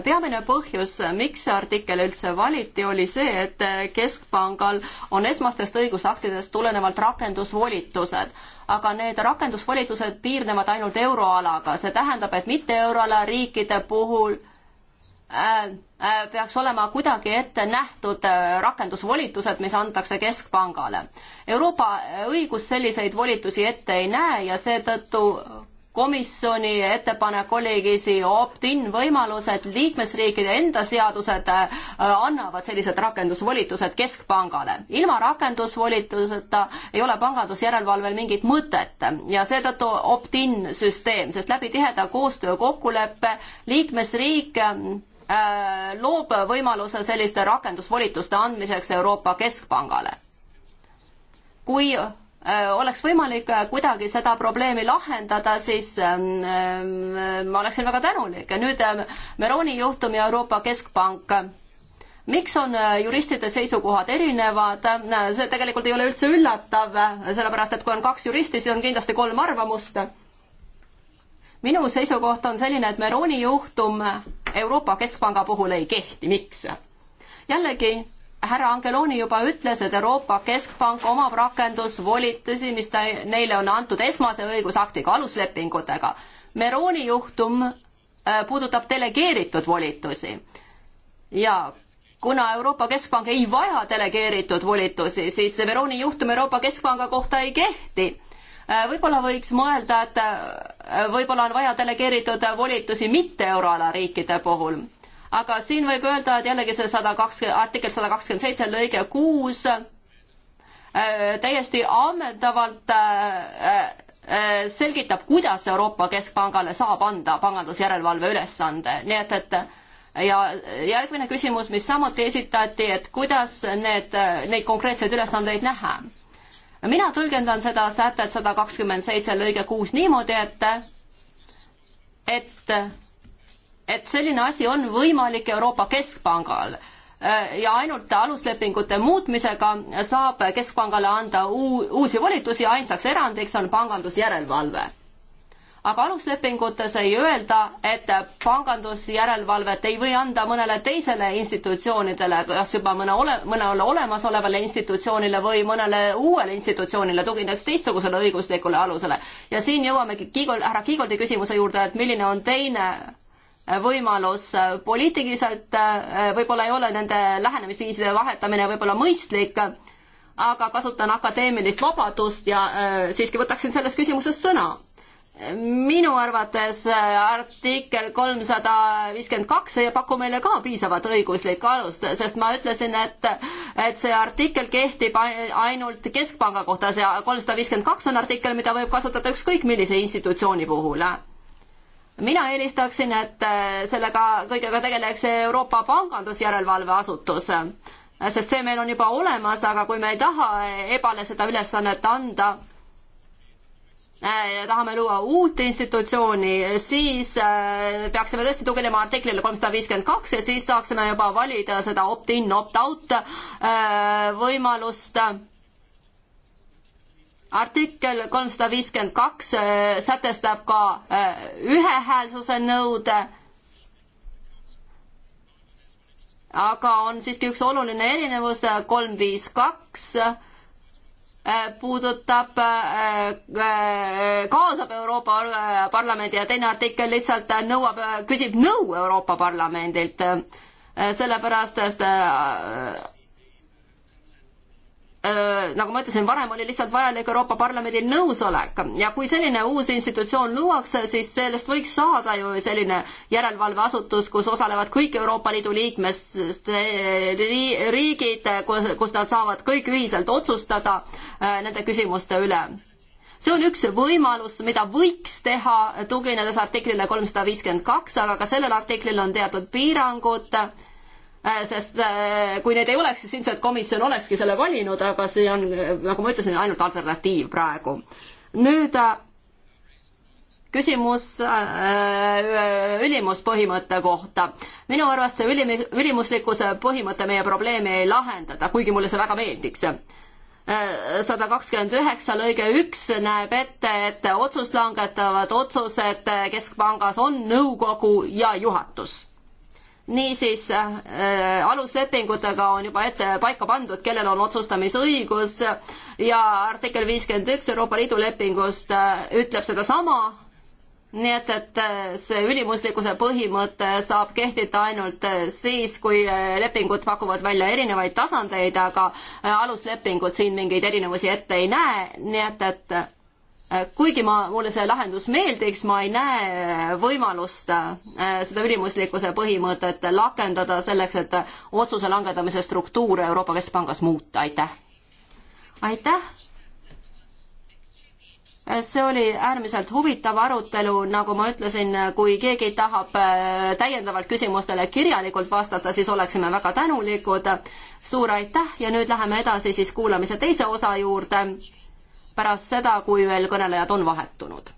peamine põhjus, miks see artikkel üldse valiti, oli see, et Keskpangal on esmastest õigusaktidest tulenevalt rakendusvolitused, aga need rakendusvolitused piirnevad ainult euroalaga, see tähendab, et mitte euroala riikide puhul äh, äh, peaks olema kuidagi ette nähtud äh, rakendusvolitused, mis antakse Keskpangale. Euroopa õigus selliseid volitusi ette ei näe ja seetõttu komisjoni ettepanek oligi opt-in võimalus, et liikmesriikide enda seadused äh, annavad sellised rakendusvolitused keskpangale. ilma rakendusvolituseta ei ole pangandusjärelevalvel mingit mõtet ja seetõttu opt-in süsteem, sest läbi tiheda koostöö kokkuleppe liikmesriik äh, loob võimaluse selliste rakendusvolituste andmiseks Euroopa Keskpangale. kui Äh, oleks võimalik äh, kuidagi seda probleemi lahendada, siis ähm, ähm, ma oleksin väga tänulik ja nüüd ähm, Meroni juhtum ja Euroopa Keskpank miks on äh, juristide seisukohad erinevad, see tegelikult ei ole üldse üllatav, sellepärast et kui on kaks juristi, siis on kindlasti kolm arvamust. minu seisukoht on selline, et Meroni juhtum Euroopa Keskpanga puhul ei kehti, miks? jällegi härra Angeloni juba ütles, et Euroopa Keskpank omab rakendusvolitusi, mis ta, neile on antud esmase õigusaktiga, aluslepingutega. Meroni juhtum äh, puudutab delegeeritud volitusi ja kuna Euroopa Keskpank ei vaja delegeeritud volitusi, siis Veroni juhtum Euroopa Keskpanga kohta ei kehti. Äh, võib-olla võiks mõelda, et äh, võib-olla on vaja delegeeritud volitusi mitte euroala riikide puhul aga siin võib öelda, et jällegi see sada kakskümmend, artikkel sada kakskümmend seitse lõige kuus äh, täiesti ammendavalt äh, äh, selgitab, kuidas Euroopa Keskpangale saab anda pangandusjärelevalve ülesande, nii et, et ja järgmine küsimus, mis samuti esitati, et kuidas need, neid konkreetseid ülesandeid näha. mina tõlgendan seda sätet sada kakskümmend seitse lõige kuus niimoodi, et, et et selline asi on võimalik Euroopa Keskpangal äh, ja ainult aluslepingute muutmisega saab Keskpangale anda uu-, uusi volitusi ja ainsaks erandiks on pangandusjärelevalve. aga aluslepingutes ei öelda, et pangandusjärelevalvet ei või anda mõnele teisele institutsioonidele, kas juba mõne ole, mõnele olemasolevale institutsioonile või mõnele uuele institutsioonile, tuginedes teistsugusele õiguslikule alusele. ja siin jõuamegi Kiigol, härra Kiigoldi küsimuse juurde, et milline on teine võimalus poliitiliselt, äh, võib-olla ei ole nende lähenemisviiside vahetamine võib-olla mõistlik, aga kasutan akadeemilist vabadust ja äh, siiski võtaksin selles küsimuses sõna. minu arvates äh, artikkel kolmsada viiskümmend kaks ei paku meile ka piisavat õiguslikku alust, sest ma ütlesin, et et see artikkel kehtib ainult Keskpanga kohta, see kolmsada viiskümmend kaks on artikkel, mida võib kasutada ükskõik millise institutsiooni puhul mina eelistaksin, et äh, sellega kõigega tegeleks Euroopa Pangandusjärelevalve Asutus, äh, sest see meil on juba olemas, aga kui me ei taha EBA-le seda ülesannet anda, äh, ja tahame luua uut institutsiooni, siis peaksime tõesti tuginema artiklile kolmsada viiskümmend kaks, et siis saaksime juba valida seda opt-in, opt-out võimalust artikkel kolmsada viiskümmend kaks äh, sätestab ka äh, ühehäälsuse nõude. aga on siiski üks oluline erinevus, äh, kolm, viis, kaks puudutab, kaasab Euroopa Parlamendi ja teine artikkel lihtsalt nõuab, küsib nõu Euroopa Parlamendilt. sellepärast, et Äh, nagu ma ütlesin, varem oli lihtsalt vajalik Euroopa Parlamendi nõusolek ja kui selline uus institutsioon luuakse, siis sellest võiks saada ju selline järelevalveasutus, kus osalevad kõik Euroopa Liidu liikmest riigid, kus nad saavad kõik ühiselt otsustada äh, nende küsimuste üle see on üks võimalus, mida võiks teha, tuginedes artiklile kolmsada viiskümmend kaks, aga ka sellel artiklil on teatud piirangud Äh, sest äh, kui neid ei oleks, siis ilmselt komisjon olekski selle valinud, aga see on, nagu ma ütlesin, ainult alternatiiv praegu. nüüd äh, küsimus ülimuspõhimõtte kohta. minu arvates see ülim-, ülimuslikkuse põhimõte meie probleemi ei lahendada, kuigi mulle see väga meeldiks sada kakskümmend üheksa lõige üks näeb ette, et otsust langetavad otsused Keskpangas on nõukogu ja juhatus niisiis äh, aluslepingutega on juba ette paika pandud, kellel on otsustamisõigus ja artikkel viiskümmend üks Euroopa Liidu lepingust äh, ütleb sedasama, nii et, et äh, see ülimuslikkuse põhimõte saab kehtida ainult äh, siis, kui äh, lepingud pakuvad välja erinevaid tasandeid, aga aluslepingud siin mingeid erinevusi ette ei näe, nii et, et kuigi ma, mulle see lahendus meeldiks, ma ei näe võimalust äh, seda ülimuslikkuse põhimõtet lakendada selleks, et otsuse langetamise struktuure Euroopa Keskpangas muuta, aitäh. aitäh. see oli äärmiselt huvitav arutelu, nagu ma ütlesin, kui keegi tahab äh, täiendavalt küsimustele kirjalikult vastata, siis oleksime väga tänulikud. suur aitäh ja nüüd läheme edasi siis kuulamise teise osa juurde pärast seda, kui veel kõnelejad on vahetunud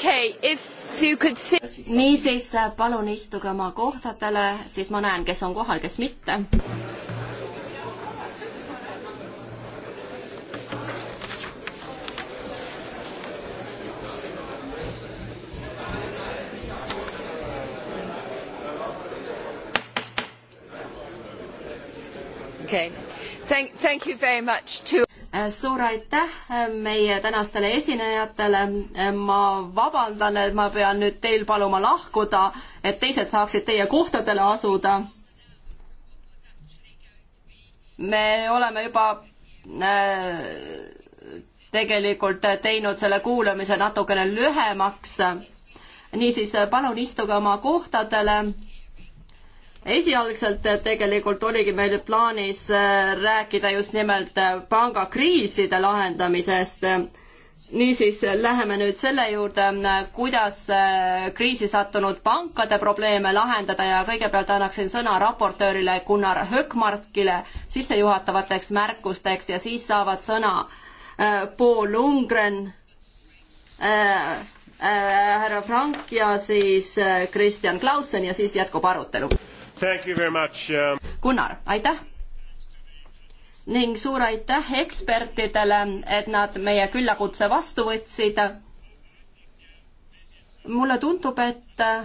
okay, could... niisiis, palun istuge oma kohtadele, siis ma näen, kes on kohal, kes mitte. Okay. Thank, thank you very much to suur aitäh meie tänastele esinejatele. ma vabandan, et ma pean nüüd teil paluma lahkuda, et teised saaksid teie kohtadele asuda. me oleme juba äh, tegelikult teinud selle kuulamise natukene lühemaks. niisiis palun istuge oma kohtadele esialgselt tegelikult oligi meil plaanis äh, rääkida just nimelt äh, pangakriiside lahendamisest. niisiis läheme nüüd selle juurde, äh, kuidas kriisi sattunud pankade probleeme lahendada ja kõigepealt annaksin sõna raportöörile Gunnar Hökmarkile sissejuhatavateks märkusteks ja siis saavad sõna Paul Lundgren äh,, härra äh, Frank ja siis Kristjan Klausen ja siis jätkub arutelu Um, Gunnar, aitäh! ning suur aitäh ekspertidele, et nad meie küllakutse vastu võtsid. mulle tundub, et äh,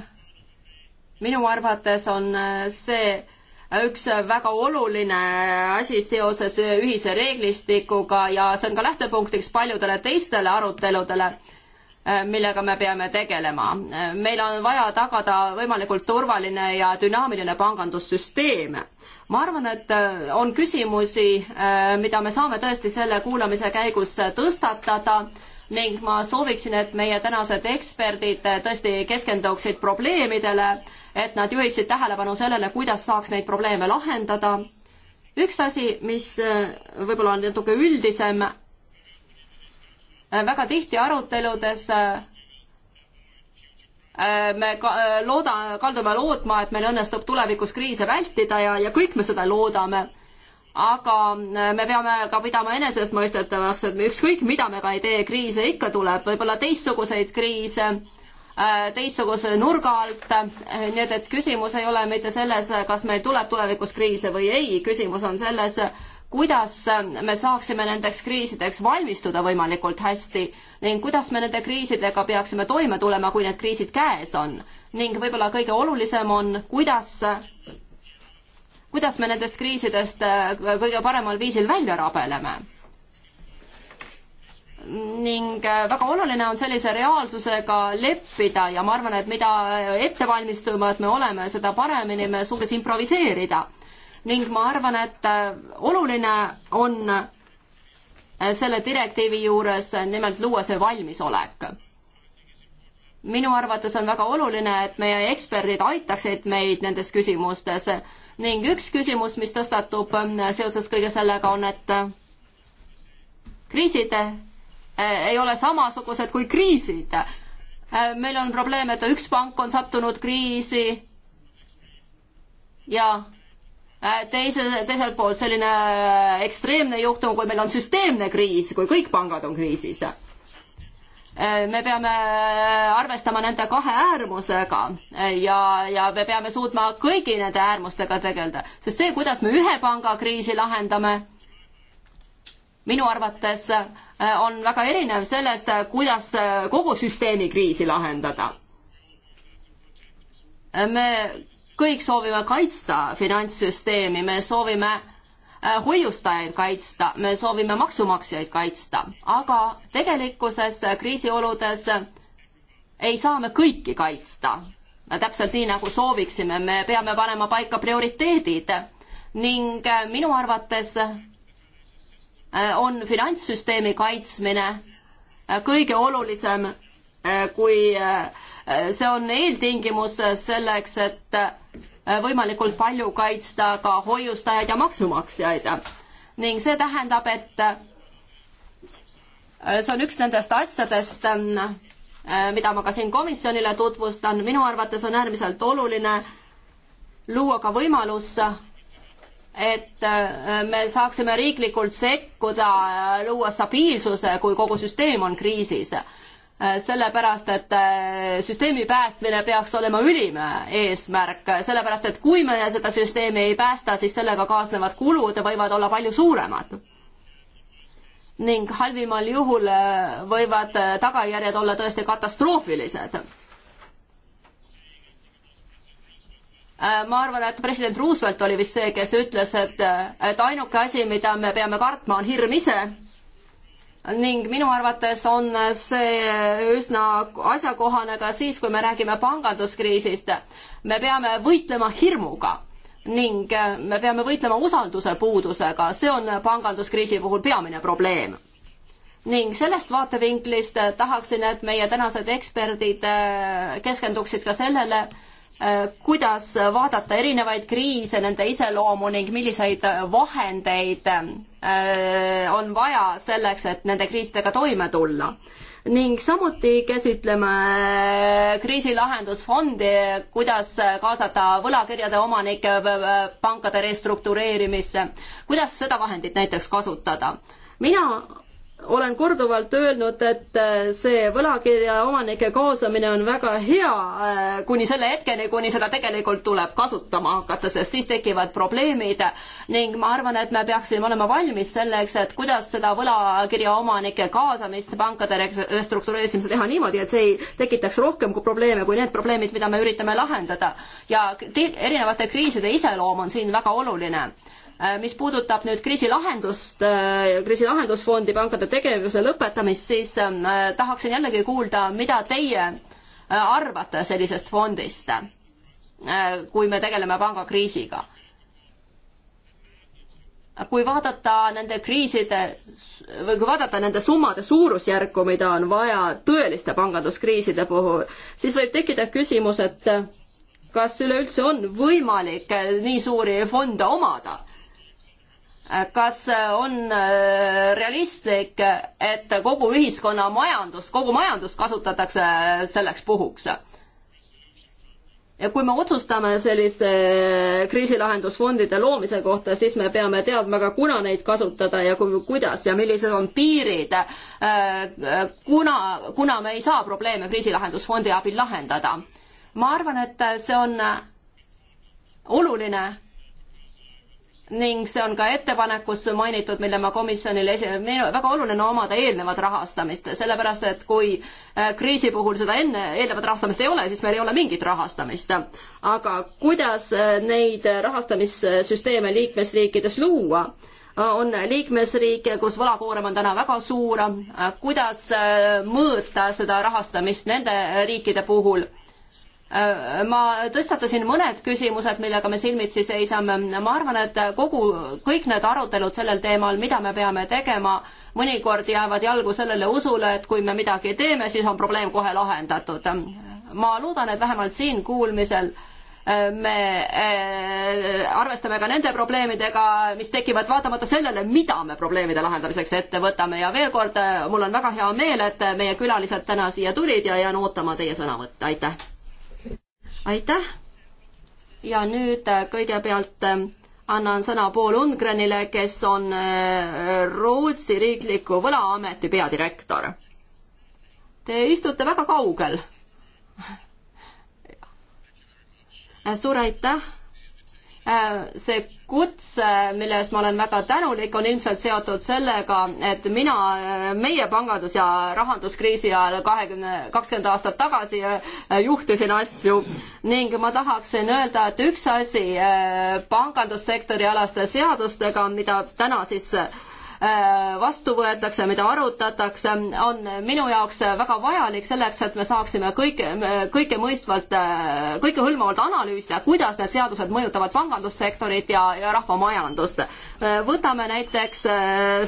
minu arvates on äh, see üks väga oluline asi seoses ühise reeglistikuga ja see on ka lähtepunktiks paljudele teistele aruteludele Äh, millega me peame tegelema. Äh, meil on vaja tagada võimalikult turvaline ja dünaamiline pangandussüsteem. ma arvan, et äh, on küsimusi, mida me saame tõesti selle kuulamise käigus tõstatada ning ma sooviksin, et meie tänased eksperdid tõesti keskenduksid probleemidele, et nad juhiksid tähelepanu sellele, kuidas saaks neid probleeme lahendada. üks asi, mis võib-olla on natuke üldisem Äh, väga tihti aruteludes äh, äh, me ka, looda, kaldume lootma, et meil õnnestub tulevikus kriise vältida ja, ja kõik me seda loodame. aga me peame ka pidama enesestmõistetavaks, et ükskõik, mida me ka ei tee, kriise ikka tuleb, võib-olla teistsuguseid kriise, teistsuguse nurga alt, nii et, et küsimus ei ole mitte selles, kas meil tuleb tulevikus kriise või ei, küsimus on selles, kuidas me saaksime nendeks kriisideks valmistuda võimalikult hästi ning kuidas me nende kriisidega peaksime toime tulema, kui need kriisid käes on. ning võib-olla kõige olulisem on, kuidas, kuidas me nendest kriisidest äh, kõige paremal viisil välja rabeleme ning äh, väga oluline on sellise reaalsusega leppida ja ma arvan, et mida ettevalmistumad me oleme, seda paremini me suudame improviseerida ning ma arvan, et äh, oluline on äh, selle direktiivi juures nimelt luua see valmisolek. minu arvates on väga oluline, et meie eksperdid aitaksid meid nendes küsimustes ning üks küsimus, mis tõstatub äh, seoses kõige sellega, on, et kriisid ei ole samasugused kui kriisid. meil on probleem, et üks pank on sattunud kriisi ja Äh, teise, teiselt poolt selline äh, ekstreemne juhtum, kui meil on süsteemne kriis, kui kõik pangad on kriisis. Äh, me peame arvestama nende kahe äärmusega ja, ja me peame suutma kõigi nende äärmustega tegeleda, sest see, kuidas me ühe panga kriisi lahendame, minu arvates on väga erinev sellest, kuidas kogu süsteemi kriisi lahendada. me kõik soovime kaitsta finantssüsteemi, me soovime äh, hoiustajaid kaitsta, me soovime maksumaksjaid kaitsta, aga tegelikkuses äh, kriisioludes äh, ei saa me kõiki kaitsta. täpselt nii, nagu sooviksime, me peame panema paika prioriteedid ning minu arvates on finantssüsteemi kaitsmine kõige olulisem, kui see on eeltingimus selleks, et Äh, võimalikult palju kaitsta ka hoiustajaid ja maksumaksjaid. ning see tähendab, et äh, see on üks nendest asjadest, äh, mida ma ka siin komisjonile tutvustan, minu arvates on äärmiselt oluline luua ka võimalus et me saaksime riiklikult sekkuda, luua stabiilsuse, kui kogu süsteem on kriisis. Äh, sellepärast et äh, süsteemi päästmine peaks olema ülim äh, eesmärk, sellepärast et kui me seda süsteemi ei päästa, siis sellega kaasnevad kulud võivad olla palju suuremad. ning halvimal juhul võivad tagajärjed olla tõesti katastroofilised. ma arvan, et president Roosevelt oli vist see, kes ütles, et, et ainuke asi, mida me peame kartma, on hirm ise ning minu arvates on see üsna asjakohane ka siis, kui me räägime panganduskriisist. me peame võitlema hirmuga ning me peame võitlema usalduse puudusega, see on panganduskriisi puhul peamine probleem. ning sellest vaatevinklist tahaksin, et meie tänased eksperdid eh, keskenduksid ka sellele, Äh, kuidas vaadata erinevaid kriise, nende iseloomu ning milliseid vahendeid äh, on vaja selleks, et nende kriisidega toime tulla. ning samuti käsitleme äh, kriisilahendusfondi, kuidas kaasata võlakirjade omanikke pankade restruktureerimisse, kuidas seda vahendit näiteks kasutada. mina olen korduvalt öelnud, et äh, see võlakirja omanike kaasamine on väga hea äh, kuni selle hetkeni, kuni seda tegelikult tuleb kasutama hakata, sest siis tekivad probleemid ning ma arvan, et me peaksime olema valmis selleks, et kuidas seda võlakirja omanike kaasamist pankade restruktureerimisel teha niimoodi, et see ei tekitaks rohkem kui probleeme kui need probleemid, mida me üritame lahendada. ja erinevate kriiside iseloom on siin väga oluline Äh, mis puudutab nüüd kriisilahendust, äh, kriisilahendusfondi pankade tegevuse lõpetamist, siis ähm, äh, tahaksin jällegi kuulda, mida teie arvate sellisest fondist, kui me tegeleme pangakriisiga. kui vaadata nende kriiside või kui vaadata nende summade suurusjärku, mida on vaja tõeliste panganduskriiside puhul, siis võib tekkida küsimus, et kas üleüldse on võimalik nii suuri fonde omada kas on äh, realistlik, et kogu ühiskonna majandust, kogu majandust kasutatakse äh, selleks puhuks? ja kui me otsustame selliste äh, kriisilahendusfondide loomise kohta, siis me peame teadma ka, kuna neid kasutada ja kui, kuidas ja millised on piirid, kuna, kuna me ei saa probleeme kriisilahendusfondi abil lahendada. ma arvan, et see on oluline ning see on ka ettepanekus mainitud, mille ma komisjonile esi-, meil on väga oluline omada eelnevat rahastamist, sellepärast et kui äh, kriisi puhul seda enne, eelnevat rahastamist ei ole, siis meil ei ole mingit rahastamist. aga kuidas äh, neid rahastamissüsteeme liikmesriikides luua? Äh, on liikmesriike, kus võlakoorem on täna väga suur, kuidas mõõta seda rahastamist nende riikide puhul Äh, ma tõstatasin mõned küsimused, millega me silmitsi seisame. ma arvan, et kogu, kõik need arutelud sellel teemal, mida me peame tegema, mõnikord jäävad jalgu sellele usule, et kui me midagi teeme, siis on probleem kohe lahendatud. ma loodan, et vähemalt siin kuulmisel äh, me äh, arvestame ka nende probleemidega, mis tekivad vaatamata sellele, mida me probleemide lahendamiseks ette võtame ja veel kord, mul on väga hea meel, et meie külalised täna siia tulid ja jään ootama teie sõnavõtte, aitäh! aitäh! ja nüüd äh, kõigepealt äh, annan sõna Paul Undgrenile, kes on äh, Rootsi riikliku võlaameti peadirektor. Te istute väga kaugel. suur aitäh Äh, see kutse, mille eest ma olen väga tänulik, on ilmselt seotud sellega, et mina äh, meie pangandus- ja rahanduskriisi ajal kahekümne, kakskümmend aastat tagasi äh, juhtisin asju ning ma tahaksin öelda, et üks asi pangandussektori alaste seadustega, mida täna siis äh, Äh, vastu võetakse, mida arutatakse, on minu jaoks väga vajalik selleks, et me saaksime kõike, kõike mõistvalt, äh, kõikehõlmavalt analüüsida, kuidas need seadused mõjutavad pangandussektorit ja, ja rahvamajandust. Äh, võtame näiteks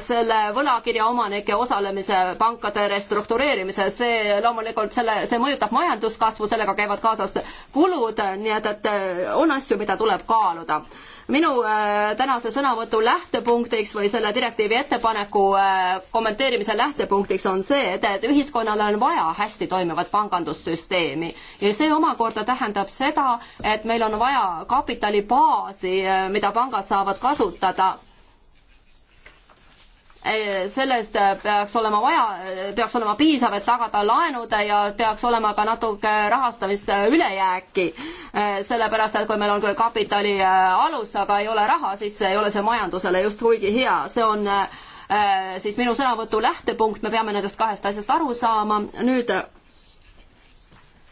selle võlakirja omanike osalemise pankade restruktureerimise, see loomulikult selle, see mõjutab majanduskasvu, sellega käivad kaasas kulud, nii et, et on asju, mida tuleb kaaluda minu äh, tänase sõnavõtu lähtepunktiks või selle direktiivi ettepaneku äh, kommenteerimise lähtepunktiks on see, et, et ühiskonnal on vaja hästi toimivat pangandussüsteemi ja see omakorda tähendab seda, et meil on vaja kapitalibaasi, äh, mida pangad saavad kasutada Äh, sellest äh, peaks olema vaja, äh, peaks olema piisav, et tagada laenud ja peaks olema ka natuke rahastamist ülejääki. sellepärast, et kui meil on küll kapitali alus, aga ei ole raha, siis ei ole see majandusele just kuigi hea, see on siis minu sõnavõtu lähtepunkt, me peame nendest kahest asjast aru saama, nüüd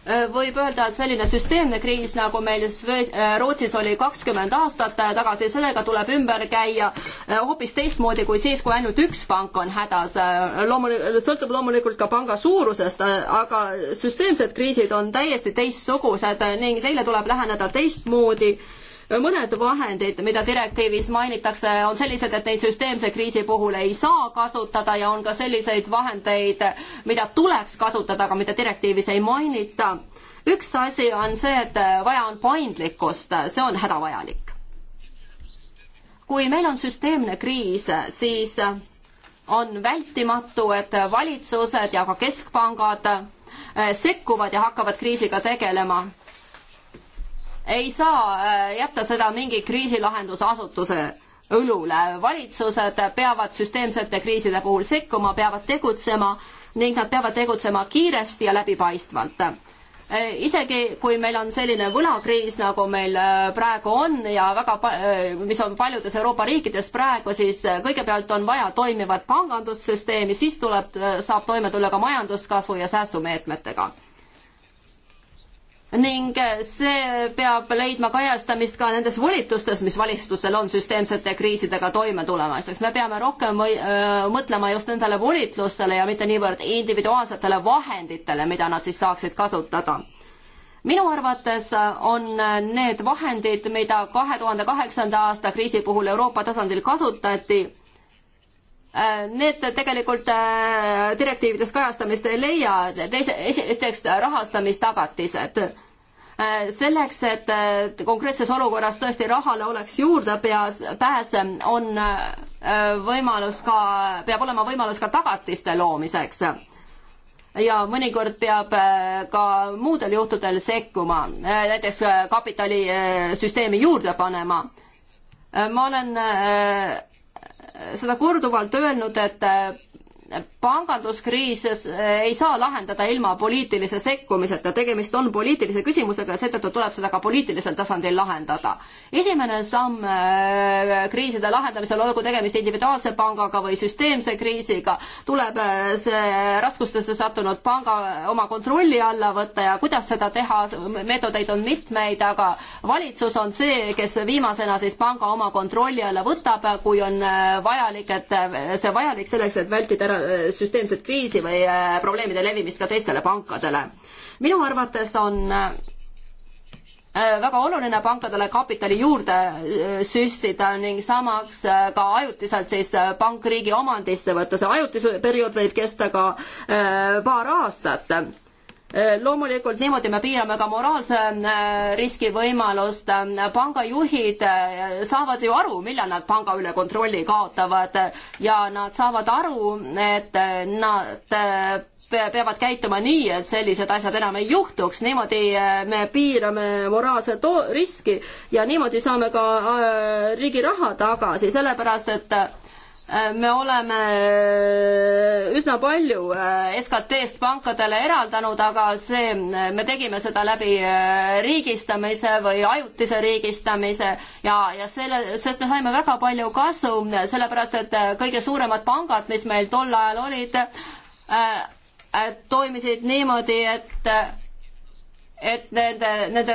Äh, võib öelda, et selline süsteemne kriis, nagu meil äh, Rootsis oli kakskümmend aastat äh, tagasi, sellega tuleb ümber käia hoopis teistmoodi kui siis, kui ainult üks pank on hädas. loomulikult, sõltub loomulikult ka panga suurusest, aga süsteemsed kriisid on täiesti teistsugused ning neile tuleb läheneda teistmoodi mõned vahendid, mida direktiivis mainitakse, on sellised, et neid süsteemse kriisi puhul ei saa kasutada ja on ka selliseid vahendeid, mida tuleks kasutada, aga mida direktiivis ei mainita. üks asi on see, et vaja on paindlikkust, see on hädavajalik. kui meil on süsteemne kriis, siis on vältimatu, et valitsused ja ka keskpangad sekkuvad ja hakkavad kriisiga tegelema ei saa äh, jätta seda mingi kriisilahendusasutuse õlule. valitsused peavad süsteemsete kriiside puhul sekkuma, peavad tegutsema ning nad peavad tegutsema kiiresti ja läbipaistvalt. Äh, isegi kui meil on selline võlakriis, nagu meil äh, praegu on ja väga, mis on paljudes Euroopa riikides praegu, siis kõigepealt on vaja toimivat pangandussüsteemi, siis tuleb, saab toime tulla ka majanduskasvu ja säästumeetmetega ning see peab leidma kajastamist ka nendes volitustes, mis valitsusel on süsteemsete kriisidega toime tulemiseks. me peame rohkem või, öö, mõtlema just nendele volitlustele ja mitte niivõrd individuaalsetele vahenditele, mida nad siis saaksid kasutada minu arvates on need vahendid, mida kahe tuhande kaheksanda aasta kriisi puhul Euroopa tasandil kasutati, Äh, need tegelikult äh, direktiivides kajastamist ei leia, teise, esiteks rahastamistagatised äh, selleks, et konkreetses olukorras tõesti rahale oleks juurdepääs, pääs on võimalus ka, peab olema võimalus ka tagatiste loomiseks. ja mõnikord peab ka muudel juhtudel sekkuma, näiteks kapitalisüsteemi juurde panema. ma olen seda korduvalt öelnud, et äh, panganduskriis eh, ei saa lahendada ilma poliitilise sekkumiseta, tegemist on poliitilise küsimusega ja seetõttu tuleb seda ka poliitilisel tasandil lahendada. esimene samm eh, kriiside lahendamisel, olgu tegemist individuaalse pangaga või süsteemse kriisiga, tuleb eh, see raskustesse sattunud panga oma kontrolli alla võtta ja kuidas seda teha, meetodeid on mitmeid, aga valitsus on see, kes viimasena siis panga oma kontrolli alla võtab, kui on vajalik, et see vajalik selleks, et vältida ära süsteemset kriisi või äh, probleemide levimist ka teistele pankadele. minu arvates on äh, väga oluline pankadele kapitali juurde äh, süstida ning samaks ka ajutiselt siis pank riigi omandisse võtta. see ajutise periood võib kesta ka paar aastat Äh, loomulikult niimoodi me piirame ka moraalse äh, riski võimalust. Äh, pangajuhid saavad ju aru, millal nad panga üle kontrolli kaotavad ja nad saavad aru, et nad peavad käituma nii, et sellised asjad enam ei juhtuks, niimoodi me piirame moraalset riski ja niimoodi saame ka riigi raha tagasi, sellepärast et Äh, me oleme äh, üsna palju äh, SKT-st pankadele eraldanud, aga see, me tegime seda läbi riigistamise või ajutise riigistamise ja, ja selle, sest me saime väga palju kasu, sellepärast et kõige suuremad pangad, mis meil tol ajal olid, toimisid niimoodi, et et nende, nende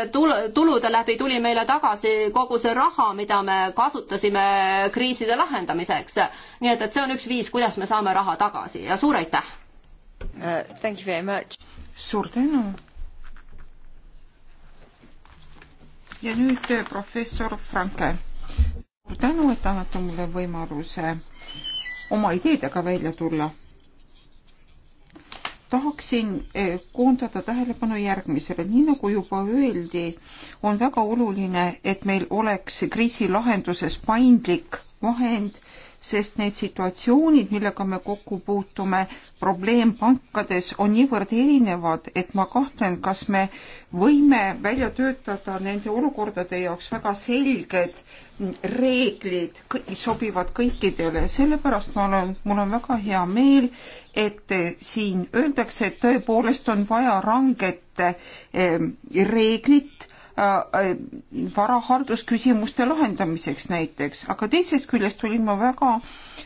tulude läbi tuli meile tagasi kogu see raha, mida me kasutasime kriiside lahendamiseks. nii et, et see on üks viis, kuidas me saame raha tagasi ja suur aitäh uh,! suur tänu! ja nüüd eh, professor Franke. suur tänu, et annate mulle võimaluse oma ideedega välja tulla tahaksin eh, koondada tähelepanu järgmisele. nii nagu juba öeldi, on väga oluline, et meil oleks kriisi lahenduses paindlik vahend, sest need situatsioonid, millega me kokku puutume, probleempankades on niivõrd erinevad, et ma kahtlen, kas me võime välja töötada nende olukordade jaoks väga selged reeglid, sobivad kõikidele. sellepärast ma olen, mul on väga hea meel, et eh, siin öeldakse, et tõepoolest on vaja ranget eh, reeglit äh, äh, varahaldusküsimuste lahendamiseks näiteks, aga teisest küljest olin ma väga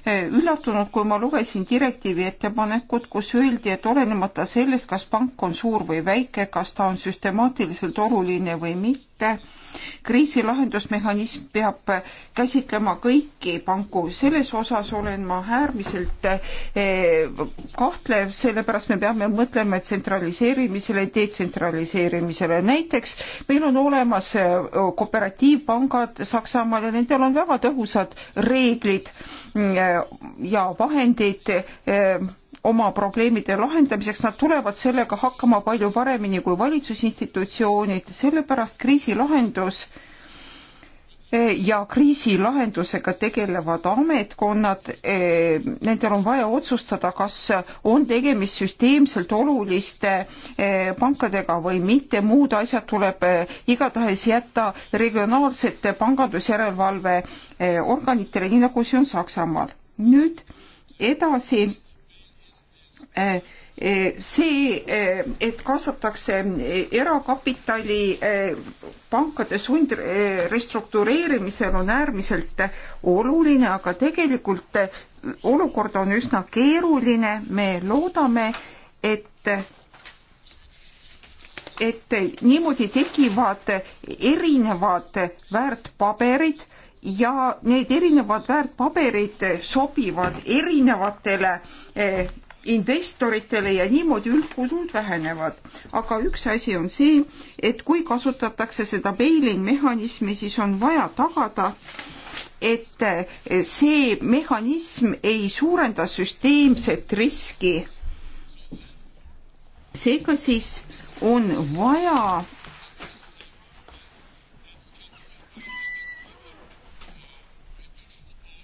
eh, üllatunud, kui ma lugesin direktiivi ettepanekut, kus öeldi, et olenemata sellest, kas pank on suur või väike, kas ta on süstemaatiliselt oluline või mitte, et kriisilahendusmehhanism peab käsitlema kõiki panku, selles osas olen ma äärmiselt eh, kahtlev, sellepärast me peame mõtlema tsentraliseerimisele, detsentraliseerimisele. näiteks meil on olemas eh, kooperatiivpangad Saksamaal ja nendel on väga tõhusad reeglid mm, ja vahendid eh, oma probleemide lahendamiseks, nad tulevad sellega hakkama palju paremini kui valitsusinstitutsioonid, sellepärast kriisilahendus eh, ja kriisilahendusega tegelevad ametkonnad, eh, nendel on vaja otsustada, kas on tegemist süsteemselt oluliste eh, pankadega või mitte, muud asjad tuleb igatahes jätta regionaalsete pangandusjärelevalve organitele, nii nagu see on Saksamaal. nüüd edasi Äh, äh, see, äh, et kaasatakse erakapitali pankade sundrestruktureerimisel on äärmiselt oluline, aga tegelikult olukord on üsna keeruline, me loodame, et et niimoodi tekivad erinevad väärtpaberid ja need erinevad väärtpaberid sobivad erinevatele investoritele ja niimoodi üldkulud vähenevad. aga üks asi on see, et kui kasutatakse seda bail-in mehhanismi, siis on vaja tagada, et see mehhanism ei suurenda süsteemset riski. seega siis on vaja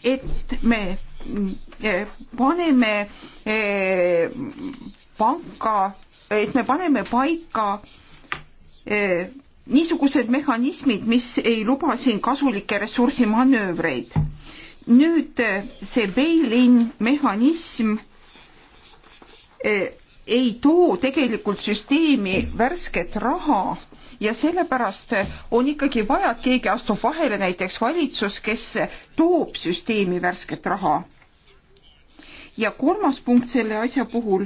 et me paneme eh, panka, et me paneme paika eh, niisugused mehhanismid, mis ei luba siin kasulikke ressursimanöövreid. nüüd eh, see bail-in mehhanism ei too tegelikult süsteemi värsket raha ja sellepärast on ikkagi vaja, et keegi astub vahele, näiteks valitsus, kes toob süsteemi värsket raha. ja kolmas punkt selle asja puhul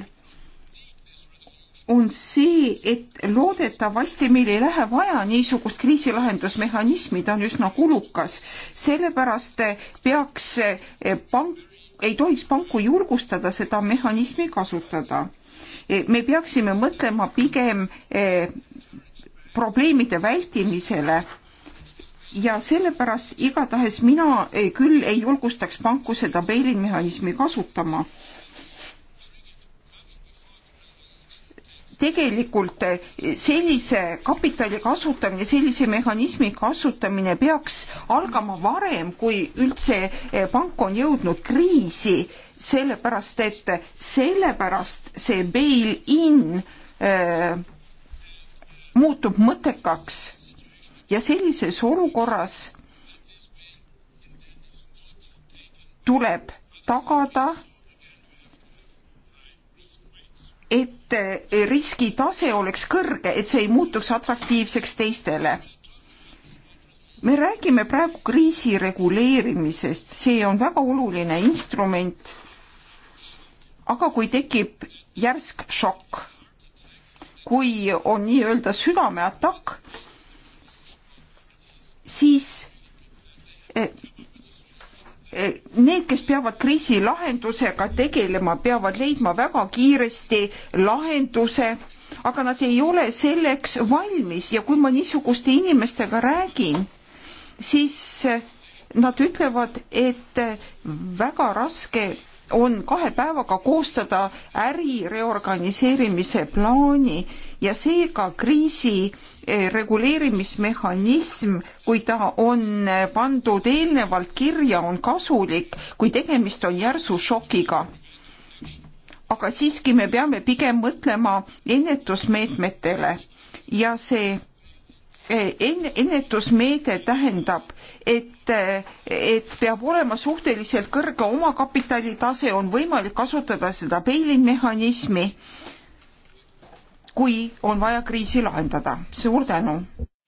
on see, et loodetavasti meil ei lähe vaja niisugust kriisilahendusmehhanismi, ta on üsna kulukas. sellepärast peaks pank, ei tohiks panku julgustada seda mehhanismi kasutada. me peaksime mõtlema pigem eh, probleemide vältimisele ja sellepärast igatahes mina ei, küll ei julgustaks panku seda beilimehhanismi kasutama. tegelikult eh, sellise kapitali kasutamine, sellise mehhanismi kasutamine peaks algama varem, kui üldse eh, pank on jõudnud kriisi, sellepärast et sellepärast see bail-in äh, muutub mõttekaks ja sellises olukorras tuleb tagada, et riskitase oleks kõrge, et see ei muutuks atraktiivseks teistele. me räägime praegu kriisi reguleerimisest, see on väga oluline instrument. aga kui tekib järsk šokk kui on nii-öelda südameatakk, siis e, e, need, kes peavad kriisi lahendusega tegelema, peavad leidma väga kiiresti lahenduse, aga nad ei ole selleks valmis ja kui ma niisuguste inimestega räägin, siis nad ütlevad, et väga raske on kahe päevaga koostada äri reorganiseerimise plaani ja seega kriisi eh, reguleerimismehhanism, kui ta on eh, pandud eelnevalt kirja, on kasulik, kui tegemist on järsu šokiga. aga siiski me peame pigem mõtlema ennetusmeetmetele ja see Eh, ennetusmeede tähendab, et, eh, et peab olema suhteliselt kõrge omakapitalitase, on võimalik kasutada seda peilimehhanismi, kui on vaja kriisi lahendada. suur tänu!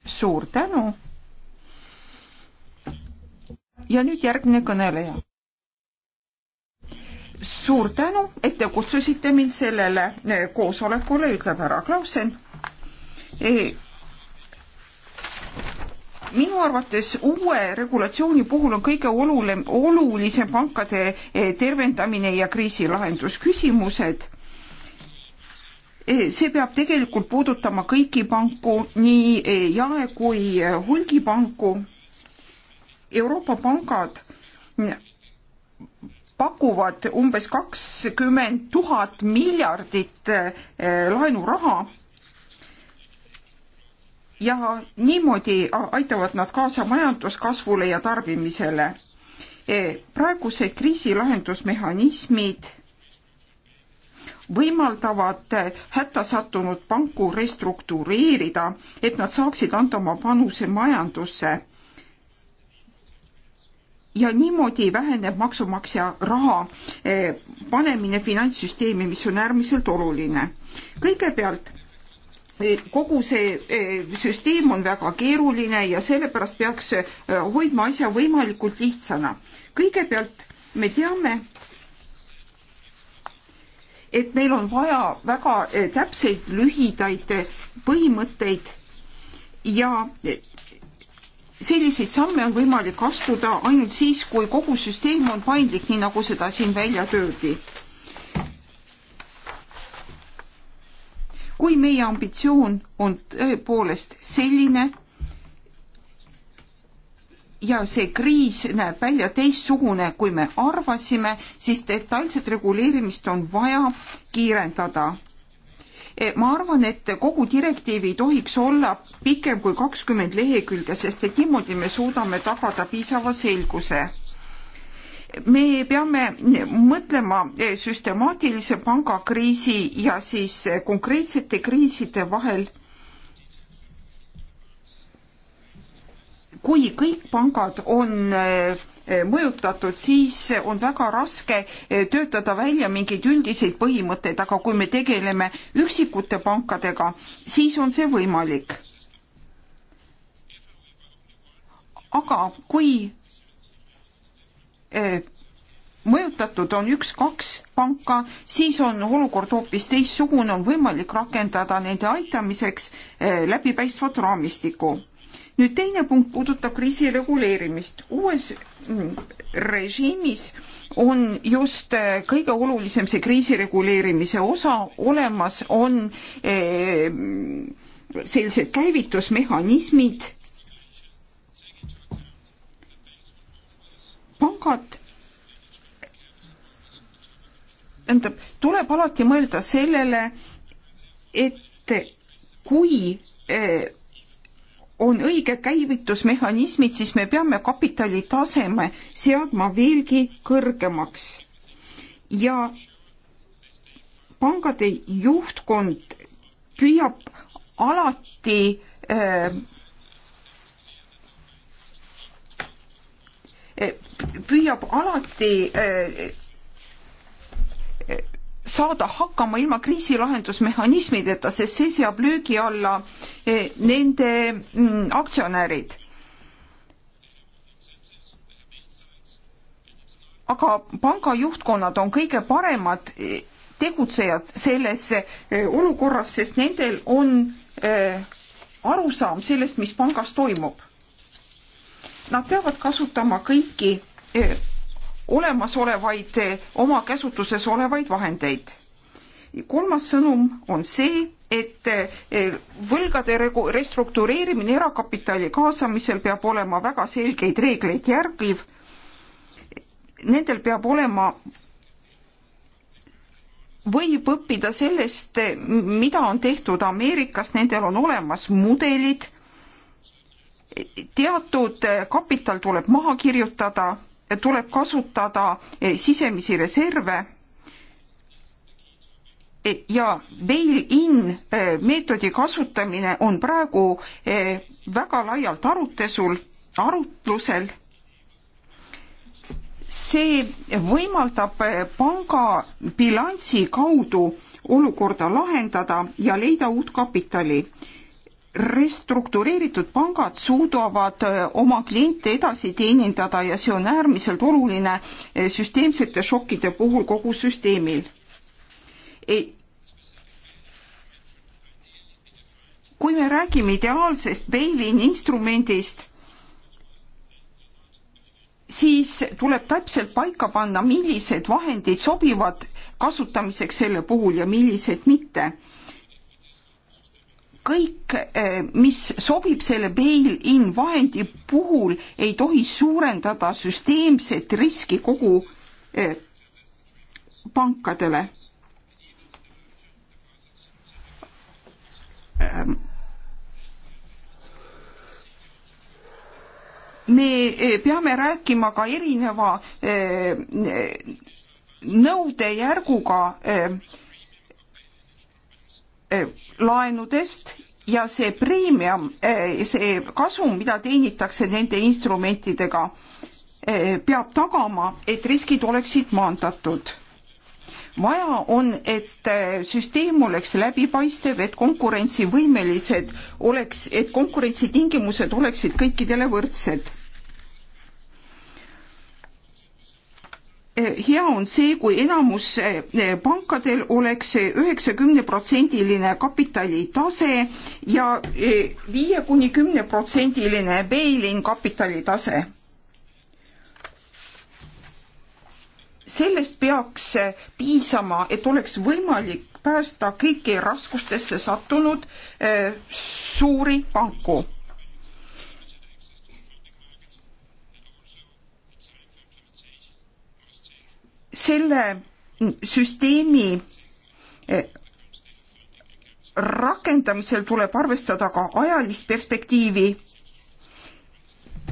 suur tänu! ja nüüd järgmine kõneleja. suur tänu, et te kutsusite mind sellele eh, koosolekule, ütleb härra Klausen e minu arvates uue regulatsiooni puhul on kõige olulem, olulisem pankade eh, tervendamine ja kriisilahendusküsimused eh, see peab tegelikult puudutama kõiki panku, nii eh, jae- kui hulgipanku. Euroopa pangad pakuvad umbes kakskümmend tuhat miljardit laenuraha ja niimoodi aitavad nad kaasa majanduskasvule ja tarbimisele. E, praegused kriisi lahendusmehhanismid võimaldavad e, hätta sattunud panku restruktureerida, et nad saaksid anda oma panuse majandusse. ja niimoodi väheneb maksumaksja raha e, panemine finantssüsteemi, mis on äärmiselt oluline. kõigepealt Eh, kogu see eh, süsteem on väga keeruline ja sellepärast peaks eh, hoidma asja võimalikult lihtsana. kõigepealt me teame, et meil on vaja väga täpseid lühidaid põhimõtteid ja selliseid samme on võimalik astuda ainult siis, kui kogu süsteem on paindlik, nii nagu seda siin välja töödi kui meie ambitsioon on tõepoolest selline ja see kriis näeb välja teistsugune, kui me arvasime, siis detailset reguleerimist on vaja kiirendada eh, ma arvan, et kogu direktiiv ei tohiks olla pikem kui kakskümmend lehekülge, sest et niimoodi me suudame tagada piisava selguse me peame mõtlema süstemaatilise pangakriisi ja siis konkreetsete kriiside vahel. kui kõik pangad on eh, mõjutatud, siis on väga raske eh, töötada välja mingeid üldiseid põhimõtteid, aga kui me tegeleme üksikute pankadega, siis on see võimalik. aga kui Eh, mõjutatud on üks-kaks panka, siis on olukord hoopis teistsugune, on võimalik rakendada nende aitamiseks eh, läbipaistvat raamistikku. nüüd teine punkt puudutab kriisi reguleerimist. uues mm, režiimis on just eh, kõige olulisem see kriisi reguleerimise osa, olemas on sellised käivitusmehhanismid pangad tähendab, tuleb alati mõelda sellele, et kui eh, on õiged käivitusmehhanismid, siis me peame kapitali taseme seadma veelgi kõrgemaks. ja pangade juhtkond püüab alati äh, püüab alati eh, eh, saada hakkama ilma kriisilahendusmehhanismideta, sest see seab löögi alla eh, nende mm, aktsionärid. aga panga juhtkonnad on kõige paremad tegutsejad selles olukorras, sest nendel on arusaam sellest, mis pangas toimub nad peavad kasutama kõiki eh, olemasolevaid, eh, oma käsutuses olevaid vahendeid. kolmas sõnum on see, et eh, võlgade restruktureerimine erakapitali kaasamisel peab olema väga selgeid reegleid järgiv. Nendel peab olema võib õppida sellest, mida on tehtud Ameerikas, nendel on olemas mudelid teatud kapital tuleb maha kirjutada, tuleb kasutada eh, sisemisi reserve eh, ja bail-in eh, meetodi kasutamine on praegu väga laialt arutesul, arutlusel. see võimaldab panga bilansi kaudu olukorda lahendada ja leida uut kapitali restruktureeritud pangad suudavad äh, oma kliente edasi teenindada ja see on äärmiselt oluline äh, süsteemsete šokkide puhul kogu süsteemil. kui me räägime ideaalsest bail-in instrumendist, siis tuleb täpselt paika panna, millised vahendid sobivad kasutamiseks selle puhul ja millised mitte kõik, eh, mis sobib selle bail-in vahendi puhul, ei tohi suurendada süsteemset riski kogu eh, pankadele. Ehm. me eh, peame rääkima ka erineva nõudejärguga äh, Eh, laenudest ja see preemium, eh, see kasum, mida teenitakse nende instrumentidega, eh, peab tagama, et riskid oleksid maandatud. vaja on, et süsteem oleks läbipaistev, et konkurentsivõimelised oleks, et konkurentsitingimused oleksid kõikidele võrdsed. hea on see, kui enamus eh, pankadel oleks üheksakümneprotsendiline kapitalitase ja eh, viie kuni kümneprotsendiline bail-in kapitalitase. sellest peaks eh, piisama, et oleks võimalik päästa kõiki raskustesse sattunud suuri panku selle süsteemi eh, rakendamisel tuleb arvestada ka ajalist perspektiivi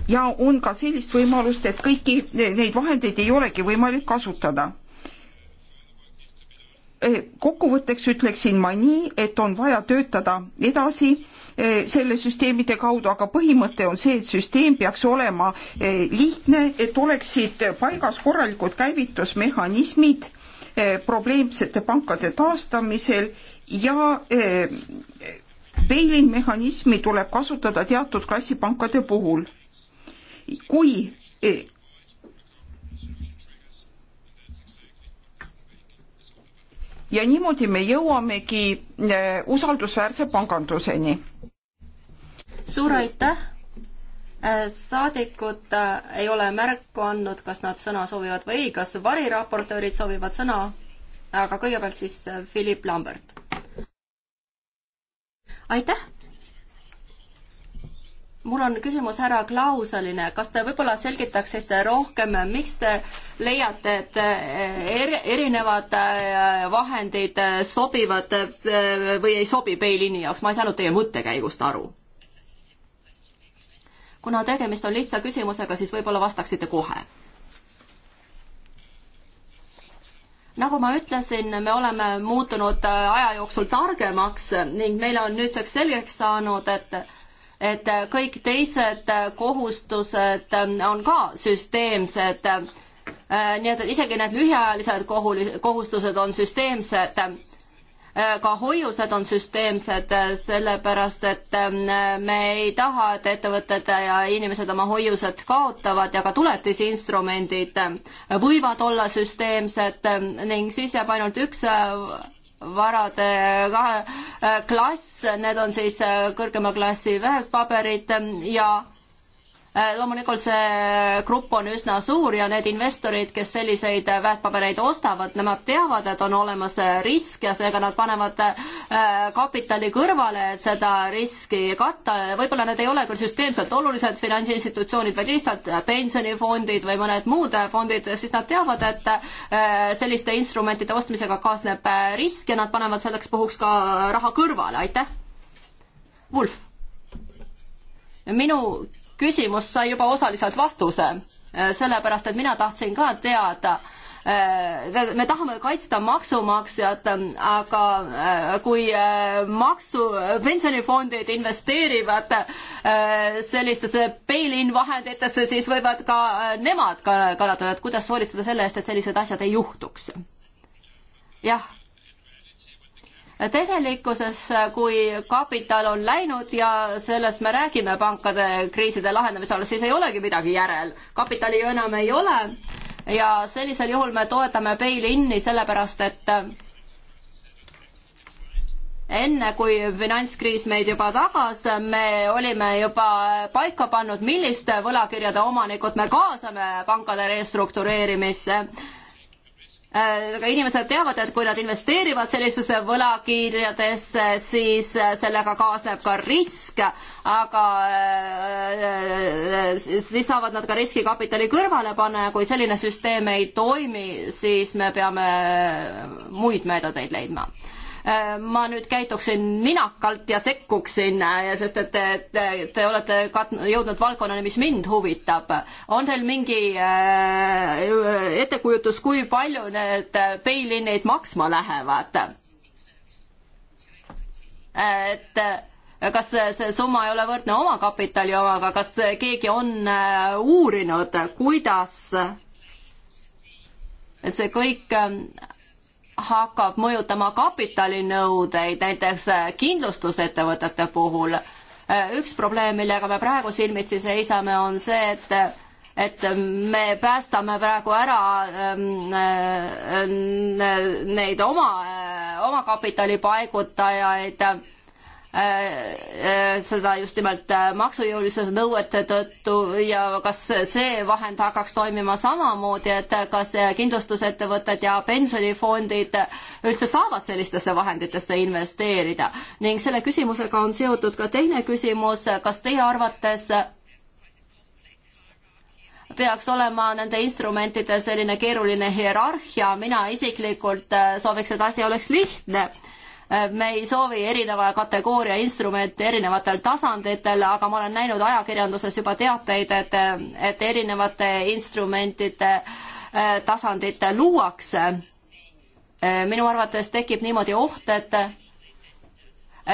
ja on ka sellist võimalust, et kõiki neid vahendeid ei olegi võimalik kasutada. Eh, kokkuvõtteks ütleksin ma nii, et on vaja töötada edasi Eh, selle süsteemide kaudu, aga põhimõte on see, et süsteem peaks olema eh, lihtne, et oleksid paigas korralikud käivitusmehhanismid eh, probleemsete pankade taastamisel ja bail-in mehhanismi tuleb kasutada teatud klassipankade puhul. kui ja niimoodi me jõuamegi eh, usaldusväärse panganduseni. suur aitäh! Eh, saadikud eh, ei ole märku andnud, kas nad sõna soovivad või ei, kas variraportöörid soovivad sõna, aga kõigepealt siis Philip Lambert. aitäh! mul on küsimus härra Klauseline, kas te võib-olla selgitaksite rohkem, miks te leiate, et er, erinevad eh, vahendid eh, sobivad või ei sobi peiliini jaoks, ma ei saanud teie mõttekäigust aru. kuna tegemist on lihtsa küsimusega, siis võib-olla vastaksite kohe. nagu ma ütlesin, me oleme muutunud aja jooksul targemaks ning meile on nüüdseks selgeks saanud, et et äh, kõik teised äh, kohustused äh, on ka süsteemsed. nii et isegi need lühiajalised kohustused on süsteemsed. ka hoiused on süsteemsed, sellepärast et ähm, me ei taha, et ettevõtted ja inimesed oma hoiused kaotavad ja ka tuletisinstrumendid võivad olla süsteemsed ning siis jääb ainult üks varade äh, klass, need on siis äh, kõrgema klassi väärtpaberid äh, ja Äh, loomulikult see grupp on üsna suur ja need investorid, kes selliseid väärtpabereid ostavad, nemad teavad, et on olemas risk ja seega nad panevad äh, kapitali kõrvale, et seda riski katta. võib-olla need ei ole küll süsteemselt olulised finantsinstitutsioonid, vaid lihtsalt pensionifondid või mõned muud fondid, siis nad teavad, et äh, selliste instrumentide ostmisega kaasneb risk ja nad panevad selleks puhuks ka raha kõrvale, aitäh. Wolf minu küsimus sai juba osaliselt vastuse, äh, sellepärast et mina tahtsin ka teada, äh, me tahame kaitsta maksumaksjat, aga äh, kui maksu, pensionifondid investeerivad sellistesse bail-in vahenditesse, siis võivad ka nemad kannatada, et kuidas hoolitseda selle eest, et sellised asjad ei juhtuks? jah tegelikkuses, kui kapital on läinud ja sellest me räägime pankade kriiside lahendamise all, siis ei olegi midagi järel. kapitali ju enam ei ole ja sellisel juhul me toetame bail-in'i sellepärast, et enne, kui finantskriis meid juba tagas, me olime juba paika pannud, milliste võlakirjade omanikud me kaasame pankade restruktureerimisse Äh, aga inimesed teavad, et kui nad investeerivad sellisesse võlakirjadesse, siis äh, sellega kaasneb ka risk, aga äh, siis saavad nad ka riskikapitali kõrvale panna ja kui selline süsteem ei toimi, siis me peame muid meetodeid leidma Äh, ma nüüd käituksin minakalt ja sekkuksin, äh, sest et te, te, te olete kat-, jõudnud valdkonnani, mis mind huvitab. on teil mingi äh, ettekujutus, kui palju need bail-in'id äh, maksma lähevad? et kas see summa ei ole võrdne omakapitali omaga, kas keegi on uurinud, kuidas see kõik hakkab mõjutama kapitalinõudeid, näiteks äh, kindlustusettevõtete puhul. Äh, üks probleem, millega me praegu silmitsi seisame, on see, et et me päästame praegu ära ähm, äh, neid oma, omakapitali paigutajaid äh, Äh, äh, seda just nimelt äh, maksujõulisuse nõuete tõttu ja kas see vahend hakkaks toimima samamoodi, et kas kindlustusettevõtted ja pensionifondid üldse saavad sellistesse vahenditesse investeerida ning selle küsimusega on seotud ka teine küsimus, kas teie arvates peaks olema nende instrumentide selline keeruline hierarhia, mina isiklikult sooviks, et asi oleks lihtne Äh, me ei soovi erineva kategooria instrumente erinevatel tasanditel, aga ma olen näinud ajakirjanduses juba teateid, et, et erinevate instrumentide äh, tasandit luuakse. Äh, minu arvates tekib niimoodi oht, et,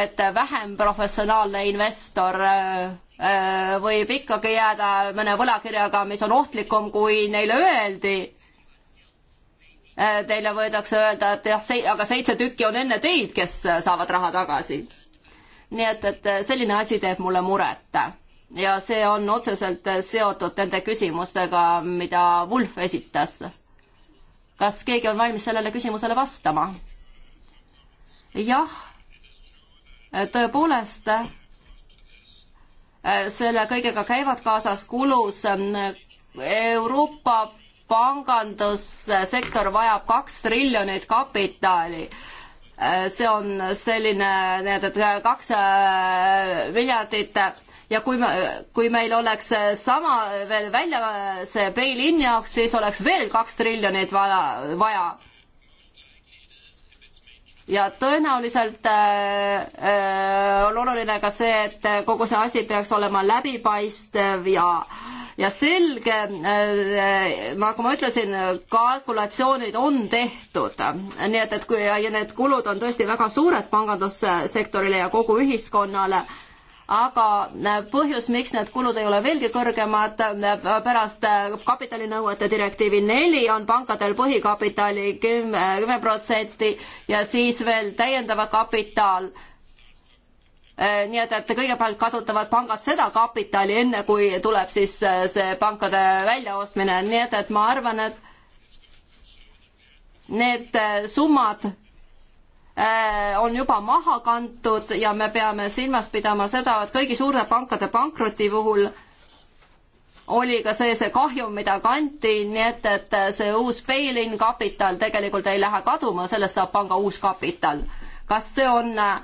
et vähem professionaalne investor võib ikkagi jääda mõne võlakirjaga, mis on ohtlikum, kui neile öeldi Äh, teile võidakse öelda, et jah, see, aga seitse tükki on enne teid, kes äh, saavad raha tagasi. nii et, et äh, selline asi teeb mulle muret ja see on otseselt seotud nende küsimustega, mida Wulf esitas. kas keegi on valmis sellele küsimusele vastama? jah, tõepoolest, selle kõigega käivad kaasas kulus Euroopa pangandussektor vajab kaks triljonit kapitaali. see on selline, need, et kaks äh, miljardit ja kui me, kui meil oleks sama veel välja see bail-in jaoks, siis oleks veel kaks triljonit vaja, vaja ja tõenäoliselt äh, äh, on oluline ka see, et kogu see asi peaks olema läbipaistev ja ja selge äh,, nagu ma ütlesin, kalkulatsioonid on tehtud, nii et, et kui need kulud on tõesti väga suured pangandussektorile ja kogu ühiskonnale äh,, aga äh, põhjus, miks need kulud ei ole veelgi kõrgemad äh, pärast äh, kapitalinõuete direktiivi neli, on pankadel põhikapitali kümme, kümme protsenti ja siis veel täiendava kapitaal nii et, et kõigepealt kasutavad pangad seda kapitali, enne kui tuleb siis see pankade väljaostmine, nii et, et ma arvan, et need summad, Äh, on juba maha kantud ja me peame silmas pidama seda, et kõigi suure pankade pankroti puhul oli ka see, see kahjum, mida kanti, nii et, et see uus bail-in kapital tegelikult ei lähe kaduma, sellest saab panga uus kapital. kas see on äh,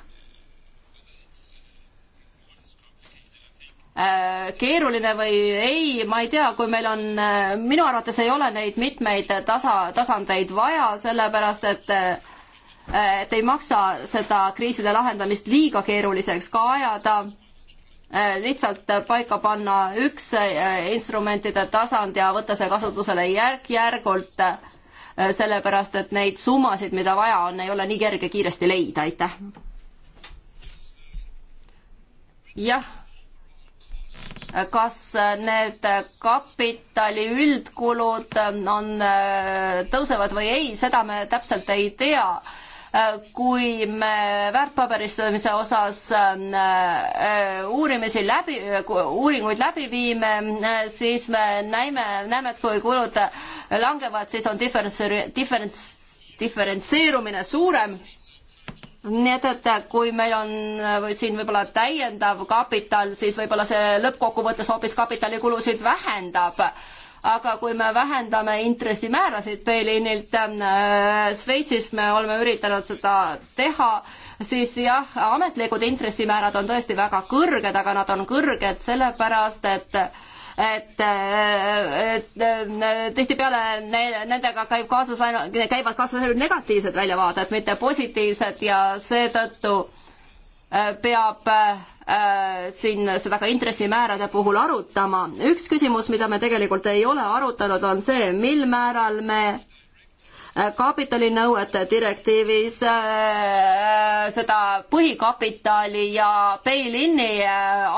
keeruline või ei, ma ei tea, kui meil on, äh, minu arvates ei ole neid mitmeid tasa, tasandeid vaja, sellepärast et äh, et ei maksa seda kriiside lahendamist liiga keeruliseks ka ajada, äh, lihtsalt paika panna üks äh, instrumentide tasand ja võtta see kasutusele järk-järgult, äh, sellepärast et neid summasid, mida vaja on, ei ole nii kerge kiiresti leida, aitäh. jah kas need kapitali üldkulud on, tõusevad või ei, seda me täpselt ei tea kui me väärtpaberistamise osas äh, uurimisi läbi, uuringuid läbi viime, siis me näeme, näeme, et kui kulud langevad, siis on diferents-, diferents-, diferentseerumine suurem nii et, et kui meil on siin võib-olla täiendav kapital, siis võib-olla see lõppkokkuvõttes hoopis kapitalikulusid vähendab aga kui me vähendame intressimäärasid Bail-inilt äh, Šveitsis, me oleme üritanud seda teha, siis jah, ametlikud intressimäärad on tõesti väga kõrged, aga nad on kõrged sellepärast, et et, et, et tihtipeale ne, nendega käib kaasas ainult, käivad kaasas ainult negatiivsed väljavaated, mitte positiivsed ja seetõttu äh, peab äh, Äh, siin seda ka intressimäärade puhul arutama. üks küsimus, mida me tegelikult ei ole arutanud, on see, mil määral me äh, kapitalinõuete direktiivis äh, seda põhikapitali ja bail-in'i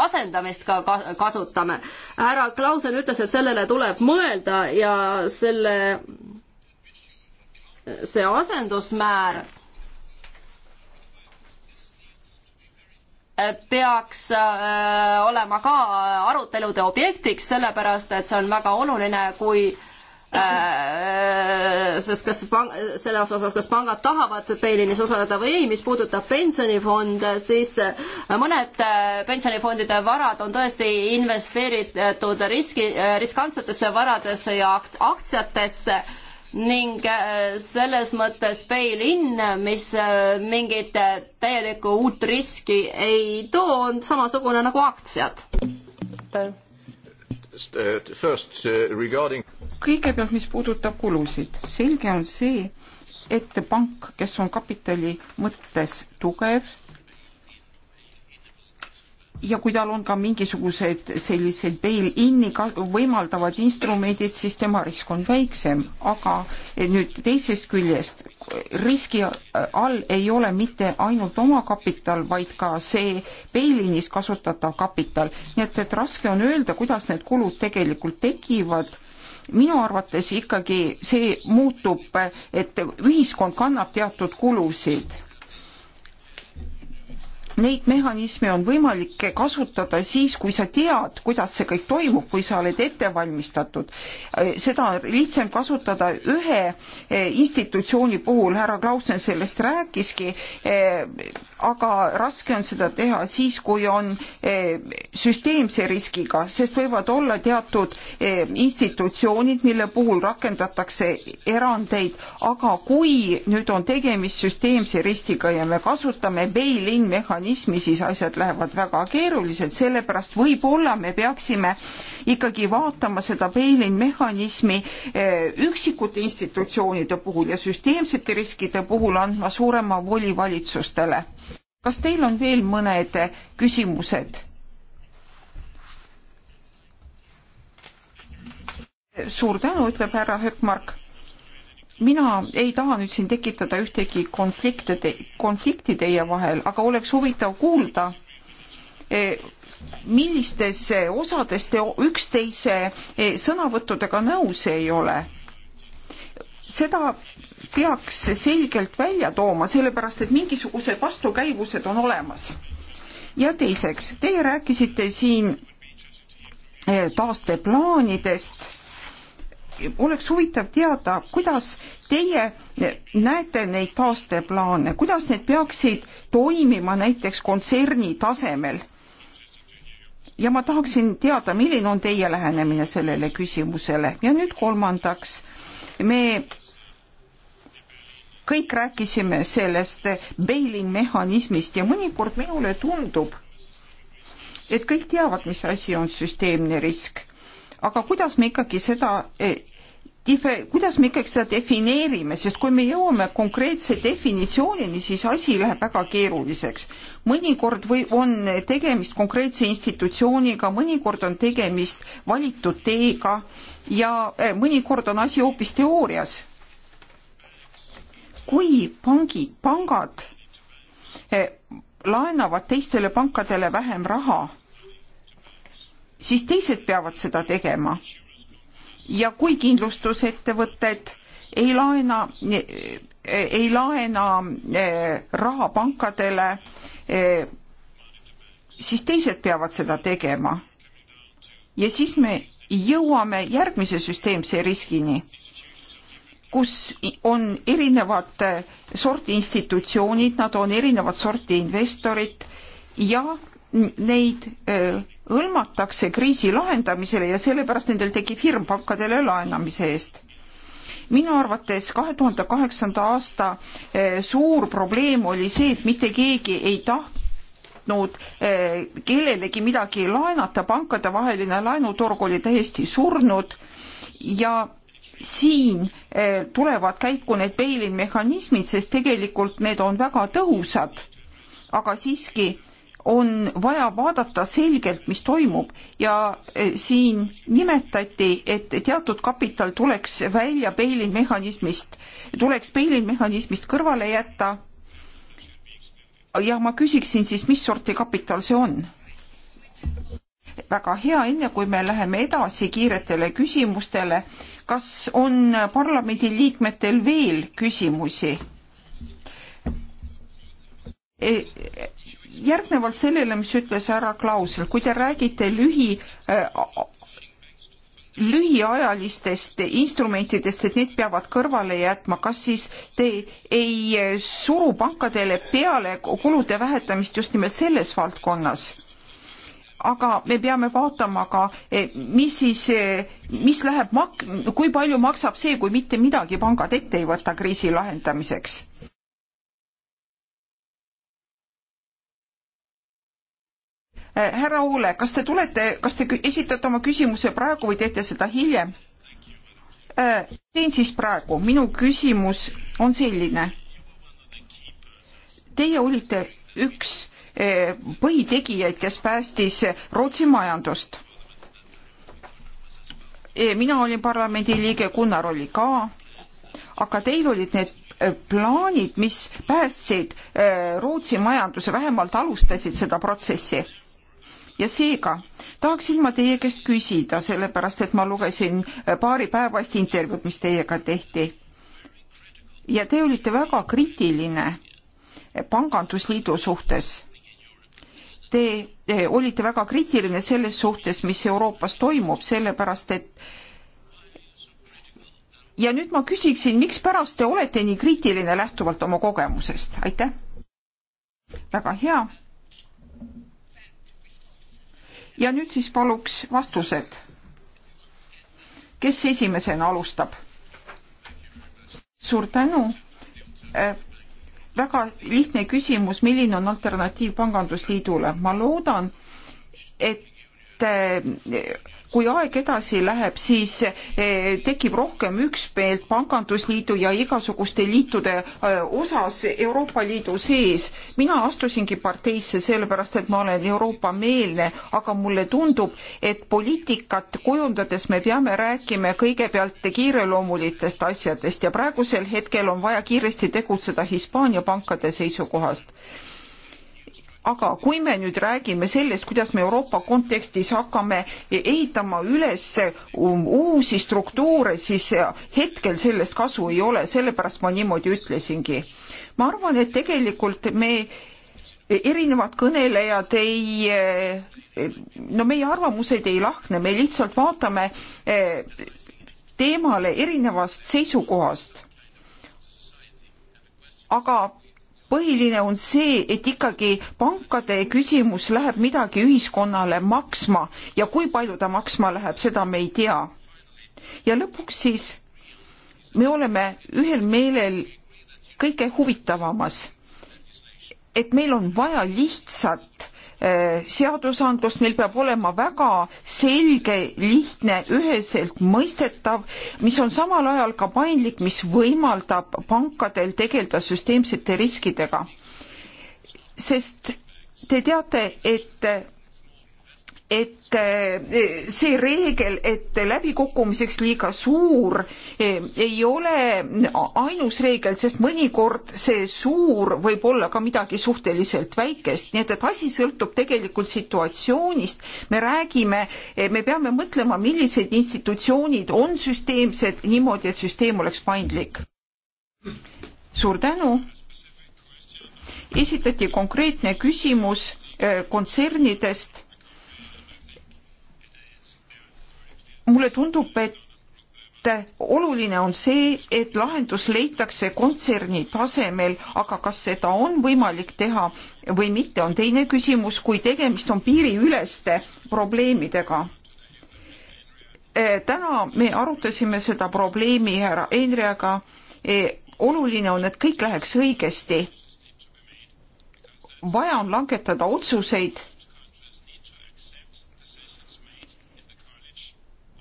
asendamist ka kasutame. härra Klausen ütles, et sellele tuleb mõelda ja selle, see asendusmäär peaks äh, olema ka arutelude objektiks, sellepärast et see on väga oluline, kui Äh, sest kas pang-, selles osas, kas pangad tahavad peilinis osaleda või ei, mis puudutab pensionifonde, siis äh, mõned äh, pensionifondide varad on tõesti investeeritud riski, riskantsetesse varadesse ja aktsiatesse ning äh, selles mõttes bail-in, mis äh, mingit äh, täielikku uut riski ei too, on samasugune nagu aktsiad. Uh, kõigepealt, mis puudutab kulusid, selge on see, et pank, kes on kapitali mõttes tugev, ja kui tal on ka mingisugused sellised bail-in'i võimaldavad instrumendid, siis tema risk on väiksem, aga eh, nüüd teisest küljest riski eh, all ei ole mitte ainult omakapital, vaid ka see bail-in'is kasutatav kapital, nii et, et raske on öelda, kuidas need kulud tegelikult tekivad minu arvates ikkagi see muutub, eh, et ühiskond kannab teatud kulusid Neid mehhanisme on võimalik kasutada siis, kui sa tead, kuidas see kõik toimub, kui sa oled ettevalmistatud. Äh, seda on lihtsam kasutada ühe äh, institutsiooni puhul, härra Klausen sellest rääkiski äh, aga raske on seda teha siis, kui on eh, süsteemse riskiga, sest võivad olla teatud eh, institutsioonid, mille puhul rakendatakse erandeid, aga kui nüüd on tegemist süsteemse riskiga ja me kasutame bail-in mehhanismi, siis asjad lähevad väga keerulised, sellepärast võib-olla me peaksime ikkagi vaatama seda bail-in mehhanismi eh, üksikute institutsioonide puhul ja süsteemsete riskide puhul andma suurema voli valitsustele kas teil on veel mõned küsimused? suur tänu, ütleb härra Höökmark. mina ei taha nüüd siin tekitada ühtegi konflikte, konflikti teie vahel, aga oleks huvitav kuulda, eh, millistes osades te üksteise eh, sõnavõttudega nõus ei ole. seda peaks selgelt välja tooma, sellepärast et mingisugused vastukäivused on olemas. ja teiseks, teie rääkisite siin eh, taasteplaanidest oleks huvitav teada, kuidas teie eh, näete neid taasteplaane, kuidas need peaksid toimima näiteks kontserni tasemel? ja ma tahaksin teada, milline on teie lähenemine sellele küsimusele ja nüüd kolmandaks, me kõik rääkisime sellest bail-in mehhanismist ja mõnikord minule tundub, et kõik teavad, mis asi on süsteemne risk. aga kuidas me ikkagi seda e, kuidas me ikkagi seda defineerime, sest kui me jõuame konkreetse definitsioonini, siis asi läheb väga keeruliseks. mõnikord või on tegemist konkreetse institutsiooniga, mõnikord on tegemist valitud teega ja e, mõnikord on asi hoopis teoorias kui pangi, pangad eh, laenavad teistele pankadele vähem raha, siis teised peavad seda tegema. ja kui kindlustusettevõtted ei laena, eh, ei laena eh, raha pankadele, siis teised peavad seda tegema. ja siis me jõuame järgmise süsteemse riskini kus on erinevat eh, sorti institutsioonid, nad on erinevat sorti investorid ja neid eh, hõlmatakse kriisi lahendamisele ja sellepärast nendel tekib hirm pankadele laenamise eest. minu arvates kahe tuhande kaheksanda aasta eh, suur probleem oli see, et mitte keegi ei tahtnud kellelegi midagi laenata, pankade vaheline laenuturg oli täiesti surnud ja siin eh, tulevad käiku need peilimehhanismid, sest tegelikult need on väga tõhusad, aga siiski on vaja vaadata selgelt, mis toimub ja eh, siin nimetati, et teatud kapital tuleks välja peilimehhanismist, tuleks peilimehhanismist kõrvale jätta. ja ma küsiksin siis, mis sorti kapital see on? väga hea, enne kui me läheme edasi kiiretele küsimustele, kas on parlamendiliikmetel veel küsimusi? E, järgnevalt sellele, mis ütles härra Klausel, kui te räägite lühi e, lühiajalistest instrumentidest, et need peavad kõrvale jätma, kas siis te ei suru pankadele peale kulude vähetamist just nimelt selles valdkonnas? aga me peame vaatama ka, eh, mis siis, eh, mis läheb mak-, kui palju maksab see, kui mitte midagi pangad ette ei võta kriisi lahendamiseks eh, härra Uule, kas te tulete, kas te esitate oma küsimuse praegu või teete seda hiljem? teen siis praegu, minu küsimus on selline. Teie olite üks Eh, põhitegijaid, kes päästis Rootsi majandust. Eh, mina olin parlamendi liige, Gunnar oli ka, aga teil olid need eh, plaanid, mis päästsid Rootsi majanduse, vähemalt alustasid seda protsessi ja seega tahaksin ma teie käest küsida, sellepärast et ma lugesin paari päeva eest intervjuud, mis teiega tehti. ja te olite väga kriitiline pangandusliidu suhtes te, te olite väga kriitiline selles suhtes, mis Euroopas toimub, sellepärast et ja nüüd ma küsiksin, mikspärast te olete nii kriitiline lähtuvalt oma kogemusest, aitäh. väga hea. ja nüüd siis paluks vastused. kes esimesena alustab? suur tänu äh, väga lihtne küsimus, milline on alternatiiv pangandusliidule. ma loodan, et kui aeg edasi läheb, siis eh, tekib rohkem üksmeelt pangandusliidu ja igasuguste liitude eh, osas Euroopa Liidu sees. mina astusingi parteisse sellepärast, et ma olen Euroopa-meelne, aga mulle tundub, et poliitikat kujundades me peame rääkima kõigepealt kiireloomulistest asjadest ja praegusel hetkel on vaja kiiresti tegutseda Hispaania pankade seisukohast aga kui me nüüd räägime sellest, kuidas me Euroopa kontekstis hakkame ehitama üles um, uusi struktuure, siis hetkel sellest kasu ei ole, sellepärast ma niimoodi ütlesingi. ma arvan, et tegelikult me erinevad kõnelejad ei, no meie arvamused ei lahkne, me lihtsalt vaatame eh, teemale erinevast seisukohast. aga põhiline on see, et ikkagi pankade küsimus läheb midagi ühiskonnale maksma ja kui palju ta maksma läheb, seda me ei tea. ja lõpuks siis me oleme ühel meelel kõige huvitavamas, et meil on vaja lihtsat Äh, seadusandlust, meil peab olema väga selge, lihtne, üheselt mõistetav, mis on samal ajal ka paindlik, mis võimaldab pankadel tegeleda süsteemsete riskidega. sest te teate, et et eh, see reegel, et läbikukkumiseks liiga suur eh, ei ole ainus reegel, sest mõnikord see suur võib olla ka midagi suhteliselt väikest, nii et, et asi sõltub tegelikult situatsioonist. me räägime, eh, me peame mõtlema, millised institutsioonid on süsteemsed niimoodi, et süsteem oleks paindlik. suur tänu. esitati konkreetne küsimus kontsernidest mulle tundub, et oluline on see, et lahendus leitakse kontserni tasemel, aga kas seda on võimalik teha või mitte, on teine küsimus, kui tegemist on piiriüleste probleemidega e, täna me arutasime seda probleemi härra Einriaga. E, oluline on, et kõik läheks õigesti. vaja on langetada otsuseid,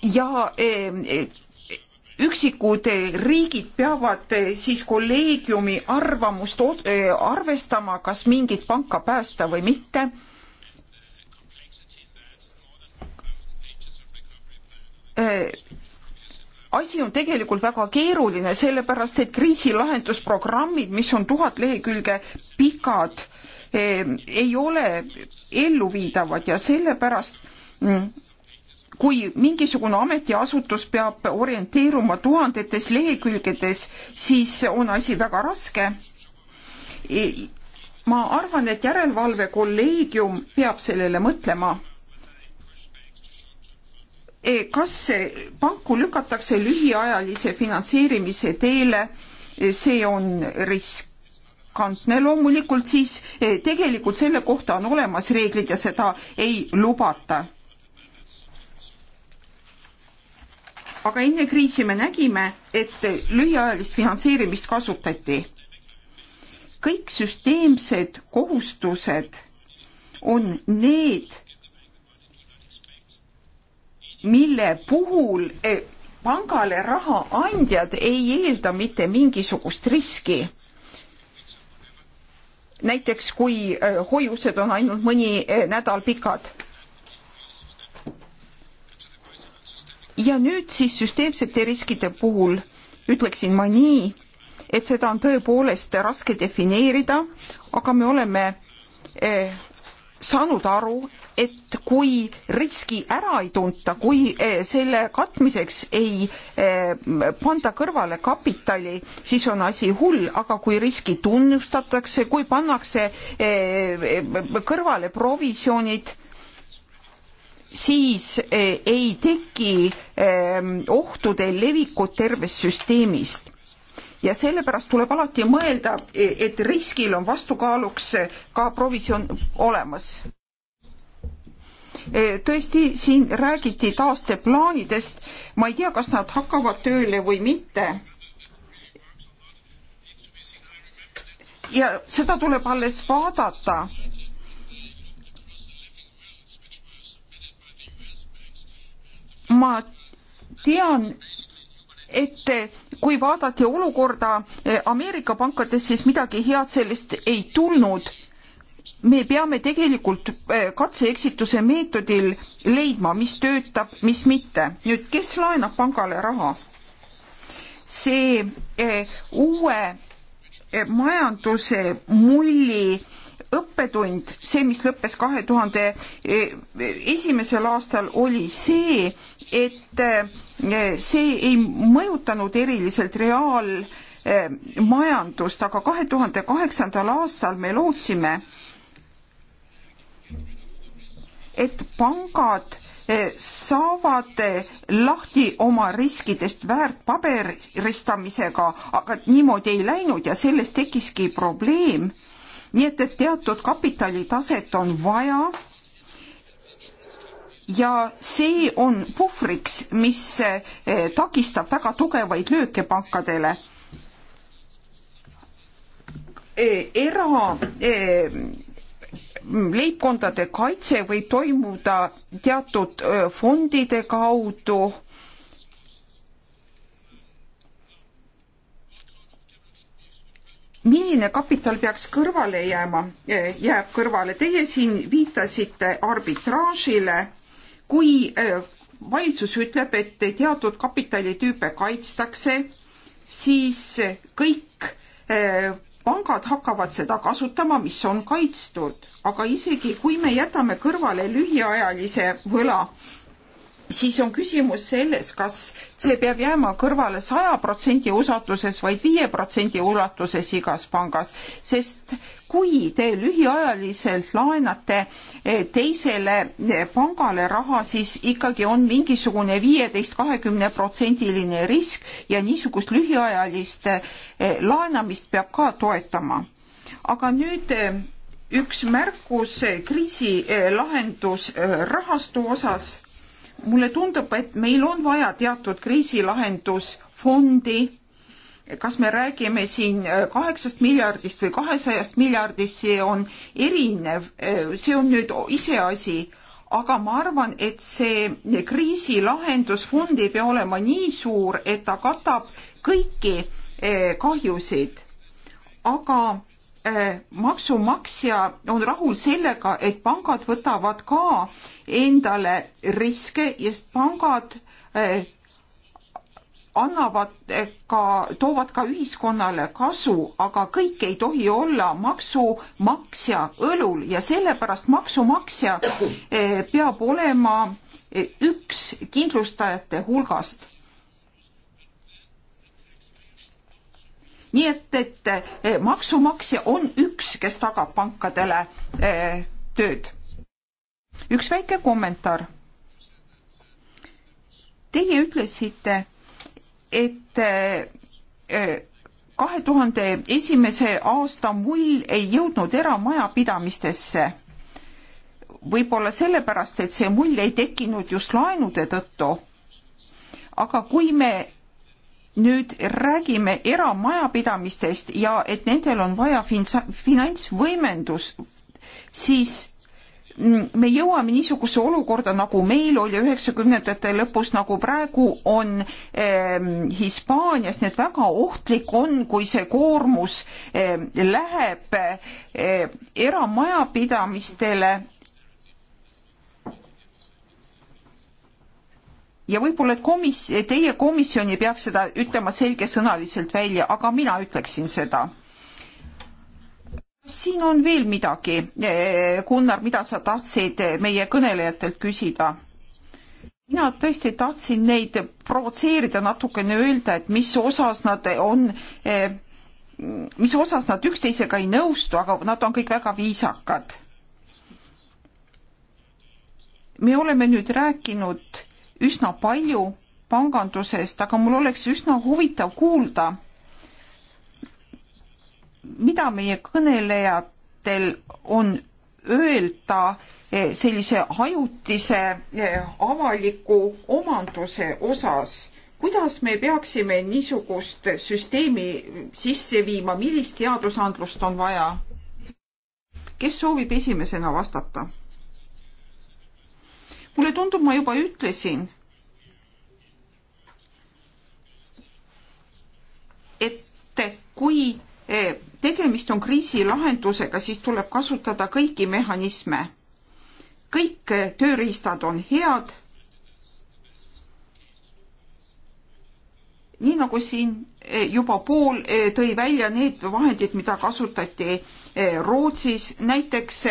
ja eh, eh, üksikud eh, riigid peavad siis kolleegiumi arvamust arvestama, kas mingit panka päästa või mitte. asi on tegelikult väga keeruline, sellepärast et kriisilahendusprogrammid, mis on tuhat lehekülge pikad, ei ole elluviidavad ja sellepärast mm, kui mingisugune ametiasutus peab orienteeruma tuhandetes lehekülgedes, siis on asi väga raske. E, ma arvan, et järelevalve kolleegium peab sellele mõtlema. E, kas panku lükatakse lühiajalise finantseerimise teele, e, see on risk riskantne loomulikult, siis tegelikult selle kohta on olemas reeglid ja seda ei lubata aga enne kriisi me nägime, et lühiajalist finantseerimist kasutati. kõik süsteemsed kohustused on need, mille puhul eh, pangale raha andjad ei eelda mitte mingisugust riski. näiteks kui eh, hoiused on ainult mõni eh, nädal pikad ja nüüd siis süsteemsete riskide puhul ütleksin ma nii, et seda on tõepoolest raske defineerida, aga me oleme eh, saanud aru, et kui riski ära ei tunta, kui eh, selle katmiseks ei eh, panda kõrvale kapitali, siis on asi hull, aga kui riski tunnustatakse, kui pannakse kõrvale provisjonid, siis eh, ei teki ehm, ohtude levikut tervest süsteemist ja sellepärast tuleb alati mõelda, eh, et riskil on vastukaaluks eh, ka provisjon olemas. tõesti, siin räägiti taasteplaanidest, ma ei tea, kas nad hakkavad tööle või mitte. ja seda tuleb alles vaadata ma tean, et kui vaadati olukorda eh, Ameerika pankades, siis midagi head sellest ei tulnud. me peame tegelikult eh, katse-eksituse meetodil leidma, mis töötab, mis mitte. nüüd, kes laenab pangale raha? see eh, uue majanduse mulli õppetund, see, mis lõppes kahe tuhande esimesel aastal, oli see, et eh, see ei mõjutanud eriliselt reaalmajandust, eh, aga kahe tuhande kaheksandal aastal me lootsime, et pangad eh, saavad lahti oma riskidest väärtpaberistamisega, aga niimoodi ei läinud ja sellest tekkiski probleem. nii et, et teatud kapitalitaset on vaja ja see on puhvriks, mis eh, takistab väga tugevaid lööke pankadele eh, era eh, leibkondade kaitse võib toimuda teatud fondide kaudu. milline kapital peaks kõrvale jääma, jääb kõrvale, teie siin viitasite arbitraažile kui äh, valitsus ütleb, et teatud kapitalitüüpe kaitstakse, siis kõik äh, pangad hakkavad seda kasutama, mis on kaitstud, aga isegi kui me jätame kõrvale lühiajalise võla, siis on küsimus selles, kas see peab jääma kõrvale saja protsendi ulatuses, vaid viie protsendi ulatuses igas pangas, sest kui te lühiajaliselt laenate eh, teisele eh, pangale raha, siis ikkagi on mingisugune viieteist, kahekümne protsendiline risk ja niisugust lühiajalist eh, laenamist peab ka toetama. aga nüüd üks märkus kriisi lahendusrahastu osas. mulle tundub, et meil on vaja teatud kriisilahendusfondi kas me räägime siin äh, kaheksast miljardist või kahesajast miljardist, see on erinev, äh, see on nüüd iseasi, aga ma arvan, et see kriisi lahendusfond ei pea olema nii suur, et ta katab kõiki äh, kahjusid. aga maksumaksja on rahul sellega, et pangad võtavad ka endale riske, sest pangad annavad ka, toovad ka ühiskonnale kasu, aga kõik ei tohi olla maksumaksja õlul ja sellepärast maksumaksja eh, peab olema eh, üks kindlustajate hulgast. nii et, et eh, maksumaksja on üks, kes tagab pankadele tööd. üks väike kommentaar. Teie ütlesite et äh, kahe tuhande esimese aasta mull ei jõudnud eramajapidamistesse. võib-olla sellepärast, et see mull ei tekkinud just laenude tõttu. aga kui me nüüd räägime eramajapidamistest ja et nendel on vaja finants, finantsvõimendus, siis Mm, me jõuame niisuguse olukorda, nagu meil oli üheksakümnendate lõpus, nagu praegu on ehm, Hispaanias, nii et väga ohtlik on, kui see koormus ehm, läheb ehm, eramajapidamistele ja võib-olla, et komis-, teie komisjoni peaks seda ütlema selgesõnaliselt välja, aga mina ütleksin seda siin on veel midagi, eh, Gunnar, mida sa tahtsid meie kõnelejatelt küsida? mina tõesti tahtsin neid provotseerida natukene, öelda, et mis osas nad on, eh, mis osas nad üksteisega ei nõustu, aga nad on kõik väga viisakad. me oleme nüüd rääkinud üsna palju pangandusest, aga mul oleks üsna huvitav kuulda mida meie kõnelejatel on öelda eh, sellise ajutise eh, avaliku omanduse osas, kuidas me peaksime niisugust süsteemi sisse viima, millist seadusandlust on vaja? kes soovib esimesena vastata? mulle tundub, ma juba ütlesin, et kui eh, tegemist on kriisi lahendusega, siis tuleb kasutada kõiki mehhanisme. kõik tööriistad on head. nii nagu siin eh, juba pool eh, tõi välja need vahendid, mida kasutati eh, Rootsis, näiteks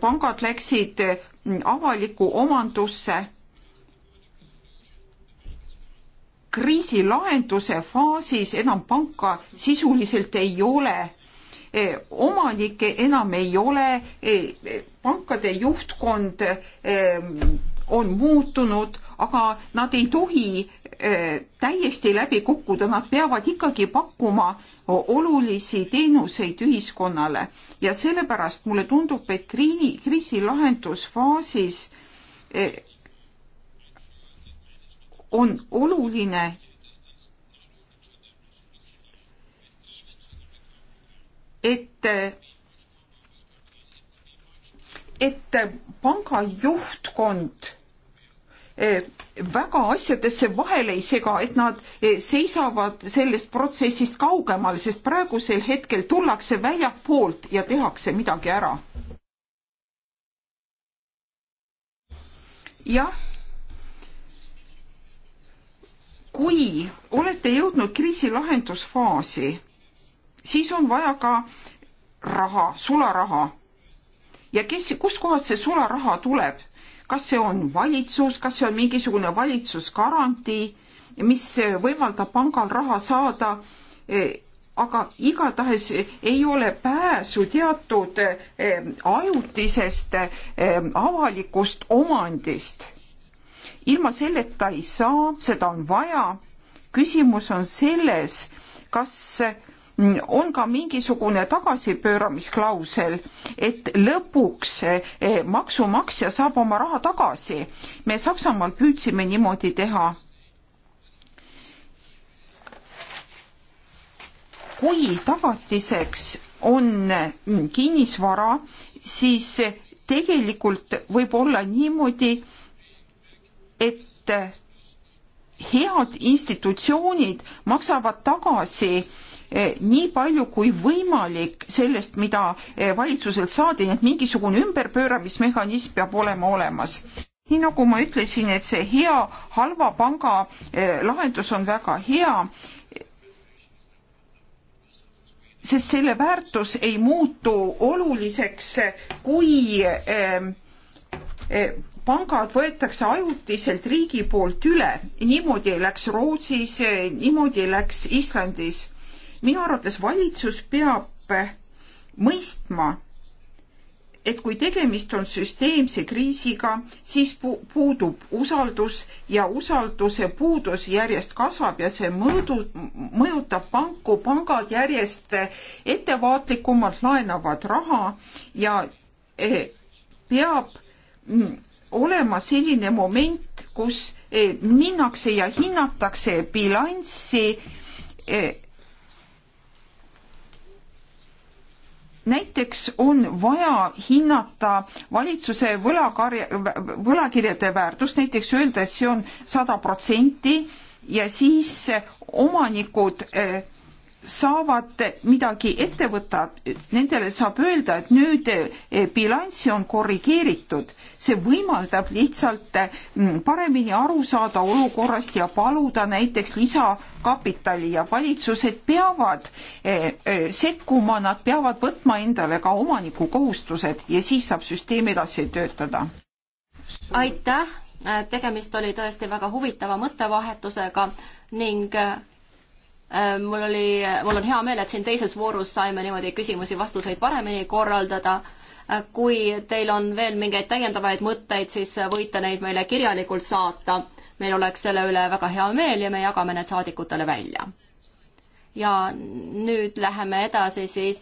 pangad läksid avalikku omandusse kriisi lahenduse faasis enam panka sisuliselt ei ole, e, omanikke enam ei ole, e, pankade juhtkond e, on muutunud, aga nad ei tohi täiesti läbi kukkuda, nad peavad ikkagi pakkuma olulisi teenuseid ühiskonnale ja sellepärast mulle tundub, et kriini, kriisi lahendusfaasis on oluline et et panga juhtkond e, väga asjadesse vahele ei sega, et nad e, seisavad sellest protsessist kaugemal, sest praegusel hetkel tullakse väljapoolt ja tehakse midagi ära. jah kui olete jõudnud kriisi lahendusfaasi, siis on vaja ka raha, sularaha. ja kes, kuskohast see sularaha tuleb? kas see on valitsus, kas see on mingisugune valitsusgarantii, mis võimaldab pangal raha saada? E, aga igatahes ei ole pääsu teatud e, ajutisest e, avalikust omandist ilma selleta ei saa, seda on vaja. küsimus on selles, kas mm, on ka mingisugune tagasipööramisklausel, et lõpuks eh, eh, maksumaksja saab oma raha tagasi. me Saksamaal püüdsime niimoodi teha. kui tagatiseks on mm, kinnisvara, siis tegelikult võib olla niimoodi, et head institutsioonid maksavad tagasi eh, nii palju kui võimalik sellest, mida eh, valitsuselt saadi, nii et mingisugune ümberpööramismehhanism peab olema olemas. nii nagu ma ütlesin, et see hea halva panga eh, lahendus on väga hea, sest selle väärtus ei muutu oluliseks, kui pangad võetakse ajutiselt riigi poolt üle. niimoodi läks Rootsis, niimoodi läks Islandis. minu arvates valitsus peab mõistma, et kui tegemist on süsteemse kriisiga, siis puudub usaldus ja usalduse puudus järjest kasvab ja see mõõdu, mõjutab panku, pangad järjest ettevaatlikumalt laenavad raha ja eh, peab mm, olema selline moment, kus eh, minnakse ja hinnatakse bilanssi. Eh, näiteks on vaja hinnata valitsuse võlakarja, võlakirjade väärtust, näiteks öelda, et see on sada protsenti ja siis omanikud eh, saavad midagi ette võtta, nendele saab öelda, et nüüd eh, bilanssi on korrigeeritud. see võimaldab lihtsalt mm, paremini aru saada olukorrast ja paluda näiteks lisakapitali ja valitsused peavad eh, eh, sekkuma, nad peavad võtma endale ka omanikukohustused ja siis saab süsteem edasi töötada. aitäh, tegemist oli tõesti väga huvitava mõttevahetusega ning Äh, mul oli, mul on hea meel, et siin teises voorus saime niimoodi küsimusi-vastuseid paremini korraldada. Äh, kui teil on veel mingeid täiendavaid mõtteid, siis äh, võite neid meile kirjalikult saata. meil oleks selle üle väga hea meel ja me jagame need saadikutele välja. ja nüüd läheme edasi siis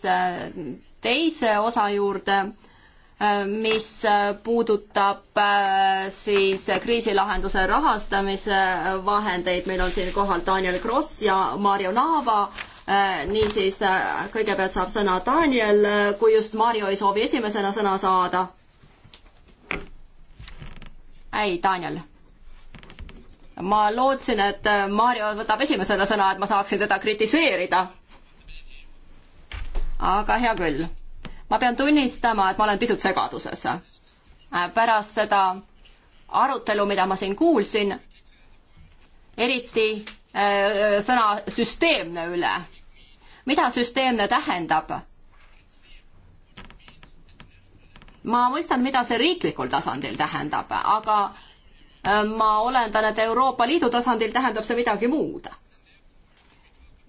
teise osa juurde mis puudutab äh, siis kriisilahenduse rahastamise vahendeid, meil on siin kohal Daniel Gross ja Mario Naava, äh, niisiis äh, kõigepealt saab sõna Daniel, kui just Mario ei soovi esimesena sõna saada. ei, Daniel. ma lootsin, et Mario võtab esimesena sõna, et ma saaksin teda kritiseerida. aga hea küll ma pean tunnistama, et ma olen pisut segaduses. Äh, pärast seda arutelu, mida ma siin kuulsin, eriti äh, sõna süsteemne üle. mida süsteemne tähendab? ma mõistan, mida see riiklikul tasandil tähendab, aga äh, ma oletan, et Euroopa Liidu tasandil tähendab see midagi muud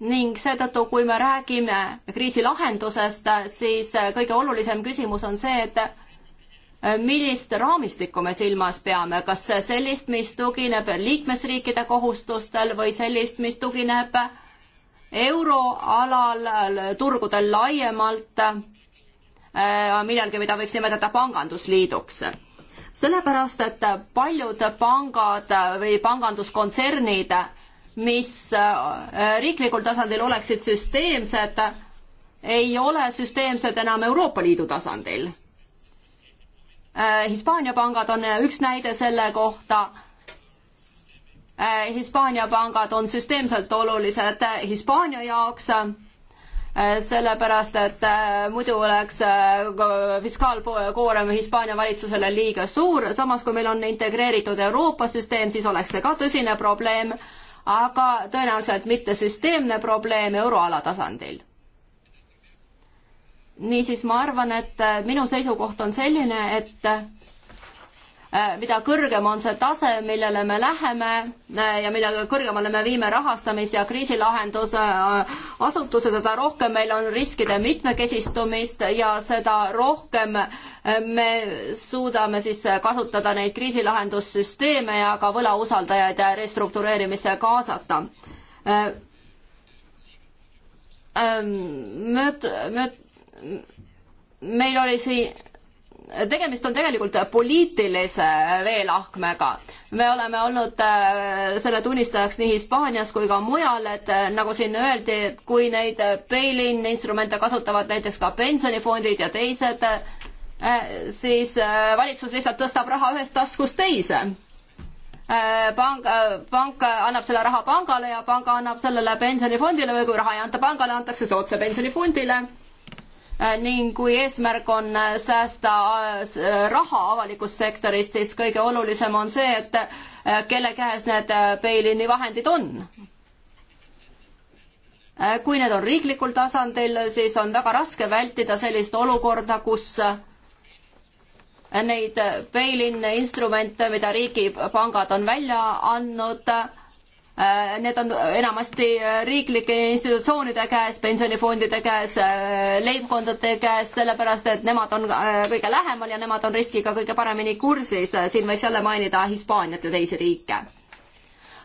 ning seetõttu, kui me räägime kriisi lahendusest, siis kõige olulisem küsimus on see, et äh, millist raamistikku me silmas peame, kas sellist, mis tugineb liikmesriikide kohustustel või sellist, mis tugineb euroalal äh, turgudel laiemalt, äh, millalgi, mida võiks nimetada pangandusliiduks sellepärast, et paljud pangad või panganduskontsernid mis äh, riiklikul tasandil oleksid süsteemsed, ei ole süsteemsed enam Euroopa Liidu tasandil. Äh, Hispaania pangad on äh, üks näide selle kohta. Hispaania pangad on süsteemselt olulised Hispaania jaoks sellepärast et muidu oleks fiskaalkoorem Hispaania valitsusele liiga suur, samas kui meil on integreeritud Euroopa süsteem, siis oleks see ka tõsine probleem aga tõenäoliselt mitte süsteemne probleem euroala tasandil. niisiis ma arvan, et minu seisukoht on selline, et Äh, mida kõrgem on see tase, millele me läheme äh, ja mida kõrgemale me viime rahastamis- ja kriisilahenduse äh, asutuse, seda rohkem meil on riskide mitmekesistumist ja seda rohkem me suudame siis kasutada neid kriisilahendussüsteeme ja ka võlausaldajaid restruktureerimisse kaasata. Ähm, mööd-, mööd-, meil oli siin tegemist on tegelikult poliitilise veelahkmega. me oleme olnud äh, selle tunnistajaks nii Hispaanias kui ka mujal, et äh, nagu siin öeldi, et kui neid bail-in instrumente kasutavad näiteks ka pensionifondid ja teised, äh, siis valitsus lihtsalt tõstab raha ühest taskust teise. Pank, pank annab selle raha pangale ja panga annab sellele pensionifondile või kui raha ei anta pangale, antakse see otse pensionifondile Äh, ning kui eesmärk on äh, säästa äh, raha avalikust sektorist, siis kõige olulisem on see, et kelle käes need bail-in'i vahendid on. kui need on riiklikul tasandil, siis on väga raske vältida sellist olukorda, kus neid bail-in instrumente, mida riigipangad on välja andnud, Äh, need on enamasti äh, riiklike institutsioonide käes, pensionifondide käes, äh, leibkondade käes, sellepärast et nemad on kõige lähemal ja nemad on riskiga kõige paremini kursis. siin võiks jälle mainida Hispaaniat ja teisi riike.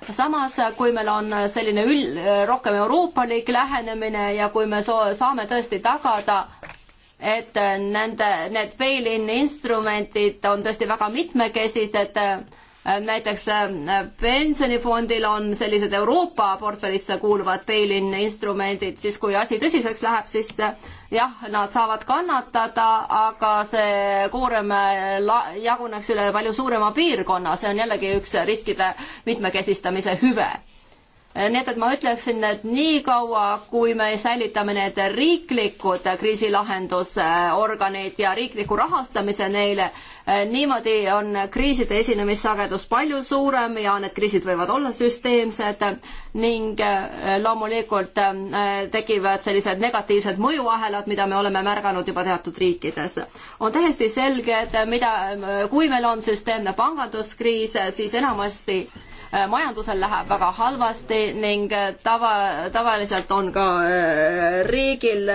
samas, kui meil on selline üld, rohkem euroopalik lähenemine ja kui me so saame tõesti tagada et nende, need bail-in instrumentid on tõesti väga mitmekesised, Äh, näiteks äh, pensionifondil on sellised Euroopa portfellisse kuuluvad bail-in instrumendid, siis kui asi tõsiseks läheb, siis äh, jah, nad saavad kannatada, aga see koorem jaguneks üle palju suurema piirkonna, see on jällegi üks riskide mitmekesistamise hüve nii et, et ma ütleksin, et niikaua, kui me säilitame need riiklikud kriisilahendusorganid ja riikliku rahastamise neile, Äh, niimoodi on kriiside esinemissagedus palju suurem ja need kriisid võivad olla süsteemsed ning äh, loomulikult äh, tekivad sellised negatiivsed mõjuahelad, mida me oleme märganud juba teatud riikides. on täiesti selge, et mida, kui meil on süsteemne panganduskriis, siis enamasti Äh, majandusel läheb väga halvasti ning äh, tava, tavaliselt on ka äh, riigil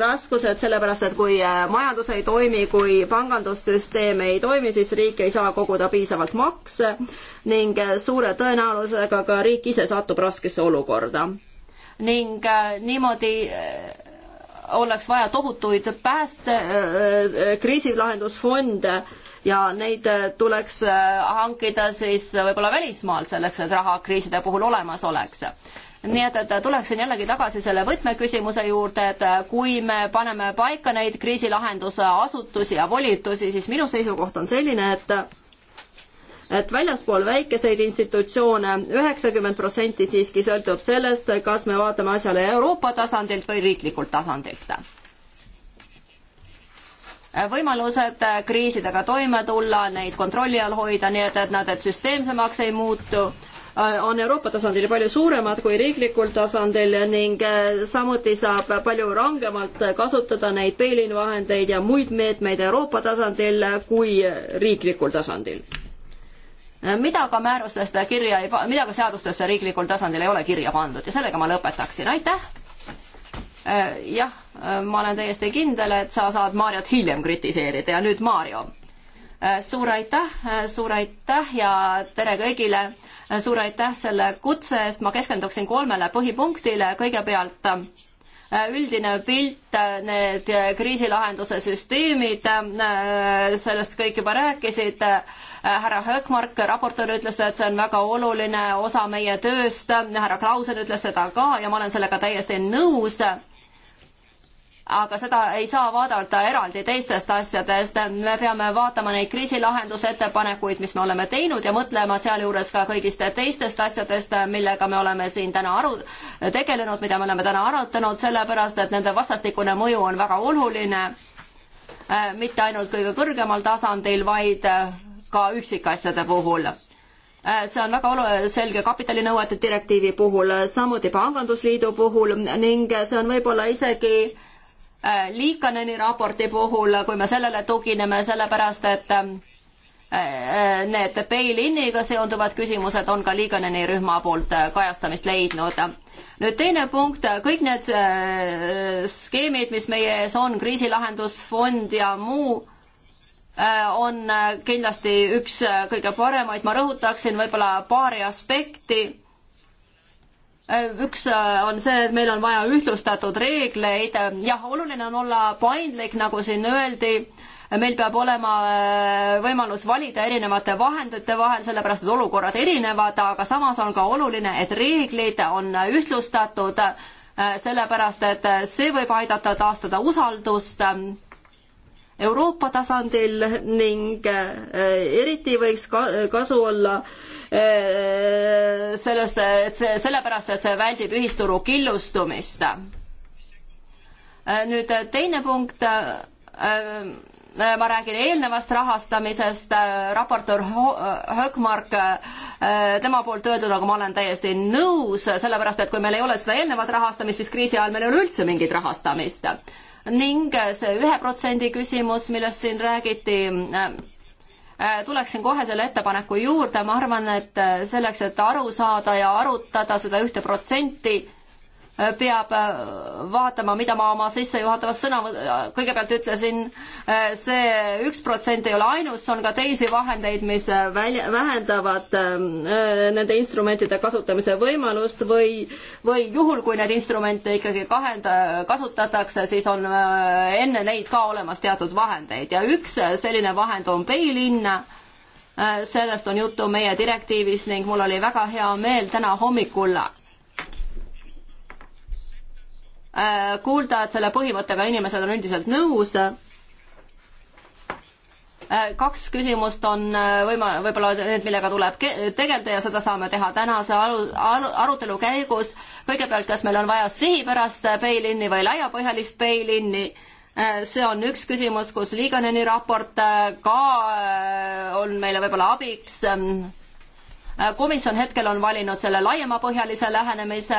raskused, sellepärast et kui majandus ei toimi, kui pangandussüsteem ei toimi, siis riik ei saa koguda piisavalt makse ning suure tõenäosusega ka riik ise satub raskesse olukorda. ning niimoodi oleks vaja tohutuid pääste, kriisilahendusfonde ja neid äh, tuleks äh, hankida siis äh, võib-olla välismaalt selleks, et raha kriiside puhul olemas oleks nii et, et tuleksin jällegi tagasi selle võtmeküsimuse juurde, et kui me paneme paika neid kriisilahenduse asutusi ja volitusi, siis minu seisukoht on selline, et et väljaspool väikeseid institutsioone üheksakümmend protsenti siiski sõltub sellest, kas me vaatame asjale Euroopa tasandilt või riiklikult tasandilt võimalused kriisidega toime tulla, neid kontrolli all hoida, nii et, et nad, et süsteemsemaks ei muutu, on Euroopa tasandil palju suuremad kui riiklikul tasandil ning eh, samuti saab palju rangemalt kasutada neid peelinvahendeid ja muid meetmeid Euroopa tasandil kui riiklikul tasandil. mida ka määrustesse kirja ei, mida ka seadustesse riiklikul tasandil ei ole kirja pandud ja sellega ma lõpetaksin, aitäh! Äh, jah, äh, ma olen täiesti kindel, et sa saad Mariot hiljem kritiseerida ja nüüd Mario. Äh, suur aitäh, suur aitäh ja tere kõigile. suur aitäh selle kutse eest, ma keskenduksin kolmele põhipunktile, kõigepealt üldine pilt, need kriisilahenduse süsteemid, sellest kõik juba rääkisid. härra Höökmark, raportöör, ütles, et see on väga oluline osa meie tööst, härra Klausen ütles seda ka ja ma olen sellega täiesti nõus aga seda ei saa vaadata eraldi teistest asjadest, me peame vaatama neid kriisilahendusettepanekuid, mis me oleme teinud ja mõtlema sealjuures ka kõigist teistest asjadest, millega me oleme siin täna aru, tegelenud, mida me oleme täna arutanud, sellepärast et nende vastastikune mõju on väga oluline, äh, mitte ainult kõige kõrgemal tasandil, vaid äh, ka üksikasjade puhul äh, see on väga olu-, selge kapitalinõuete direktiivi puhul, samuti pangandusliidu puhul ning see on võib-olla isegi Äh, Liikaneni raporti puhul, kui me sellele tugineme, sellepärast et äh, äh, need bail-in'iga seonduvad küsimused on ka Liiganeni rühma poolt kajastamist leidnud. nüüd teine punkt, kõik need skeemid, mis meie ees on, kriisilahendusfond ja muu, on kindlasti üks kõige paremaid, ma rõhutaksin võib-olla paari aspekti Äh, üks äh, on see, et meil on vaja ühtlustatud reegleid, jah, oluline on olla paindlik, nagu siin öeldi, meil peab olema äh, võimalus valida erinevate vahendite vahel, sellepärast et olukorrad erinevad, aga samas on ka oluline, et reeglid on ühtlustatud, sellepärast et see võib aidata taastada usaldust Euroopa tasandil ning eh, eriti võiks kasu olla eh, sellest, et see, sellepärast, et see väldib ühisturu killustumist. Eh, nüüd teine punkt, ma räägin eelnevast rahastamisest, raportöör Höökmark, tema poolt öelduga ma olen täiesti nõus, sellepärast et kui meil ei ole seda eelnevat rahastamist, siis kriisi ajal meil ei ole üldse mingit rahastamist ning see ühe protsendi küsimus, millest siin räägiti, äh, äh, tuleksin kohe selle ettepaneku juurde, ma arvan, et äh, selleks, et aru saada ja arutada seda ühte protsenti, peab äh, vaatama, mida ma oma sissejuhatavas sõna, äh, kõigepealt ütlesin see, äh, see üks protsent ei ole ainus, on ka teisi vahendeid, mis välja, vähendavad ähm, nende instrumentide kasutamise võimalust või, või juhul, kui neid instrumente ikkagi kahenda, kasutatakse, siis on enne neid ka olemas teatud vahendeid ja üks selline vahend on bail-in sellest on juttu meie direktiivis ning mul oli väga hea meel täna hommikul Äh, kuulda, et selle põhimõttega inimesed on üldiselt nõus. Äh, kaks küsimust on äh, võima-, võib-olla need, millega tuleb tegeleda ja seda saame teha tänase aru-, aru-, arutelu käigus. kõigepealt, kas meil on vaja sihipärast bail-in'i või laiapõhjalist bail-in'i see on üks küsimus, kus Liganeni raport ka on meile võib-olla abiks. Ähm, komisjon hetkel on valinud selle laiemapõhjalise lähenemise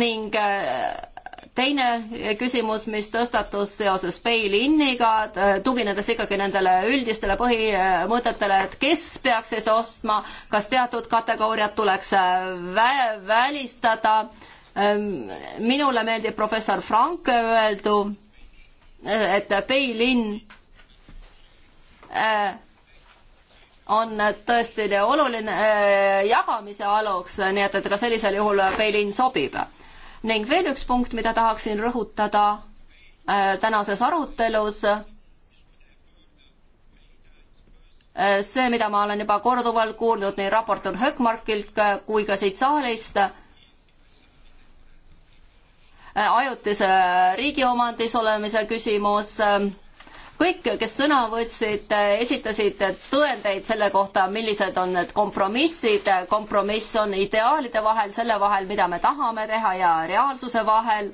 ning teine küsimus, mis tõstatus seoses bail-in'iga, äh, tuginedes ikkagi nendele üldistele põhimõtetele, et kes peaks siis ostma, kas teatud kategooriad tuleks äh, vä-, välistada. Ähm, minule meeldib professor Frank öeldu, et bail-in äh, on tõesti oluline jagamise aluks, nii et, et ka sellisel juhul bail-in sobib ning veel üks punkt, mida tahaksin rõhutada äh, tänases arutelus, äh, see, mida ma olen juba korduvalt kuulnud nii raportöör Höckmarkilt äh, kui ka siit saalist, ajutise riigi omandis olemise küsimus kõik, kes sõna võtsid, esitasid tõendeid selle kohta, millised on need kompromissid. kompromiss on ideaalide vahel, selle vahel, mida me tahame teha ja reaalsuse vahel,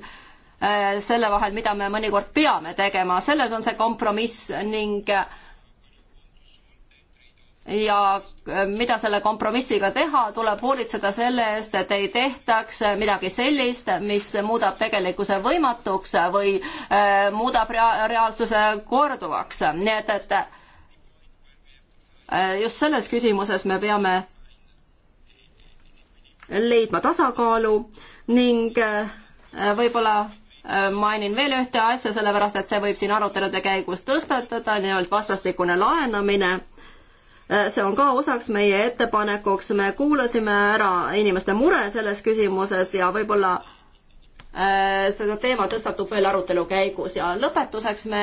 äh, selle vahel, mida me mõnikord peame tegema, selles on see kompromiss ning äh, ja äh, mida selle kompromissiga teha, tuleb hoolitseda selle eest, et ei tehtaks äh, midagi sellist, mis muudab tegelikkuse võimatuks või äh, muudab rea-, reaalsuse korduvaks, nii et, et just selles küsimuses me peame leidma tasakaalu ning võib-olla mainin veel ühte asja, sellepärast et see võib siin arutelude käigus tõstatada, nimelt vastastikune laenamine Äh, see on ka osaks meie ettepanekuks, me kuulasime ära inimeste mure selles küsimuses ja võib-olla äh, seda teema tõstatub veel arutelu käigus ja lõpetuseks me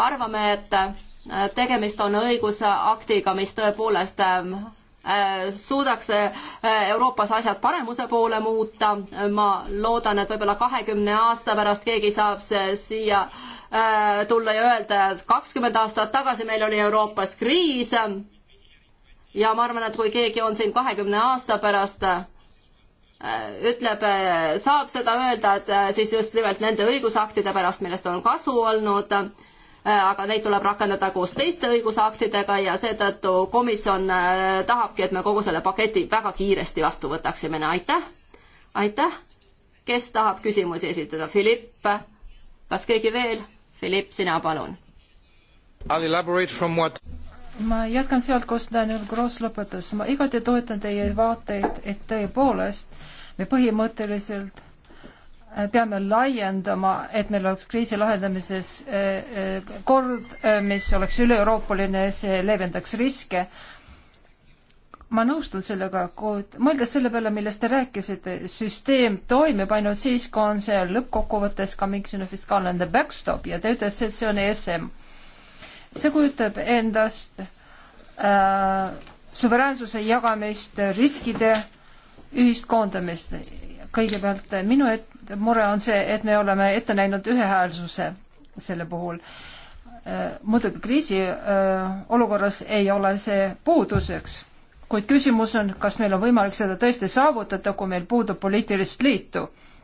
arvame, et äh, tegemist on õigusaktiga, mis tõepoolest ähm, suudaks Euroopas asjad paremuse poole muuta. ma loodan, et võib-olla kahekümne aasta pärast keegi saab siia tulla ja öelda, et kakskümmend aastat tagasi meil oli Euroopas kriis ja ma arvan, et kui keegi on siin kahekümne aasta pärast äh, ütleb, äh, saab seda öelda, et äh, siis just nimelt nende õigusaktide pärast, millest on kasu olnud, aga neid tuleb rakendada koos teiste õigusaktidega ja seetõttu komisjon tahabki, et me kogu selle paketi väga kiiresti vastu võtaksime, aitäh. aitäh, kes tahab küsimusi esitada, Philipp, kas keegi veel? Philipp, sina palun. I'll elaborate from what ma jätkan sealt, kus Daniel Gross lõpetas. ma igati toetan teie vaateid, et tõepoolest me põhimõtteliselt äh, peame laiendama, et meil oleks kriisi lahendamises äh, äh, kord, mis oleks üle-euroopaline, see leevendaks riske. ma nõustun sellega, kuid mõeldes selle peale, millest te rääkisite, süsteem toimib ainult siis, kui on seal lõppkokkuvõttes ka mingisugune fiskaalne backstop ja te ütlete, et see on ESM see kujutab endast äh, suveräänsuse jagamist, riskide ühist koondamist. kõigepealt äh, minu et, mure on see, et me oleme ette näinud ühehäälsuse selle puhul äh,. muidugi kriisiolukorras äh, ei ole see puuduseks, kuid küsimus on, kas meil on võimalik seda tõesti saavutada, kui meil puudub poliitilist liitu äh,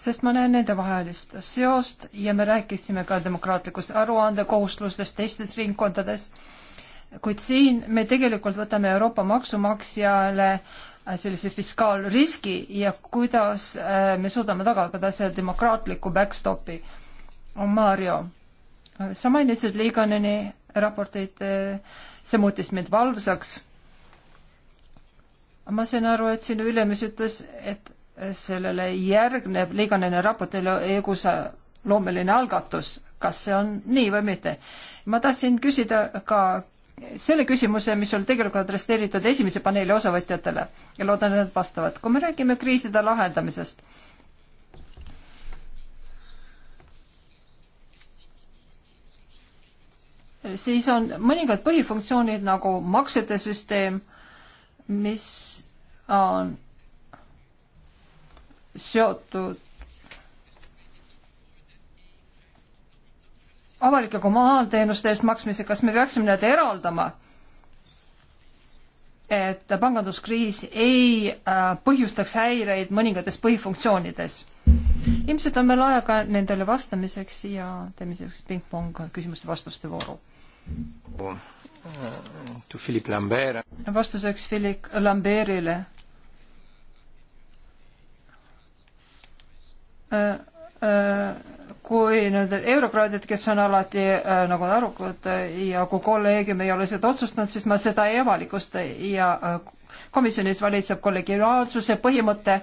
sest ma näen nendevahelist seost ja me rääkisime ka demokraatlikust aruandekohuslustest teistes ringkondades, kuid siin me tegelikult võtame Euroopa maksumaksjale äh, sellise fiskaalriski ja kuidas äh, me suudame tagada selle demokraatliku backstopi. Mario, äh, sa mainisid Liiganeni raporteid, see muutis mind valvsaks. ma sain aru, et sinu ülemus ütles, et sellele järgneb liiganene raportile EGUSA loomeline algatus, kas see on nii või mitte. ma tahtsin küsida ka selle küsimuse, mis oli tegelikult adresseeritud esimese paneeli osavõtjatele ja loodan, et nad vastavad. kui me räägime kriiside lahendamisest, siis on mõningad põhifunktsioonid nagu maksete süsteem, mis on seotud avalike kommunaalteenuste eest maksmise, kas me peaksime need eraldama, et panganduskriis ei äh, põhjustaks häireid mõningates põhifunktsioonides? ilmselt on meil aega nendele vastamiseks ja teeme sellise pingpong küsimuste-vastuste vooru. vastuseks Philip Lambertile Äh, äh, kui nüüd eurokraadid, kes on alati äh, nagu arukad äh, ja kui kolleegium ei ole seda otsustanud, siis ma seda ei avalikusta ja äh, komisjonis valitseb kollegiaalsuse põhimõte.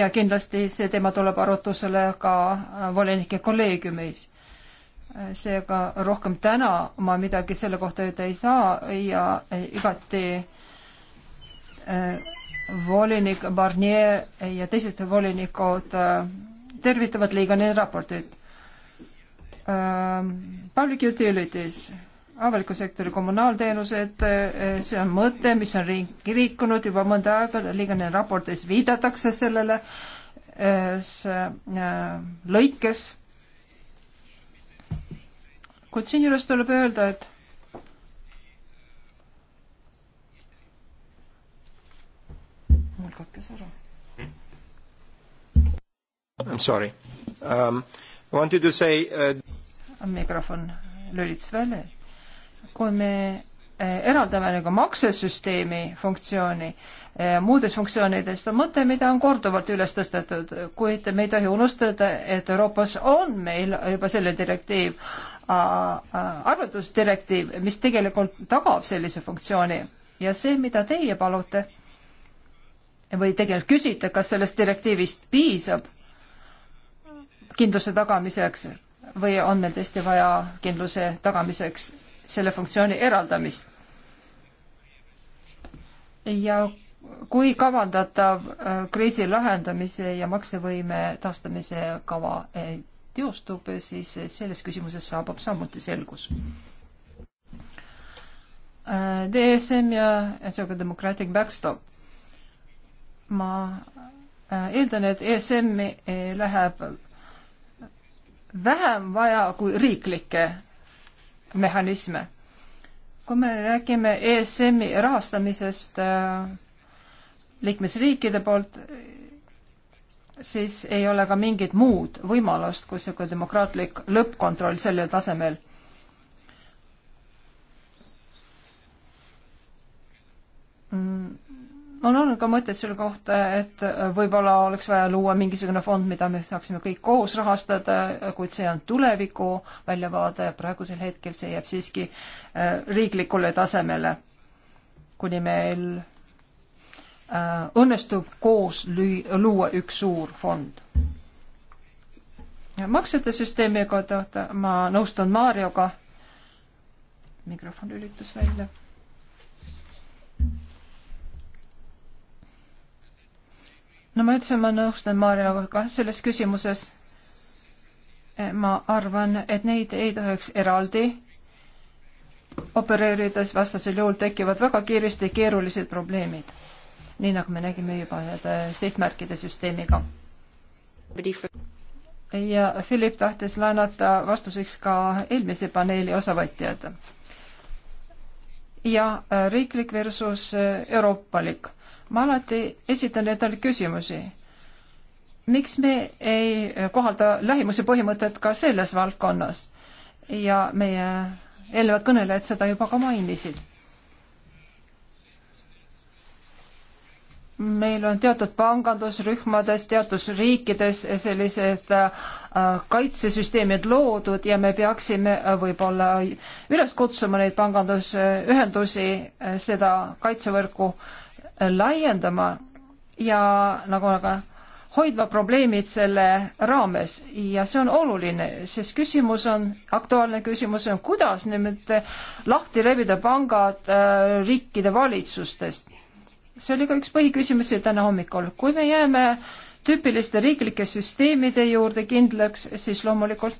ja kindlasti see teema tuleb arutusele ka äh, volinike kolleegiumis. seega rohkem täna ma midagi selle kohta öelda ei saa ja igati äh, volinik Barnier ja teised volinikud äh, tervitavad Liigani raportit. Ähm, public utilities, avaliku sektori kommunaalteenused, äh, see on mõte, mis on ring, liikunud juba mõnda aega, Liigani raportis viidatakse sellele äh, lõikes. kuid siinjuures tuleb öelda, et katkes ära. I m hmm? sorry um,. Wanted to say uh.... mikrofon lülitas välja. kui me eh, eraldame nagu maksesüsteemi funktsiooni eh, muudest funktsioonidest on mõte, mida on korduvalt üles tõstetud, kuid me ei tohi unustada, et Euroopas on meil juba selle direktiiv, arvutusdirektiiv, mis tegelikult tagab sellise funktsiooni ja see, mida teie palute või tegelikult küsida, kas sellest direktiivist piisab kindluse tagamiseks või on meil tõesti vaja kindluse tagamiseks selle funktsiooni eraldamist. ja kui kavandatav äh, kriisi lahendamise ja maksevõime taastamise kava teostub, äh, siis selles küsimuses saabub samuti selgus. Äh, DSM ja Sotsiaaldemokraatlik Backstop ma äh, eeldan, et ESM-i äh, läheb vähem vaja kui riiklikke mehhanisme. kui me räägime ESM-i rahastamisest äh, liikmesriikide poolt, siis ei ole ka mingit muud võimalust kui niisugune demokraatlik lõppkontroll sellel tasemel mm on olnud ka mõtteid selle kohta, et võib-olla oleks vaja luua mingisugune fond, mida me saaksime kõik koos rahastada, kuid see on tuleviku väljavaade, praegusel hetkel see jääb siiski äh, riiklikule tasemele, kuni meil äh, õnnestub koos lüü-, luua üks suur fond. maksete süsteemi kohta ma nõustun Marioga, mikrofon lülitus välja no ma ütlesin, ma nõustun Maarjaga ka selles küsimuses. Eh, ma arvan, et neid ei tohiks eraldi opereerides, vastasel juhul tekivad väga kiiresti keerulised probleemid. nii nagu me nägime juba nende sihtmärkide süsteemiga. ja Philip tahtis laenata vastuseks ka eelmise paneeli osavõtjad ja eh, riiklik versus eh, euroopalik ma alati esitan endale küsimusi. miks me ei kohalda lähimuse põhimõtet ka selles valdkonnas? ja meie eelnevad kõnelejad seda juba ka mainisid. meil on teatud pangandusrühmades, teatud riikides sellised äh, kaitsesüsteemid loodud ja me peaksime äh, võib-olla üles kutsuma neid pangandusühendusi äh, seda kaitsevõrku laiendama ja nagu aga hoidma probleemid selle raames ja see on oluline, sest küsimus on, aktuaalne küsimus on, kuidas nimelt lahti rebida pangad äh, riikide valitsustest. see oli ka üks põhiküsimusi täna hommikul, kui me jääme tüüpiliste riiklike süsteemide juurde kindlaks, siis loomulikult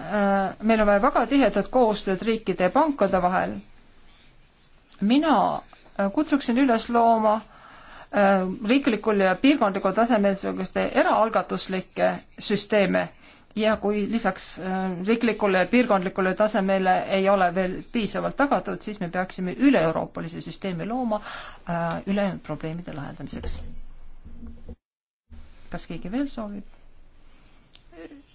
äh, meil on vaja väga tihedat koostööd riikide ja pankade vahel. mina kutsuksin üles looma äh, riiklikul ja piirkondlikul tasemel niisuguste eraalgatuslikke süsteeme ja kui lisaks äh, riiklikule ja piirkondlikule tasemele ei ole veel piisavalt tagatud, siis me peaksime üle-euroopalise süsteemi looma äh, ülejäänud probleemide lahendamiseks. kas keegi veel soovib?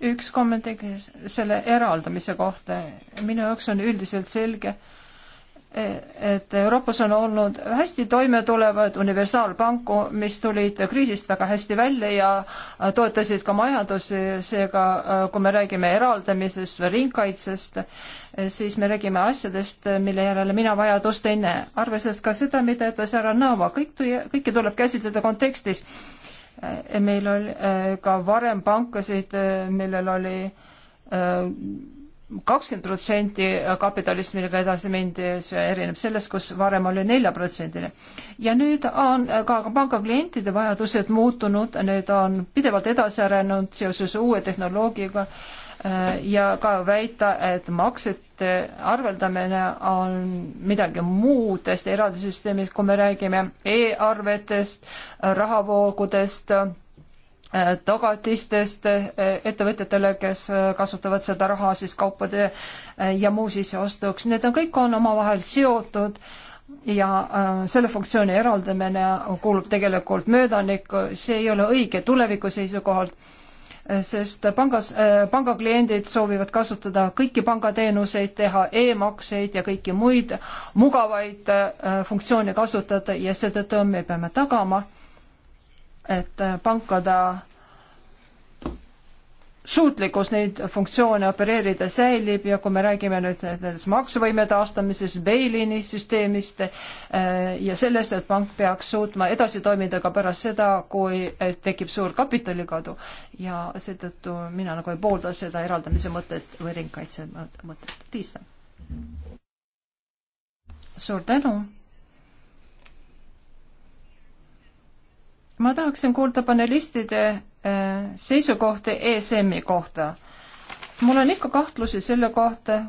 üks kommentaar selle eraldamise kohta. minu jaoks on üldiselt selge, et Euroopas on olnud hästi toimetulevad universaalpanku, mis tulid kriisist väga hästi välja ja toetasid ka majandusi, seega kui me räägime eraldamisest või ringkaitsest, siis me räägime asjadest, mille järele mina vajadust ei näe. arvestades ka seda, mida ütles härra Nõva, kõik, kõike tuleb käsitleda kontekstis. meil oli äh, ka varem pankasid, äh, millel oli äh, kakskümmend protsenti kapitalist, millega edasi mindi, see erineb sellest, kus varem oli neljaprotsendine. ja nüüd on ka panga klientide vajadused muutunud, need on pidevalt edasi arenenud seoses uue tehnoloogiaga äh, ja ka väita, et maksete arveldamine on midagi muud täiesti eraldi süsteemist, kui me räägime e-arvetest, rahavoogudest tagatistest eh, ettevõtjatele, kes eh, kasutavad seda raha siis kaupade eh, ja muu sisseostuks, need on, kõik on omavahel seotud ja selle funktsiooni eraldamine kuulub tegelikult möödanikku, see ei ole õige tuleviku seisukohalt sest pangas äh,, pangakliendid soovivad kasutada kõiki pangateenuseid, teha e-makseid ja kõiki muid mugavaid äh, funktsioone kasutada ja seetõttu me peame tagama äh,, et äh, pankade suutlikkus neid funktsioone opereerida säilib ja kui me räägime nüüd nendest maksuvõime taastamisest, bail-in'i süsteemist äh, ja sellest, et pank peaks suutma edasi toimida ka pärast seda, kui äh, tekib suur kapitalikadu ja seetõttu mina nagu ei poolda seda eraldamise mõtet või ringkaitse mõtet. Liisa. suur tänu ma tahaksin kuulda panelistide äh, seisukohti ESM-i kohta. mul on ikka kahtlusi selle kohta, äh,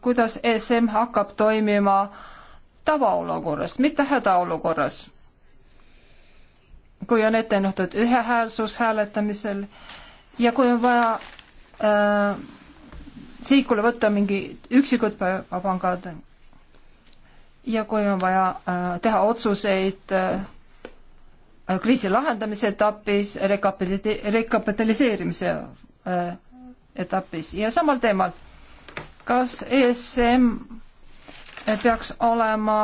kuidas ESM hakkab toimima tavaolukorras, mitte hädaolukorras. kui on ette nähtud ühehäälsus hääletamisel ja kui on vaja äh, sihikule võtta mingi üksikud pangad ja kui on vaja äh, teha otsuseid äh, Äh, kriisi lahendamise etapis, rekapitaliseerimise äh, etapis ja samal teemal, kas ESM äh, peaks olema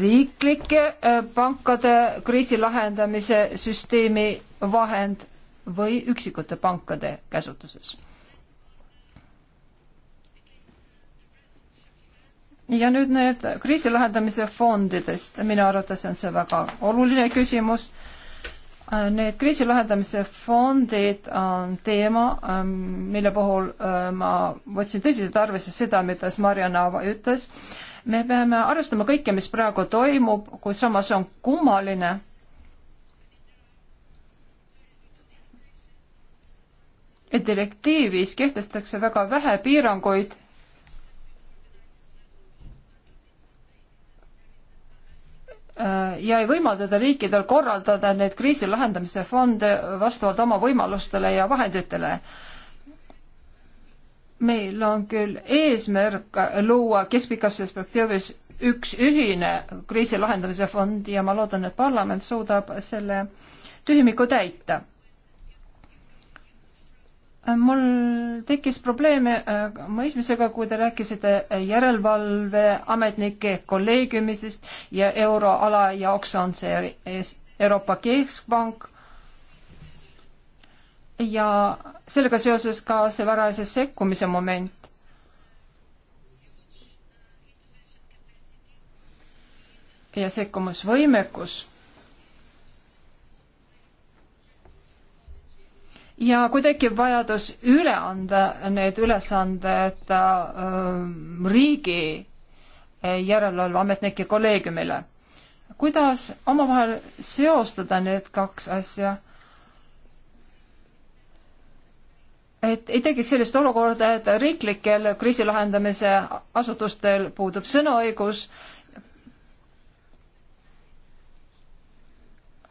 riiklike pankade kriisi lahendamise süsteemi vahend või üksikute pankade käsutuses? ja nüüd need kriisi lahendamise fondidest, minu arvates on see väga oluline küsimus. Äh, need kriisi lahendamise fondid on teema, ähm, mille puhul äh, ma võtsin tõsiselt arvesse seda, mida Marjana ütles. me peame arvestama kõike, mis praegu toimub, kuid samas on kummaline, et direktiivis kehtestatakse väga vähe piiranguid Äh, ja ei võimaldada riikidel korraldada neid kriisi lahendamise fonde vastavalt oma võimalustele ja vahenditele. meil on küll eesmärk luua keskpikas perspektiivis üks ühine kriisi lahendamise fond ja ma loodan, et parlament suudab selle tühimiku täita mul tekkis probleeme äh, mõistmisega, kui te rääkisite järelevalveametnike kolleegiumisest ja euroala jaoks on see Euroopa Keskpank. ja sellega seoses ka see varajase sekkumise moment. ja sekkumisvõimekus ja kui tekib vajadus üle anda need ülesanded äh, riigi äh, järelevalveametnike kolleegiumile, kuidas omavahel seostada need kaks asja? et ei tekiks sellist olukorda, et riiklikel kriisi lahendamise asutustel puudub sõnaõigus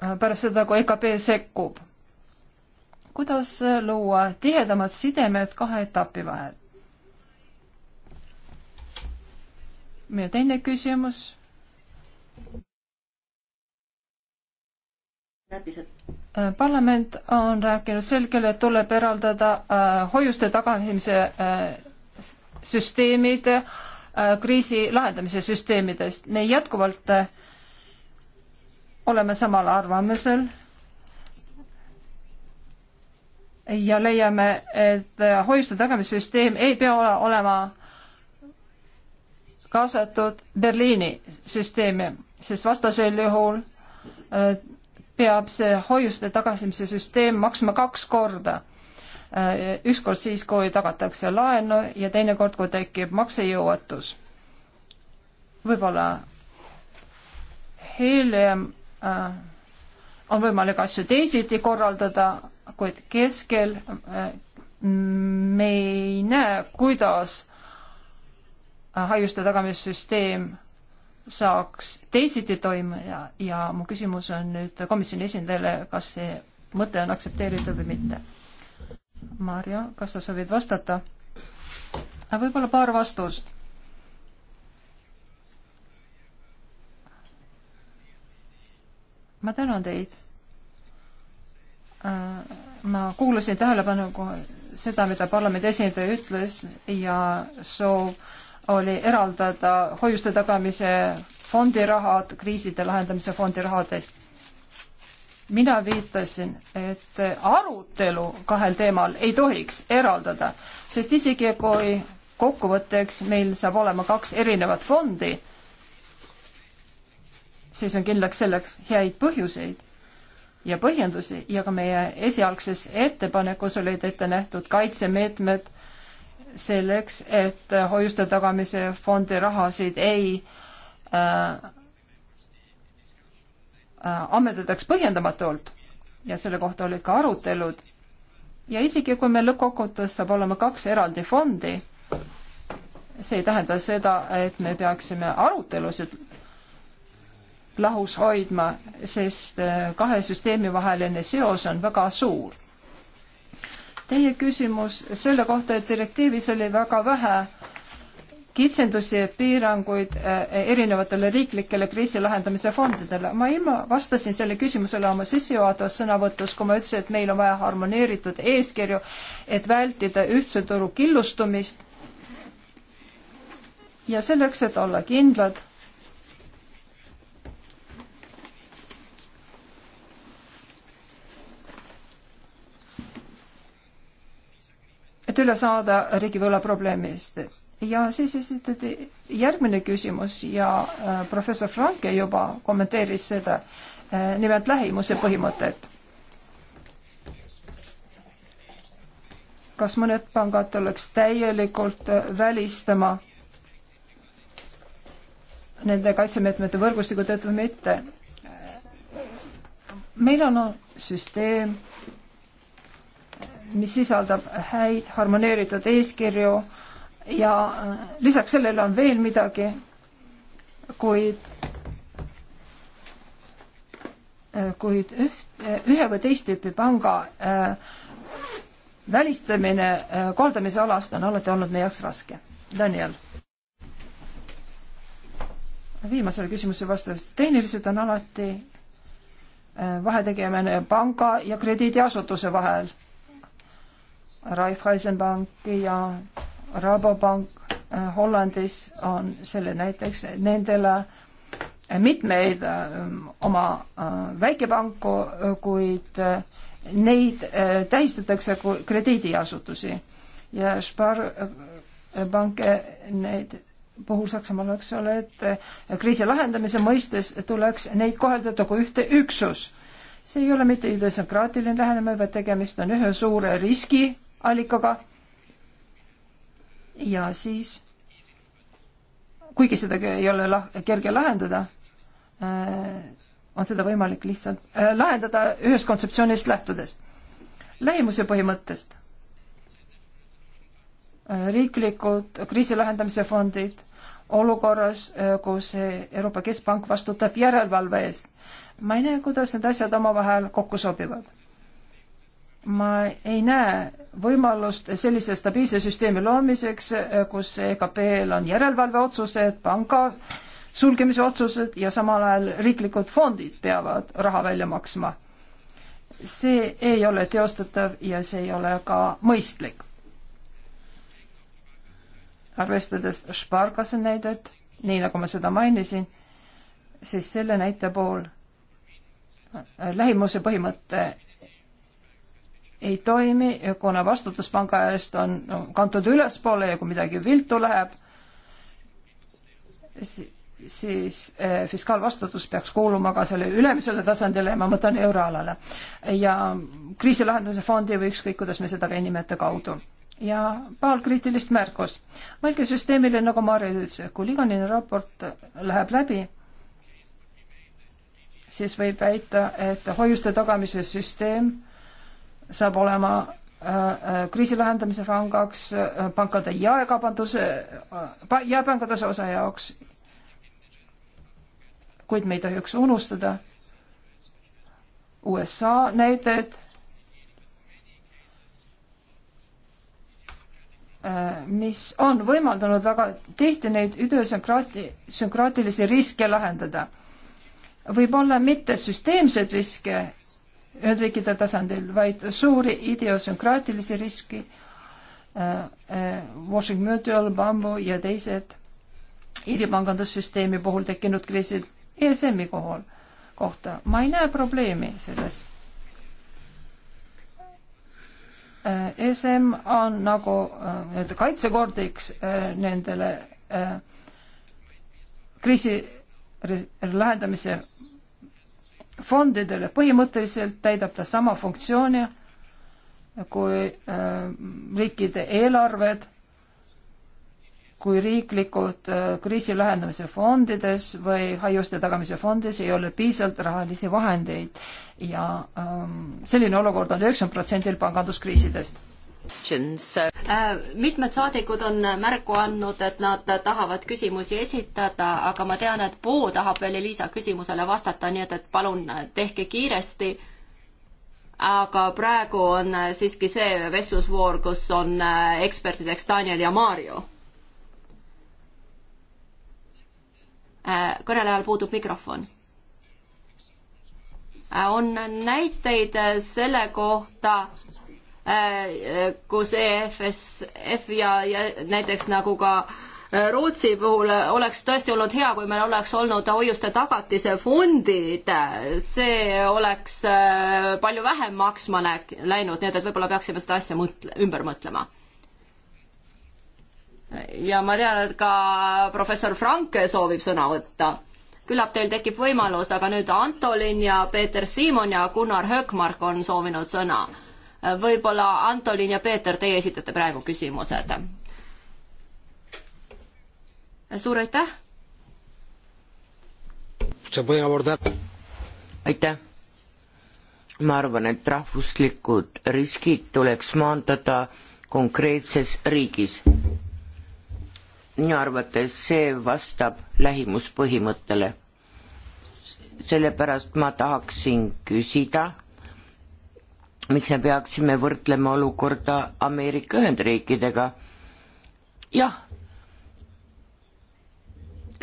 äh, pärast seda, kui EKP sekkub kuidas luua tihedamad sidemed kahe etapi vahel? meie teine küsimus. Äh, parlament on rääkinud selgelt, et tuleb eraldada äh, hoiuste tagamise äh, süsteemid äh, kriisi lahendamise süsteemidest. me jätkuvalt äh, oleme samal arvamusel ja leiame, et hoiuste tagamissüsteem ei pea olema kaasatud Berliini süsteemi, sest vastasel juhul äh, peab see hoiuste tagasimise süsteem maksma kaks korda. Äh, üks kord siis, kui tagatakse laenu ja teine kord, kui tekib maksejõuetus. võib-olla hiljem äh, on võimalik asju teisiti korraldada kuid keskel äh, me ei näe, kuidas haiuste tagamissüsteem saaks teisiti toimuda ja mu küsimus on nüüd komisjoni esindajale, kas see mõte on aktsepteeritud või mitte. Marja, kas sa soovid vastata? võib-olla paar vastust. ma tänan teid Äh, ma kuulasin tähelepanuga seda, mida parlamendi esindaja ütles ja soov oli eraldada hoiuste tagamise fondi rahad, kriiside lahendamise fondi rahadelt. mina viitasin, et arutelu kahel teemal ei tohiks eraldada, sest isegi kui kokkuvõtteks meil saab olema kaks erinevat fondi, siis on kindlaks selleks häid põhjuseid ja põhjendusi ja ka meie esialgses ettepanekus olid ette nähtud kaitsemeetmed selleks, et hoiuste tagamise fondi rahasid ei äh, äh, ammendataks põhjendamatult ja selle kohta olid ka arutelud. ja isegi, kui meil lõppkokkuvõttes saab olema kaks eraldi fondi, see ei tähenda seda, et me peaksime arutelusid lahus hoidma, sest äh, kahe süsteemi vaheline seos on väga suur. Teie küsimus selle kohta, et direktiivis oli väga vähe kitsendusi ja piiranguid äh, erinevatele riiklikele kriisi lahendamise fondidele. ma ilma vastasin selle küsimusele oma sissejuhatavas sõnavõtus, kui ma ütlesin, et meil on vaja harmoneeritud eeskirju, et vältida ühtse turu killustumist. ja selleks, et olla kindlad et üle saada riigivõla probleemist. ja siis esitati järgmine küsimus ja äh, professor Franke juba kommenteeris seda, äh, nimelt lähimuse põhimõtet. kas mõned pangad tuleks täielikult äh, välistama nende kaitsemeetmete võrgustiku tõttu või mitte? meil on süsteem mis sisaldab häid harmoneeritud eeskirju ja äh, lisaks sellele on veel midagi, kuid, äh, kuid üht, äh, ühe või teist tüüpi panga äh, välistamine äh, kohaldamise alast on alati olnud meie jaoks raske. Daniel. viimasele küsimusele vastavalt, tehnilised on alati vahetegemine panga ja krediidiasutuse vahel Raiffeisenbanki ja Rabobank äh, Hollandis on selle näiteks nendele äh, mitmeid äh, oma väikepanku, kuid neid tähistatakse kui krediidiasutusi ja Sparbanke neid puhul Saksamaal, eks ole, et kriisi lahendamise mõistes tuleks neid koheldada kui ühte üksus. see ei ole mitte idesokraatiline lähenemine, vaid tegemist on ühe suure riski allikaga. ja siis, kuigi seda ei ole lah-, kerge lahendada, äh, on seda võimalik lihtsalt äh, lahendada ühest kontseptsioonist lähtudes. lähimuse põhimõttest. Äh, riiklikud kriisi lahendamise fondid olukorras, kus Euroopa Keskpank vastutab järelevalve eest. ma ei näe, kuidas need asjad omavahel kokku sobivad ma ei näe võimalust sellise stabiilse süsteemi loomiseks, kus EKP-l on järelevalveotsused, panga sulgemise otsused ja samal ajal riiklikud fondid peavad raha välja maksma. see ei ole teostatav ja see ei ole ka mõistlik. arvestades Sparkase näidet, nii nagu ma seda mainisin, siis selle näite puhul lähimuse põhimõte ei toimi, kuna vastutus panga eest on kantud ülespoole ja kui midagi viltu läheb, siis eh, fiskaalvastutus peaks kuuluma ka selle ülemisele tasandile ja ma mõtlen euroalale. ja kriisilahenduse fondi või ükskõik, kuidas me seda ka ei nimeta kaudu. ja paar kriitilist märkust. mõelge süsteemile, nagu Maarja ütles, kui Liganini raport läheb läbi, siis võib väita, et hoiuste tagamise süsteem saab olema kriisi lahendamise pangaks, pankade jaekaubanduse, jaepanganduse osa jaoks. kuid me ei tohiks unustada USA näited, mis on võimaldanud väga tihti neid idüsünkraati, sünkraatilisi riske lahendada. võib-olla mitte süsteemseid riske Ühendriikide tasandil, vaid suuri idiosünkraatilisi riski äh,, äh, Washington Mutual, Bambu ja teised Iiri pangandussüsteemi puhul tekkinud kriisid ESM-i kohal, kohta. ma ei näe probleemi selles äh,. ESM on nagu nii-öelda äh, kaitsekordiks äh, nendele äh, kriisi lahendamise fondidele, põhimõtteliselt täidab ta sama funktsiooni kui äh, riikide eelarved, kui riiklikud äh, kriisi lahendamise fondides või haiguste tagamise fondides ei ole piisavalt rahalisi vahendeid ja ähm, selline olukord on üheksakümmend protsendil panganduskriisidest Äh, mitmed saadikud on märku andnud, et nad tahavad küsimusi esitada, aga ma tean, et Bo tahab veel Elisa küsimusele vastata, nii et, et palun tehke kiiresti. aga praegu on siiski see vestlusvoor, kus on äh, ekspertideks Daniel ja Mario. Äh, kõnelejal puudub mikrofon on näiteid selle kohta, Äh, kus EFSF ja, ja näiteks nagu ka äh, Rootsi puhul äh, oleks tõesti olnud hea, kui meil oleks olnud hoiuste tagatise fondid, see oleks palju vähem maksma läinud, nii et, et võib-olla peaksime seda asja mõtle, ümber mõtlema. ja ma tean, et ka professor Franke soovib sõna võtta. küllap teil tekib võimalus, aga nüüd Antolin ja Peeter Siimon ja Gunnar Höökmark on soovinud sõna võib-olla Antolin ja Peeter, teie esitate praegu küsimused. suur aitäh. aitäh. ma arvan, et rahvuslikud riskid tuleks maandada konkreetses riigis. minu arvates see vastab lähimuspõhimõttele. sellepärast ma tahaksin küsida miks me peaksime võrdlema olukorda Ameerika Ühendriikidega? jah,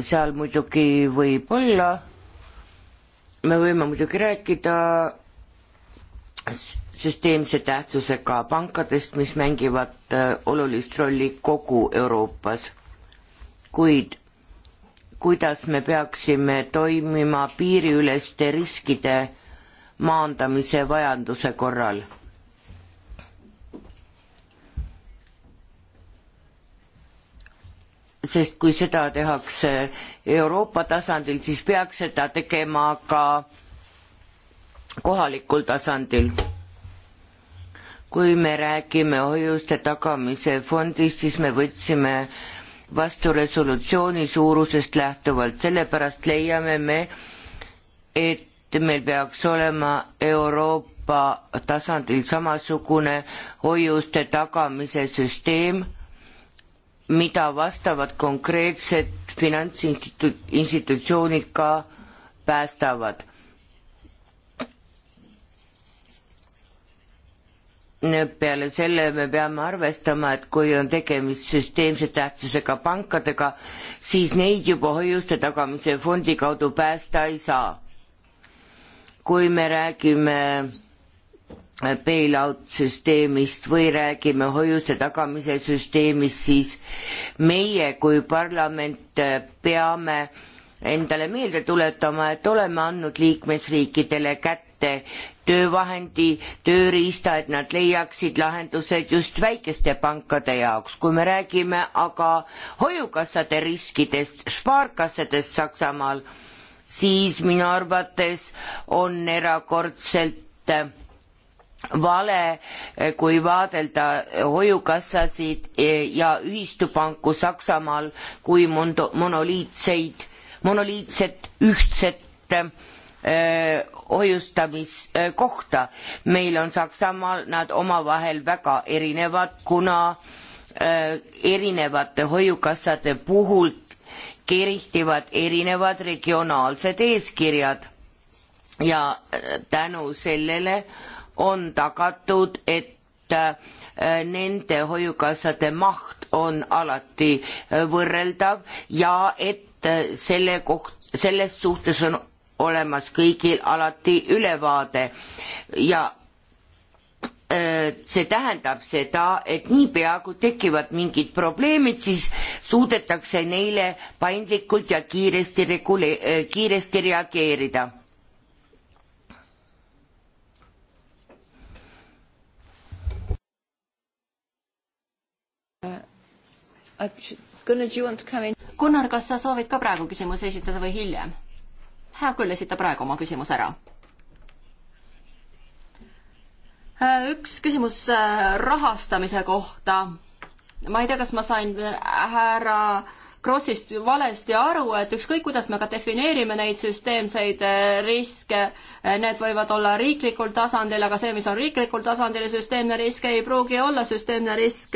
seal muidugi võib olla, me võime muidugi rääkida süsteemse tähtsusega pankadest, mis mängivad äh, olulist rolli kogu Euroopas, kuid kuidas me peaksime toimima piiriüleste riskide maandamise vajaduse korral. sest kui seda tehakse Euroopa tasandil, siis peaks seda tegema ka kohalikul tasandil kui me räägime hoiuste tagamise fondist, siis me võtsime vastu resolutsiooni suurusest lähtuvalt, sellepärast leiame me, et meil peaks olema Euroopa tasandil samasugune hoiuste tagamise süsteem, mida vastavad konkreetsed finantsinstitutsioonid ka päästavad. peale selle me peame arvestama, et kui on tegemist süsteemse tähtsusega pankadega, siis neid juba hoiuste tagamise fondi kaudu päästa ei saa kui me räägime bail-out süsteemist või räägime hoiuse tagamise süsteemist, siis meie kui parlament peame endale meelde tuletama, et oleme andnud liikmesriikidele kätte töövahendi, tööriista, et nad leiaksid lahendused just väikeste pankade jaoks. kui me räägime aga hoiukassade riskidest, spaarkassadest Saksamaal, siis minu arvates on erakordselt äh, vale, äh, kui vaadelda hoiukassasid äh, ja ühistupanku Saksamaal kui mondo-, monoliitseid, monoliitset ühtset hoiustamiskohta. meil on Saksamaal nad omavahel väga erinevad, kuna erinevate hoiukassade puhul kehtivad erinevad regionaalsed eeskirjad ja äh, tänu sellele on tagatud, et äh, nende hoiukassade maht on alati äh, võrreldav ja et selle koht, selles suhtes on olemas kõigil alati ülevaade ja Äh, see tähendab seda, et niipea kui tekivad mingid probleemid, siis suudetakse neile paindlikult ja kiiresti regule-, äh, kiiresti reageerida. Äh, Gunnar, kas sa soovid ka praegu küsimusi esitada või hiljem? hea küll, esita praegu oma küsimus ära Äh, üks küsimus äh, rahastamise kohta. ma ei tea, kas ma sain äh, härra Krossist valesti aru, et ükskõik, kuidas me ka defineerime neid süsteemseid riske, need võivad olla riiklikul tasandil, aga see, mis on riiklikul tasandil süsteemne risk, ei pruugi olla süsteemne risk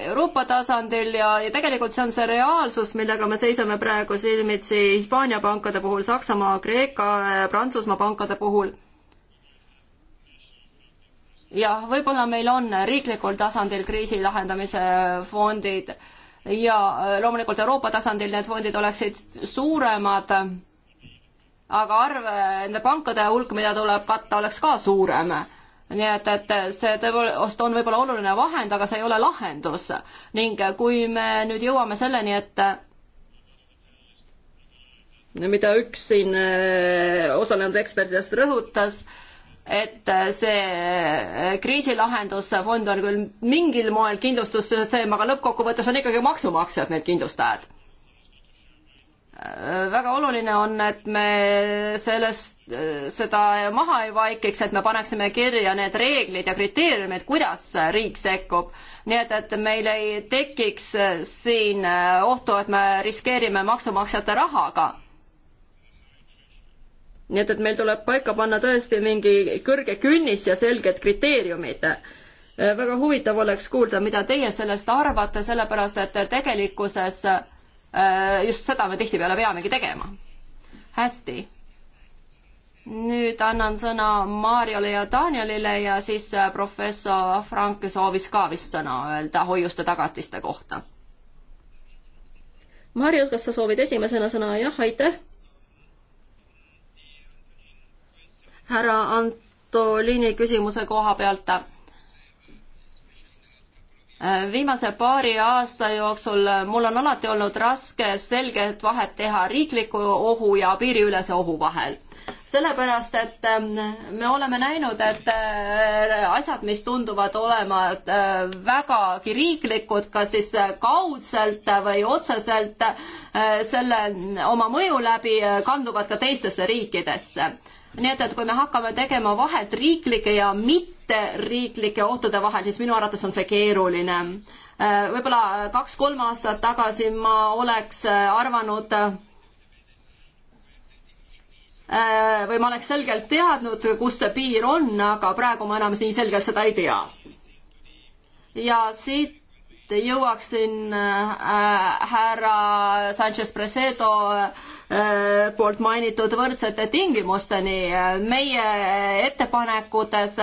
Euroopa tasandil ja, ja tegelikult see on see reaalsus, millega me seisame praegu silmitsi Hispaania pankade puhul, Saksamaa, Kreeka, Prantsusmaa pankade puhul jah, võib-olla meil on riiklikul tasandil kriisi lahendamise fondid ja äh, loomulikult Euroopa tasandil need fondid oleksid suuremad, aga arv, äh, nende pankade hulk, mida tuleb katta, oleks ka suurem nii et, et see tõepoolest on võib-olla oluline vahend, aga see ei ole lahendus. ning kui me nüüd jõuame selleni, et äh, mida üks siin osalenud ekspertidest rõhutas, et äh, see äh, kriisilahendusfond on küll mingil moel kindlustussüsteem, aga lõppkokkuvõttes on ikkagi maksumaksjad need kindlustajad. Äh, väga oluline on, et me sellest, seda maha ei vaikiks, et me paneksime kirja need reeglid ja kriteeriumid, kuidas riik sekkub. nii et, et meil ei tekiks siin ohtu, et me riskeerime maksumaksjate rahaga nii et, et meil tuleb paika panna tõesti mingi kõrge künnis ja selged kriteeriumid äh, väga huvitav oleks kuulda, mida teie sellest arvate, sellepärast et tegelikkuses äh, just seda me tihtipeale peamegi tegema. hästi. nüüd annan sõna Mariole ja Danielile ja siis äh, professor Frank soovis ka vist sõna öelda hoiuste tagatiste kohta. Marju, kas sa soovid esimesena sõna? jah, aitäh härra Antolini küsimuse koha pealt. viimase paari aasta jooksul mul on alati olnud raske selget vahet teha riikliku ohu ja piiriülese ohu vahel sellepärast, et ähm, me oleme näinud, et äh, asjad, mis tunduvad olema äh, vägagi riiklikud, kas siis kaudselt või otseselt äh, selle oma mõju läbi kanduvad ka teistesse riikidesse nii et, et kui me hakkame tegema vahet riiklike ja mitteriiklike ohtude vahel, siis minu arvates on see keeruline. Äh, võib-olla kaks-kolm aastat tagasi ma oleks äh, arvanud äh, või ma oleks selgelt teadnud, kus see piir on, aga praegu ma enam nii selgelt seda ei tea. ja siit jõuaksin härra Sanchez Presedo äh, Äh, poolt mainitud võrdsete tingimusteni. meie ettepanekutes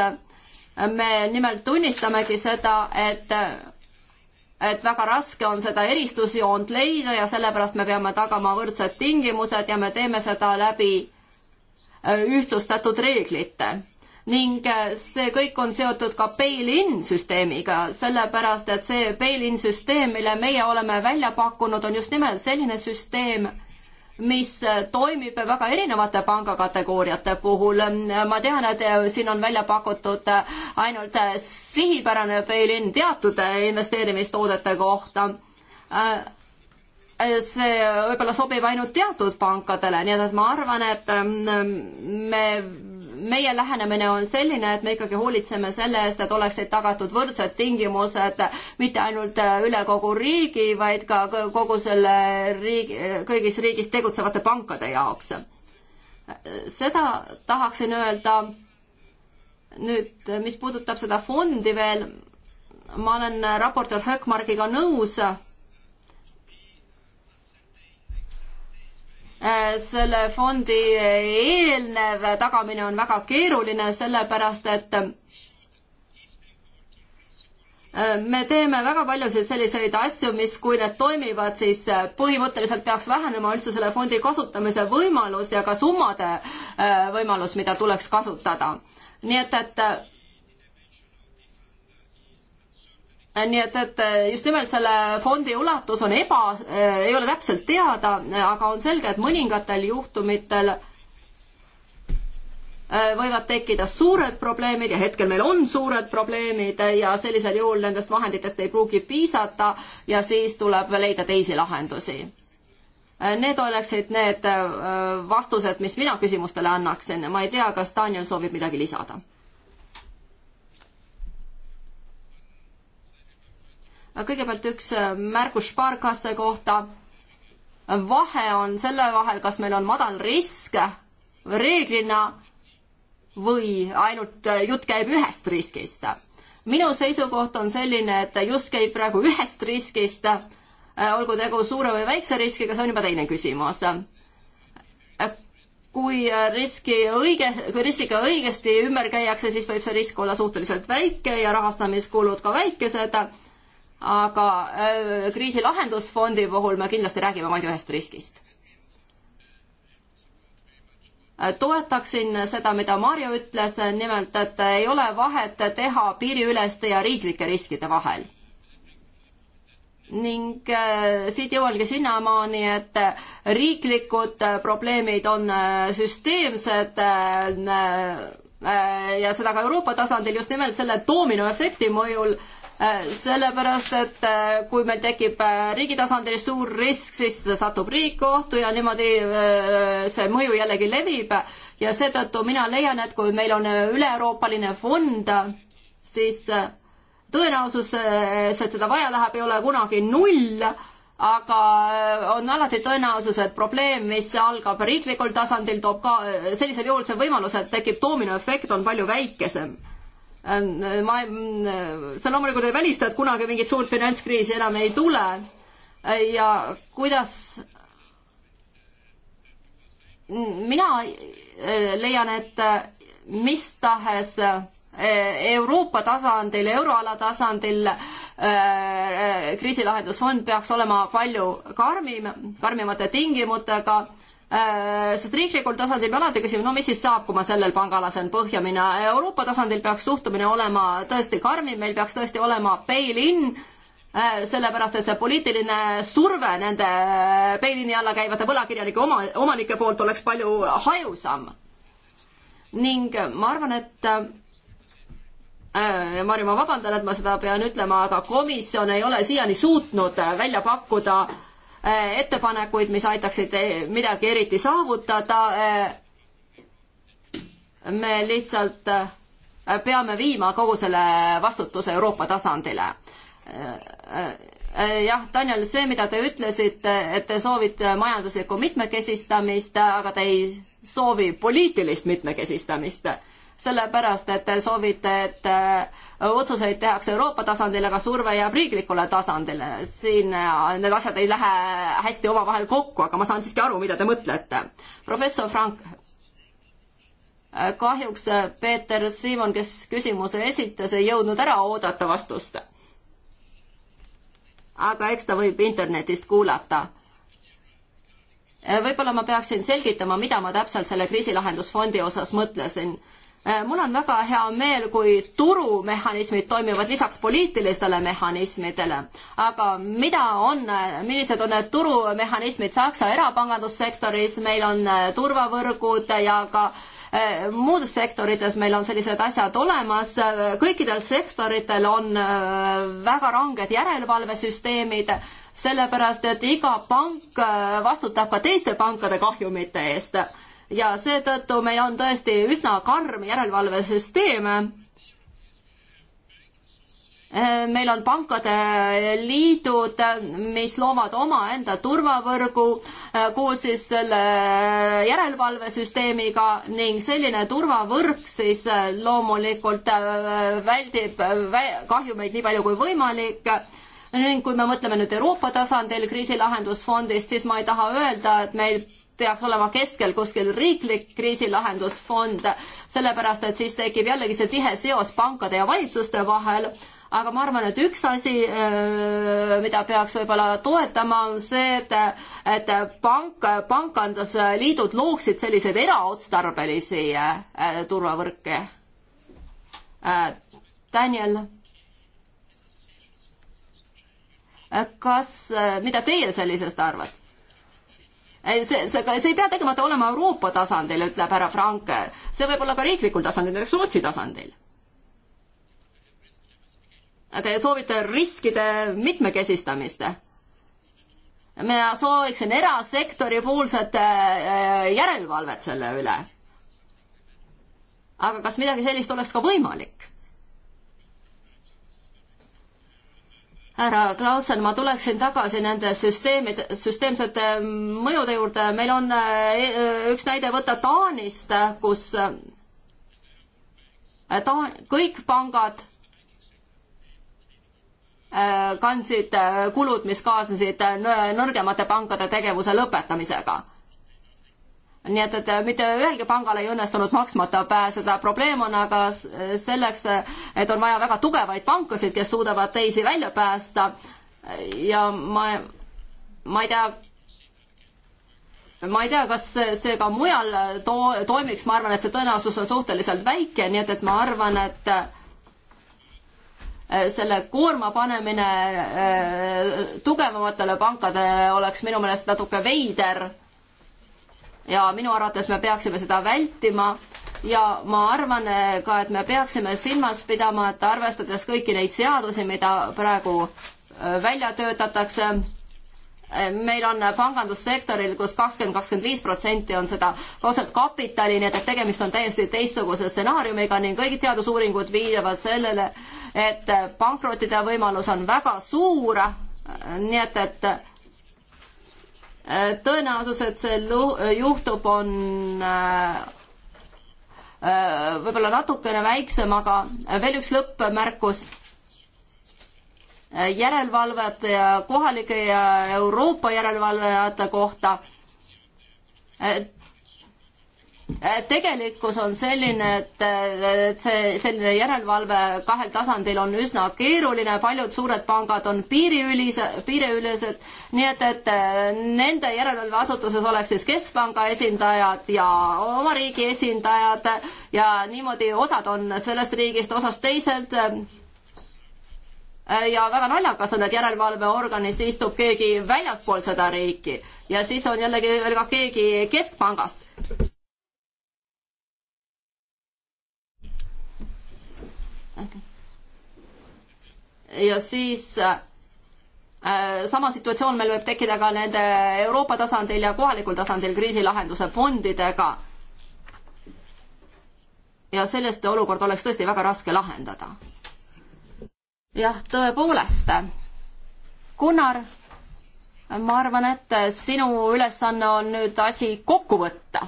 me nimelt tunnistamegi seda, et et väga raske on seda eristusjoont leida ja sellepärast me peame tagama võrdsed tingimused ja me teeme seda läbi äh, ühtlustatud reeglite. ning äh, see kõik on seotud ka bail-in süsteemiga, sellepärast et see bail-in süsteem, mille meie oleme välja pakkunud, on just nimelt selline süsteem, mis toimib väga erinevate pangakategooriate puhul. ma tean, et siin on välja pakutud ainult sihipärane bail-in teatud investeerimistoodete kohta see võib-olla sobib ainult teatud pankadele, nii et ma arvan, et me meie lähenemine on selline, et me ikkagi hoolitseme selle eest, et oleksid tagatud võrdsed tingimused mitte ainult äh, üle kogu riigi, vaid ka kogu selle riigi, kõigis riigis tegutsevate pankade jaoks. seda tahaksin öelda nüüd, mis puudutab seda fondi veel, ma olen raportöör Höökmargiga nõus Eh, selle fondi eelnev tagamine on väga keeruline, sellepärast et eh, me teeme väga paljusid selliseid asju, mis, kui need toimivad, siis eh, põhimõtteliselt peaks vähenema üldse selle fondi kasutamise võimalus ja ka summade võimalus, mida tuleks kasutada. nii et, et nii et, et just nimelt selle fondi ulatus on eba, ei ole täpselt teada, aga on selge, et mõningatel juhtumitel äh, võivad tekkida suured probleemid ja hetkel meil on suured probleemid ja sellisel juhul nendest vahenditest ei pruugi piisata ja siis tuleb leida teisi lahendusi. Äh, need oleksid need äh, vastused, mis mina küsimustele annaksin, ma ei tea, kas Daniel soovib midagi lisada kõigepealt üks äh, märgus Sparkasse kohta. vahe on selle vahel, kas meil on madal risk reeglina või ainult äh, jutt käib ühest riskist. minu seisukoht on selline, et just käib praegu ühest riskist, äh, olgu tegu suure või väikse riskiga, see on juba teine küsimus. kui riski õige, kui riskiga õigesti ümber käiakse, siis võib see risk olla suhteliselt väike ja rahastamiskulud ka väikesed aga äh, kriisi lahendusfondi puhul me kindlasti räägime vaid ühest riskist. Äh, toetaksin seda, mida Marju ütles, nimelt, et ei ole vahet teha piiriüleste ja riiklike riskide vahel ning äh, siit jõuangi sinnamaani, et riiklikud äh, probleemid on äh, süsteemsed äh, ja seda ka Euroopa tasandil just nimelt selle dominoefekti mõjul äh, Äh, sellepärast, et äh, kui meil tekib äh, riigi tasandil suur risk, siis satub riik kohtu ja niimoodi see mõju jällegi levib ja seetõttu mina leian, et kui meil on üle-euroopaline fond, siis tõenäosus, et seda vaja läheb, ei ole kunagi null, aga on alati tõenäosus, et probleem, mis algab riiklikul tasandil, toob ka, sellisel juhul see võimalus, et tekib doominoefekt, on palju väikesem Ähm, äh, ma, mm, äh, see loomulikult ei välista, et kunagi mingit suurt finantskriisi enam ei tule äh, ja kuidas mina leian, et mis tahes Euroopa tasandil, euroala tasandil kriisilahendusfond peaks olema palju karmim, karmimate tingimutega Äh, sest riiklikul tasandil me alati küsime, no mis siis saab, kui ma sellel pangal lasen põhja minna. Euroopa tasandil peaks suhtumine olema tõesti karmim, meil peaks tõesti olema bail-in, äh, sellepärast et see poliitiline surve nende äh, bail-in'i alla käivate võlakirjanike oma, omanike poolt oleks palju hajusam. ning ma arvan, et Marju, ma vabandan, et ma seda pean ütlema, aga komisjon ei ole siiani suutnud välja pakkuda äh, Äh, ettepanekuid, mis aitaksid äh, midagi eriti saavutada. Äh, me lihtsalt peame viima kogu selle vastutuse Euroopa tasandile. jah, Daniel, see, mida te ütlesite, et te soovite majanduslikku mitmekesistamist, aga te ei soovi poliitilist mitmekesistamist sellepärast et te soovite, et äh, otsuseid tehakse Euroopa tasandil, aga surve jääb riiklikule tasandile. siin äh, need asjad ei lähe hästi omavahel kokku, aga ma saan siiski aru, mida te mõtlete. professor Frank, äh, kahjuks Peeter Siimon, kes küsimuse esitas, ei jõudnud ära oodata vastust. aga eks ta võib internetist kuulata võib-olla ma peaksin selgitama, mida ma täpselt selle kriisilahendusfondi osas mõtlesin. Äh, mul on väga hea meel, kui turumehhanismid toimivad lisaks poliitilistele mehhanismidele, aga mida on, äh, millised on need turumehhanismid Saksa erapangandussektoris, meil on äh, turvavõrgud ja ka muudes sektorites meil on sellised asjad olemas, kõikidel sektoritel on väga ranged järelevalvesüsteemid, sellepärast et iga pank vastutab ka teiste pankade kahjumite eest ja seetõttu meil on tõesti üsna karm järelevalvesüsteem. meil on pankade liidud, mis loovad omaenda turvavõrgu eh, koos siis selle järelevalvesüsteemiga ning selline turvavõrk siis eh, loomulikult eh, väldib kahjumeid nii palju kui võimalik ning kui me mõtleme nüüd Euroopa tasandil kriisilahendusfondist, siis ma ei taha öelda, et meil peaks olema keskel kuskil riiklik kriisilahendusfond, sellepärast et siis tekib jällegi see tihe seos pankade ja valitsuste vahel, aga ma arvan, et üks asi, mida peaks võib-olla toetama, on see, et, et pank, pangandusliidud looksid selliseid eraotstarbelisi turvavõrke. Daniel kas, mida teie sellisest arvate? see, see, see ei pea tegemata olema Euroopa tasandil, ütleb härra Frank, see võib olla ka riiklikul tasandil, näiteks Rootsi tasandil. Te soovite riskide mitmekesistamist? ma sooviksin erasektori poolset äh, järelevalvet selle üle. aga kas midagi sellist oleks ka võimalik? härra Klausen, ma tuleksin tagasi nende süsteemide, süsteemsete mõjude juurde, meil on eh, üks näide võtta Taanist, kus eh, ta-, kõik pangad eh, kandsid kulud, mis kaasnesid nõrgemate pankade tegevuse lõpetamisega nii et, et mitte ühelgi pangal ei õnnestunud maksmata pääseda, probleem on aga selleks, et on vaja väga tugevaid pankasid, kes suudavad teisi välja päästa ja ma, ma ei tea, ma ei tea, kas see ka mujal to-, toimiks, ma arvan, et see tõenäosus on suhteliselt väike, nii et, et ma arvan, et selle koorma panemine äh, tugevamatele pankadele oleks minu meelest natuke veider ja minu arvates me peaksime seda vältima ja ma arvan eh, ka, et me peaksime silmas pidama, et arvestades kõiki neid seadusi, mida praegu eh, välja töötatakse, eh, meil on pangandussektoril kus, kus kakskümmend, kakskümmend viis protsenti on seda otseselt kapitali, nii et, et tegemist on täiesti teistsuguse stsenaariumiga ning kõik teadusuuringud viidavad sellele, et pankrotide võimalus on väga suur, nii et, et tõenäosus, et see juhtub, on äh, äh, võib-olla natukene väiksem, aga veel üks lõppmärkus. Äh, järelevalvete ja kohalike ja Euroopa järelevalvajate kohta Äh, tegelikkus on selline, äh, et see, selline järelevalve kahel tasandil on üsna keeruline, paljud suured pangad on piiriülise, piiriülesed, nii et, et äh, nende järelevalveasutuses oleks siis keskpanga esindajad ja oma riigi esindajad ja niimoodi osad on sellest riigist, osast teiselt ja väga naljakas on, et järelevalveorganis istub keegi väljaspool seda riiki ja siis on jällegi veel ka keegi keskpangast. ja siis äh, sama situatsioon meil võib tekkida ka nende Euroopa tasandil ja kohalikul tasandil kriisilahenduse fondidega. ja sellest olukord oleks tõesti väga raske lahendada. jah, tõepoolest. Gunnar, ma arvan, et sinu ülesanne on nüüd asi kokku võtta.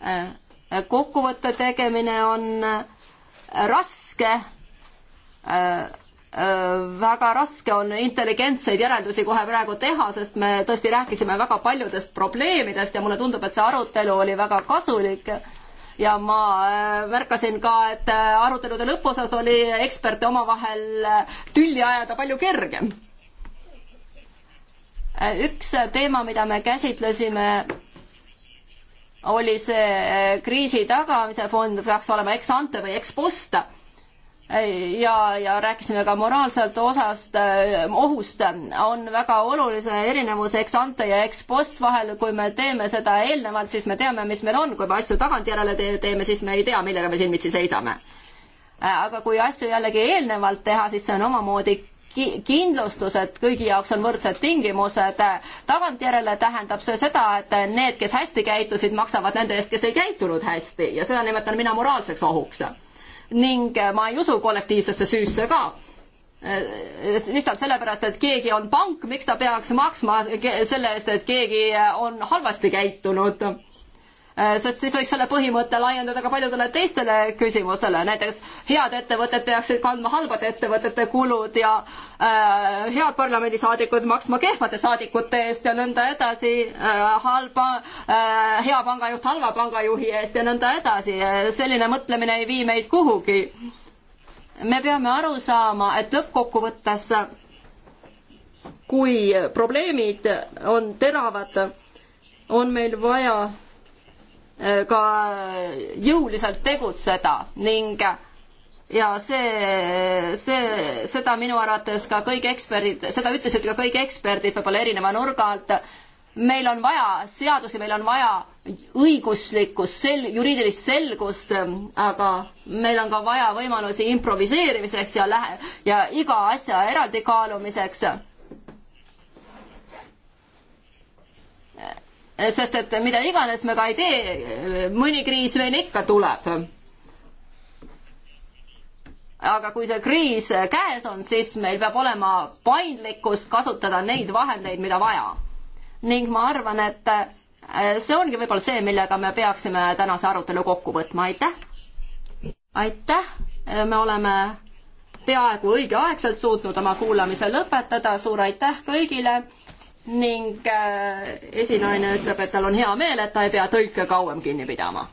Äh, kokkuvõtte tegemine on raske äh, äh, väga raske on intelligentseid järeldusi kohe praegu teha, sest me tõesti rääkisime väga paljudest probleemidest ja mulle tundub, et see arutelu oli väga kasulik. ja ma äh, märkasin ka, et arutelude lõpuosas oli eksperte omavahel tülli ajada palju kergem. üks teema, mida me käsitlesime oli see eh, kriisi tagamise fond peaks olema ex ante või ex post ja, ja rääkisime ka moraalselt osast äh,, ohust, on väga olulise erinevuse eks ante ja eks post vahel, kui me teeme seda eelnevalt, siis me teame, mis meil on, kui me asju tagantjärele te teeme, siis me ei tea, millega me silmitsi seisame. Eh, aga kui asju jällegi eelnevalt teha, siis see on omamoodi kindlustused kõigi jaoks on võrdsed tingimused. tagantjärele tähendab see seda, et need, kes hästi käitusid, maksavad nende eest, kes ei käitunud hästi ja seda nimetan mina moraalseks ohuks. ning ma ei usu kollektiivsesse süüsse ka lihtsalt sellepärast, et keegi on pank, miks ta peaks maksma selle eest, et keegi on halvasti käitunud Äh, sest siis võiks selle põhimõtte laiendada ka paljudele teistele küsimustele, näiteks head ettevõtted peaksid kandma halbade ettevõtete kulud ja äh, head parlamendisaadikud maksma kehvade saadikute eest ja nõnda edasi äh,, halba äh,, hea pangajuht halva pangajuhi eest ja nõnda edasi, selline mõtlemine ei vii meid kuhugi. me peame aru saama, et lõppkokkuvõttes kui probleemid on teravad, on meil vaja ka jõuliselt tegutseda ning ja see, see, seda minu arvates ka kõik eksperdid, seda ütlesid ka kõik eksperdid võib-olla erineva nurga alt, meil on vaja seadusi, meil on vaja õiguslikku sel-, juriidilist selgust, aga meil on ka vaja võimalusi improviseerimiseks ja lähe-, ja iga asja eraldi kaalumiseks sest et mida iganes me ka ei tee, mõni kriis meil ikka tuleb. aga kui see kriis käes on, siis meil peab olema paindlikkust kasutada neid vahendeid, mida vaja. ning ma arvan, et äh, see ongi võib-olla see, millega me peaksime tänase arutelu kokku võtma, aitäh! aitäh, me oleme peaaegu õigeaegselt suutnud oma kuulamise lõpetada, suur aitäh kõigile ning äh, esinaine ütleb, et tal on hea meel, et ta ei pea tõlke kauem kinni pidama.